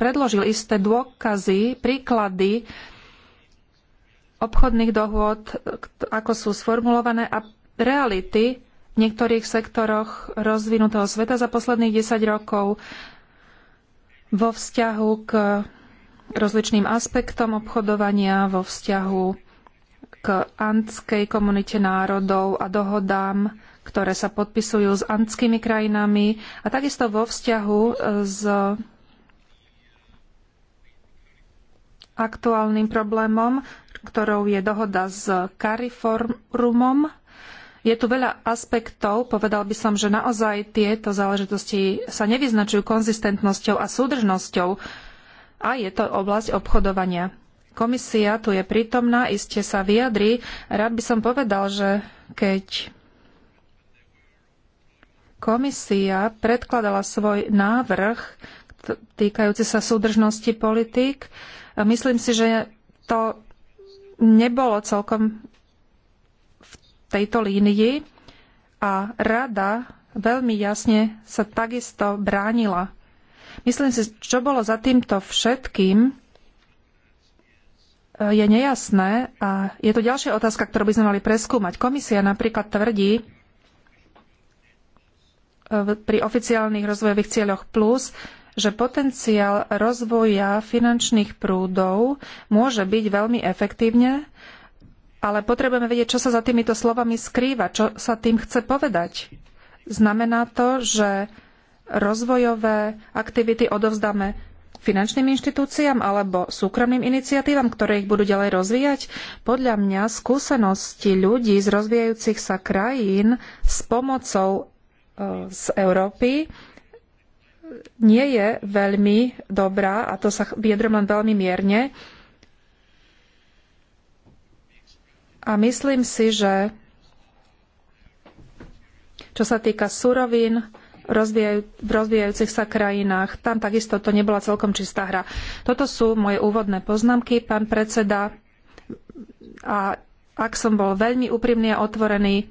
S1: predložil isté dôkazy, príklady obchodných dohôd, ako sú sformulované a reality, v niektorých sektoroch rozvinutého sveta za posledných 10 rokov vo vzťahu k rozličným aspektom obchodovania, vo vzťahu k antskej komunite národov a dohodám, ktoré sa podpisujú s antskými krajinami a takisto vo vzťahu s aktuálnym problémom, ktorou je dohoda s Cariforumom, je tu veľa aspektov, povedal by som, že naozaj tieto záležitosti sa nevyznačujú konzistentnosťou a súdržnosťou a je to oblasť obchodovania. Komisia tu je prítomná, iste sa vyjadri. Rád by som povedal, že keď komisia predkladala svoj návrh týkajúci sa súdržnosti politík, myslím si, že to nebolo celkom tejto línii a rada veľmi jasne sa takisto bránila. Myslím si, čo bolo za týmto všetkým, e, je nejasné a je to ďalšia otázka, ktorú by sme mali preskúmať. Komisia napríklad tvrdí e, pri oficiálnych rozvojových cieľoch plus, že potenciál rozvoja finančných prúdov môže byť veľmi efektívne ale potrebujeme vedieť, čo sa za týmito slovami skrýva, čo sa tým chce povedať. Znamená to, že rozvojové aktivity odovzdáme finančným inštitúciám alebo súkromným iniciatívam, ktoré ich budú ďalej rozvíjať? Podľa mňa skúsenosti ľudí z rozvíjajúcich sa krajín s pomocou e, z Európy nie je veľmi dobrá, a to sa viedrem len veľmi mierne, A myslím si, že čo sa týka surovín v rozvíjajúcich sa krajinách, tam takisto to nebola celkom čistá hra. Toto sú moje úvodné poznámky, pán predseda. A ak som bol veľmi úprimný a otvorený,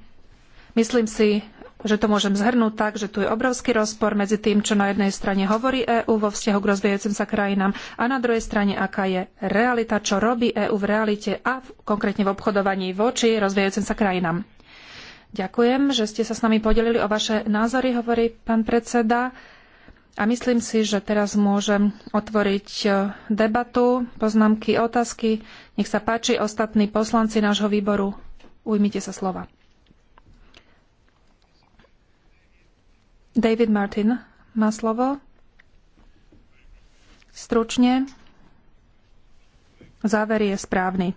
S1: myslím si, že to môžem zhrnúť tak, že tu je obrovský rozpor medzi tým, čo na jednej strane hovorí EÚ vo vzťahu k rozvíjajúcim sa krajinám a na druhej strane, aká je realita, čo robí EÚ v realite a konkrétne v obchodovaní voči rozvíjajúcim sa krajinám. Ďakujem, že ste sa s nami podelili o vaše názory, hovorí pán predseda. A myslím si, že teraz môžem otvoriť e, debatu, poznámky, otázky. Nech sa páči, ostatní poslanci nášho výboru, ujmite sa slova. David Martin má slovo. Stručne. Záver je správny.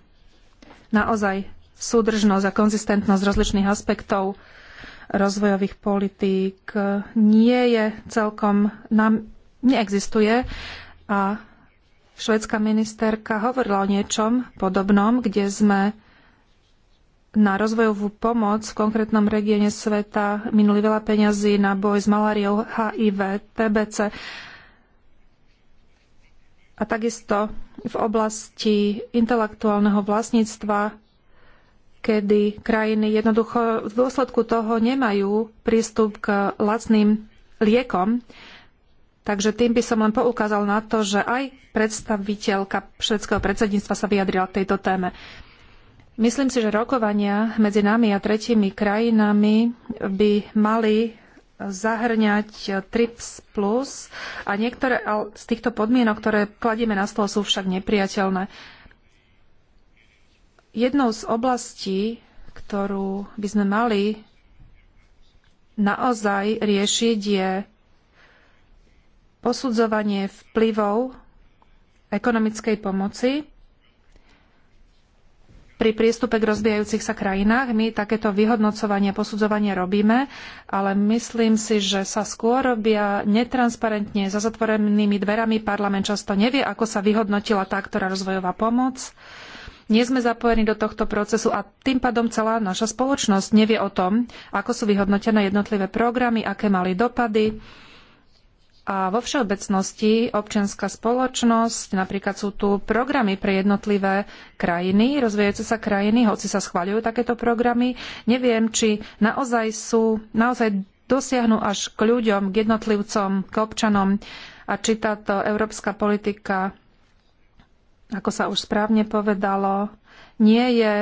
S1: Naozaj súdržnosť a konzistentnosť rozličných aspektov rozvojových politík nie je celkom nám neexistuje a švedská ministerka hovorila o niečom podobnom, kde sme na rozvojovú pomoc v konkrétnom regióne sveta minuli veľa peňazí na boj s maláriou, HIV, TBC a takisto v oblasti intelektuálneho vlastníctva, kedy krajiny jednoducho v dôsledku toho nemajú prístup k lacným liekom. Takže tým by som len poukázal na to, že aj predstaviteľka švedského predsedníctva sa vyjadrila k tejto téme. Myslím si, že rokovania medzi nami a tretími krajinami by mali zahrňať TRIPS plus a niektoré z týchto podmienok, ktoré kladieme na stôl, sú však nepriateľné. Jednou z oblastí, ktorú by sme mali naozaj riešiť, je posudzovanie vplyvov ekonomickej pomoci pri priestupe k rozvíjajúcich sa krajinách. My takéto vyhodnocovanie, posudzovanie robíme, ale myslím si, že sa skôr robia netransparentne, za zatvorenými dverami. Parlament často nevie, ako sa vyhodnotila tá, ktorá rozvojová pomoc. Nie sme zapojení do tohto procesu a tým pádom celá naša spoločnosť nevie o tom, ako sú vyhodnotené jednotlivé programy, aké mali dopady, a vo všeobecnosti občianská spoločnosť, napríklad sú tu programy pre jednotlivé krajiny, rozvíjajúce sa krajiny, hoci sa schváľujú takéto programy, neviem, či naozaj sú, naozaj dosiahnu až k ľuďom, k jednotlivcom, k občanom a či táto európska politika, ako sa už správne povedalo, nie je,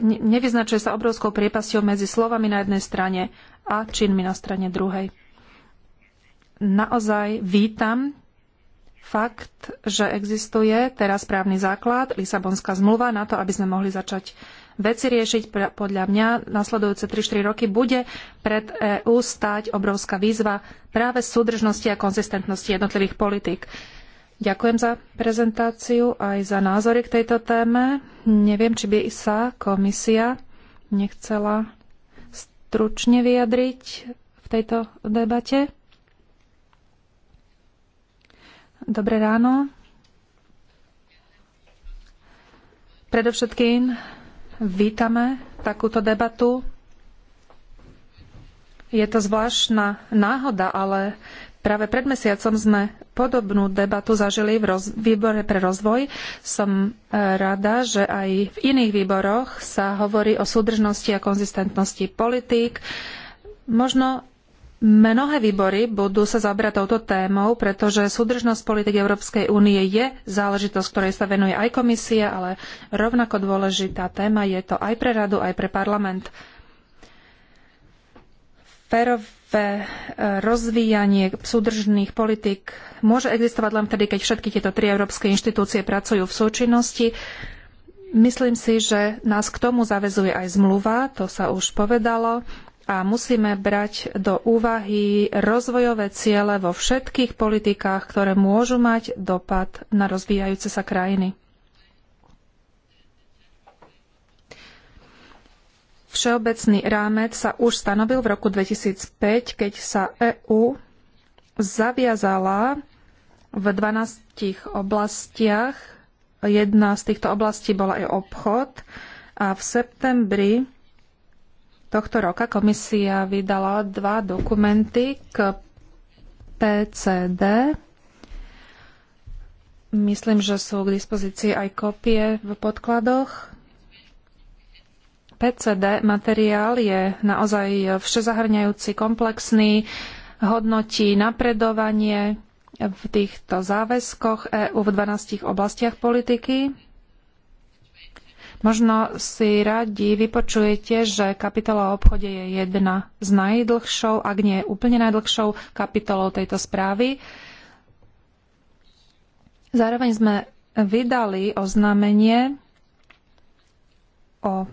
S1: e, nevyznačuje sa obrovskou priepasťou medzi slovami na jednej strane a činmi na strane druhej naozaj vítam fakt, že existuje teraz právny základ, Lisabonská zmluva na to, aby sme mohli začať veci riešiť. Podľa mňa nasledujúce 3-4 roky bude pred EÚ stáť obrovská výzva práve súdržnosti a konzistentnosti jednotlivých politík. Ďakujem za prezentáciu aj za názory k tejto téme. Neviem, či by sa komisia nechcela stručne vyjadriť v tejto debate. Dobré ráno. Predovšetkým vítame takúto debatu. Je to zvláštna náhoda, ale práve pred mesiacom sme podobnú debatu zažili v výbore pre rozvoj. Som e, rada, že aj v iných výboroch sa hovorí o súdržnosti a konzistentnosti politík. Možno Mnohé výbory budú sa zabrať touto témou, pretože súdržnosť politik Európskej únie je záležitosť, ktorej sa venuje aj komisia, ale rovnako dôležitá téma je to aj pre radu, aj pre parlament. Férové e, rozvíjanie súdržných politik môže existovať len vtedy, keď všetky tieto tri európske inštitúcie pracujú v súčinnosti. Myslím si, že nás k tomu zavezuje aj zmluva, to sa už povedalo a musíme brať do úvahy rozvojové ciele vo všetkých politikách, ktoré môžu mať dopad na rozvíjajúce sa krajiny. Všeobecný rámec sa už stanovil v roku 2005, keď sa EÚ zaviazala v 12 oblastiach. Jedna z týchto oblastí bola aj e obchod a v septembri tohto roka komisia vydala dva dokumenty k PCD. Myslím, že sú k dispozícii aj kopie v podkladoch. PCD materiál je naozaj všezahrňajúci, komplexný, hodnotí napredovanie v týchto záväzkoch EÚ v 12 oblastiach politiky Možno si radi vypočujete, že kapitola o obchode je jedna z najdlhšou, ak nie úplne najdlhšou kapitolou tejto správy. Zároveň sme vydali oznámenie o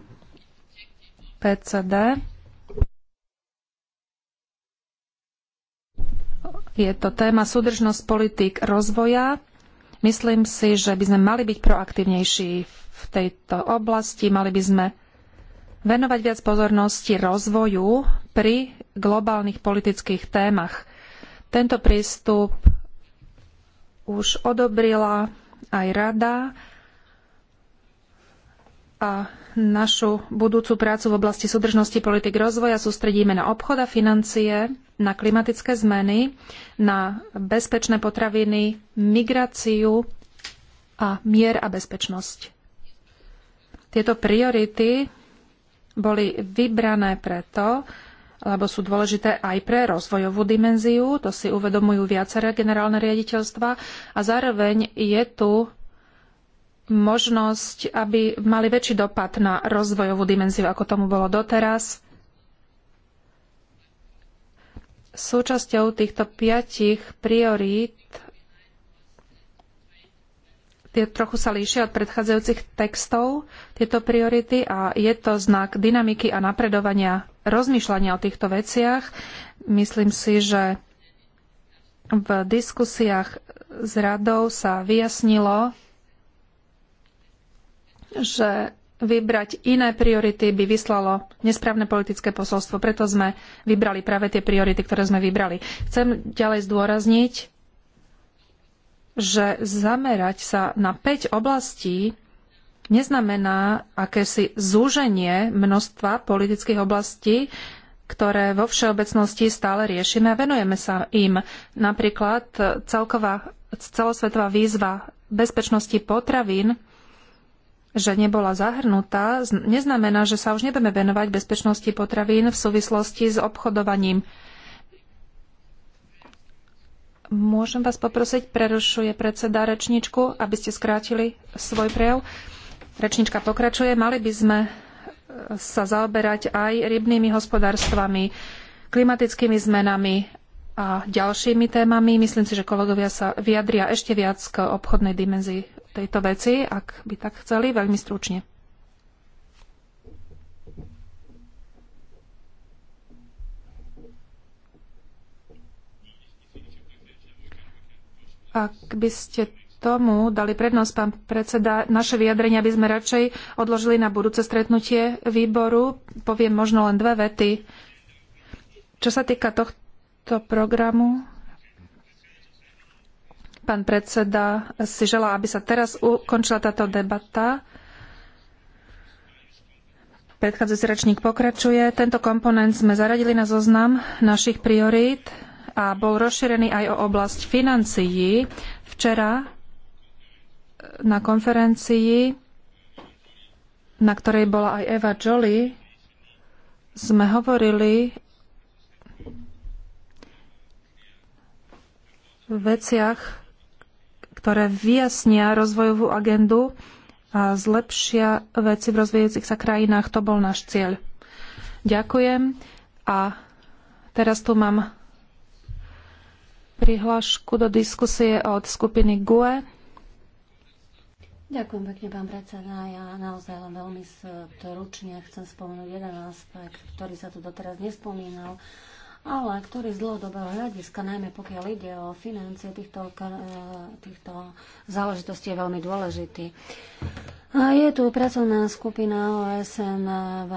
S1: PCD. Je to téma súdržnosť politik rozvoja. Myslím si, že by sme mali byť proaktívnejší v v tejto oblasti. Mali by sme venovať viac pozornosti rozvoju pri globálnych politických témach. Tento prístup už odobrila aj rada a našu budúcu prácu v oblasti súdržnosti politik rozvoja sústredíme na obchod a financie, na klimatické zmeny, na bezpečné potraviny, migráciu a mier a bezpečnosť. Tieto priority boli vybrané preto, lebo sú dôležité aj pre rozvojovú dimenziu, to si uvedomujú viaceré generálne riaditeľstva a zároveň je tu možnosť, aby mali väčší dopad na rozvojovú dimenziu, ako tomu bolo doteraz. Súčasťou týchto piatich priorít Tie trochu sa líšia od predchádzajúcich textov, tieto priority, a je to znak dynamiky a napredovania rozmýšľania o týchto veciach. Myslím si, že v diskusiách s radou sa vyjasnilo, že vybrať iné priority by vyslalo nesprávne politické posolstvo. Preto sme vybrali práve tie priority, ktoré sme vybrali. Chcem ďalej zdôrazniť, že zamerať sa na 5 oblastí neznamená akési zúženie množstva politických oblastí, ktoré vo všeobecnosti stále riešime a venujeme sa im. Napríklad celková, celosvetová výzva bezpečnosti potravín, že nebola zahrnutá, neznamená, že sa už nebudeme venovať bezpečnosti potravín v súvislosti s obchodovaním Môžem vás poprosiť, prerušuje predseda rečničku, aby ste skrátili svoj prejav. Rečnička pokračuje. Mali by sme e, sa zaoberať aj rybnými hospodárstvami, klimatickými zmenami a ďalšími témami. Myslím si, že kolegovia sa vyjadria ešte viac k obchodnej dimenzii tejto veci, ak by tak chceli, veľmi stručne. Ak by ste tomu dali prednosť, pán predseda, naše vyjadrenia by sme radšej odložili na budúce stretnutie výboru. Poviem možno len dve vety. Čo sa týka tohto programu, pán predseda si želá, aby sa teraz ukončila táto debata. Predchádzajúci rečník pokračuje. Tento komponent sme zaradili na zoznam našich priorít a bol rozšírený aj o oblasť financií. Včera e, na konferencii, na ktorej bola aj Eva Jolie, sme hovorili v veciach, ktoré vyjasnia rozvojovú agendu a zlepšia veci v rozvíjajúcich sa krajinách. To bol náš cieľ. Ďakujem a teraz tu mám prihlášku do diskusie od skupiny GUE.
S4: Ďakujem pekne, pán predseda. Ja naozaj len veľmi stručne chcem spomenúť jeden aspekt, ktorý sa tu doteraz nespomínal ale ktorý z dlhodobého hľadiska, najmä pokiaľ ide o financie týchto, e, týchto záležitostí, je veľmi dôležitý. A je tu pracovná skupina OSN v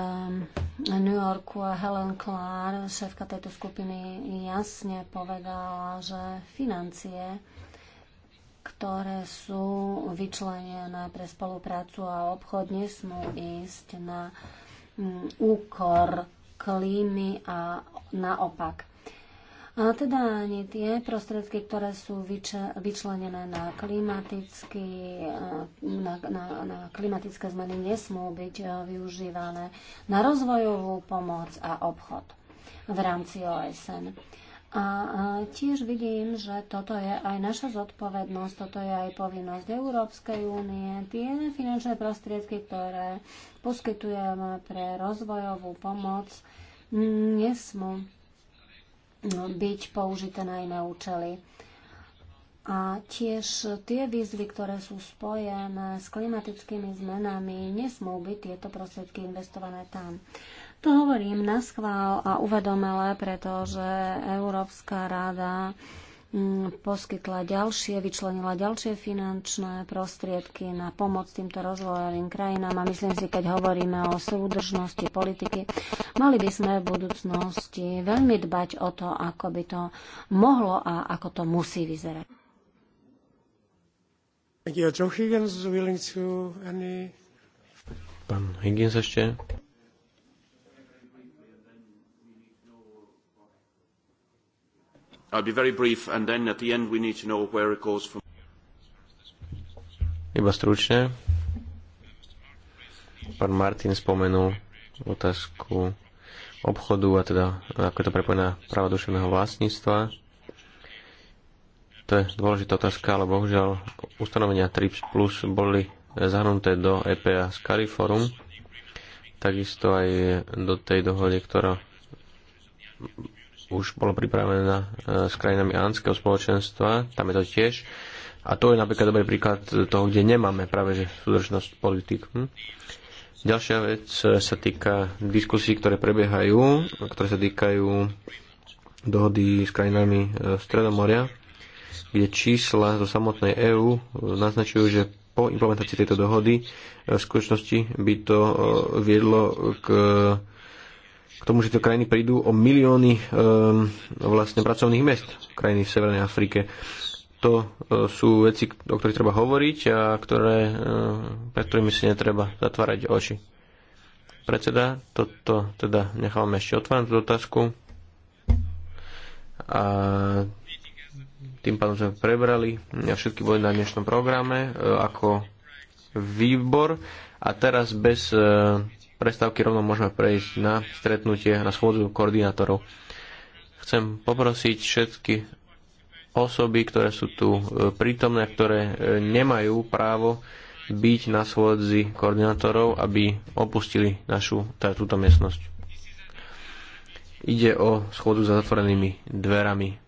S4: New Yorku a Helen Clark, šéfka tejto skupiny, jasne povedala, že financie ktoré sú vyčlenené pre spoluprácu a obchod, nesmú ísť na mm, úkor klímy a naopak. A teda ani tie prostriedky, ktoré sú vyčlenené na, klimatický, e, na, na, na klimatické zmeny, nesmú byť e, využívané na rozvojovú pomoc a obchod v rámci OSN. A tiež vidím, že toto je aj naša zodpovednosť, toto je aj povinnosť Európskej únie. Tie finančné prostriedky, ktoré poskytujeme pre rozvojovú pomoc, nesmú no, byť použité na iné účely. A tiež tie výzvy, ktoré sú spojené s klimatickými zmenami, nesmú byť tieto prostriedky investované tam. To hovorím na schvál a uvedomele, pretože Európska rada mm, poskytla ďalšie, vyčlenila ďalšie finančné prostriedky na pomoc týmto rozvojovým krajinám a myslím si, keď hovoríme o súdržnosti politiky, mali by sme v budúcnosti veľmi dbať o to, ako by to mohlo a ako to musí vyzerať.
S3: Pán Higgins ešte. I'll be very brief and then at the end we need to know where it goes from. Iba stručne. Pán Martin spomenul otázku obchodu a teda ako je to prepojená práva duševného vlastníctva. To je dôležitá otázka, ale bohužiaľ ustanovenia TRIPS Plus boli zahrnuté do EPA z Cariforum, takisto aj do tej dohody, ktorá už bolo pripravená e, s krajinami Andského spoločenstva, tam je to tiež. A to je napríklad dobrý príklad toho, kde nemáme práve že súdržnosť politik. Hm? Ďalšia vec e, sa týka diskusí, ktoré prebiehajú, ktoré sa týkajú dohody s krajinami e, Stredomoria, kde čísla zo samotnej EÚ naznačujú, že po implementácii tejto dohody v skutočnosti by to viedlo k k tomu, že tie krajiny prídu o milióny um, vlastne pracovných miest krajiny v Severnej Afrike. To uh, sú veci, o ktorých treba hovoriť a ktoré, uh, e, pre ktorými si netreba zatvárať oči. Predseda, toto teda nechávame ešte otvárať tú otázku. A tým pádom sme prebrali všetky boli na dnešnom programe uh, ako výbor a teraz bez prestávky rovno môžeme prejsť na stretnutie, na schôdzu koordinátorov. Chcem poprosiť všetky osoby, ktoré sú tu e, prítomné, ktoré e, nemajú právo byť na schôdzi koordinátorov, aby opustili našu, tá, túto miestnosť. Ide o schôdzu za zatvorenými dverami.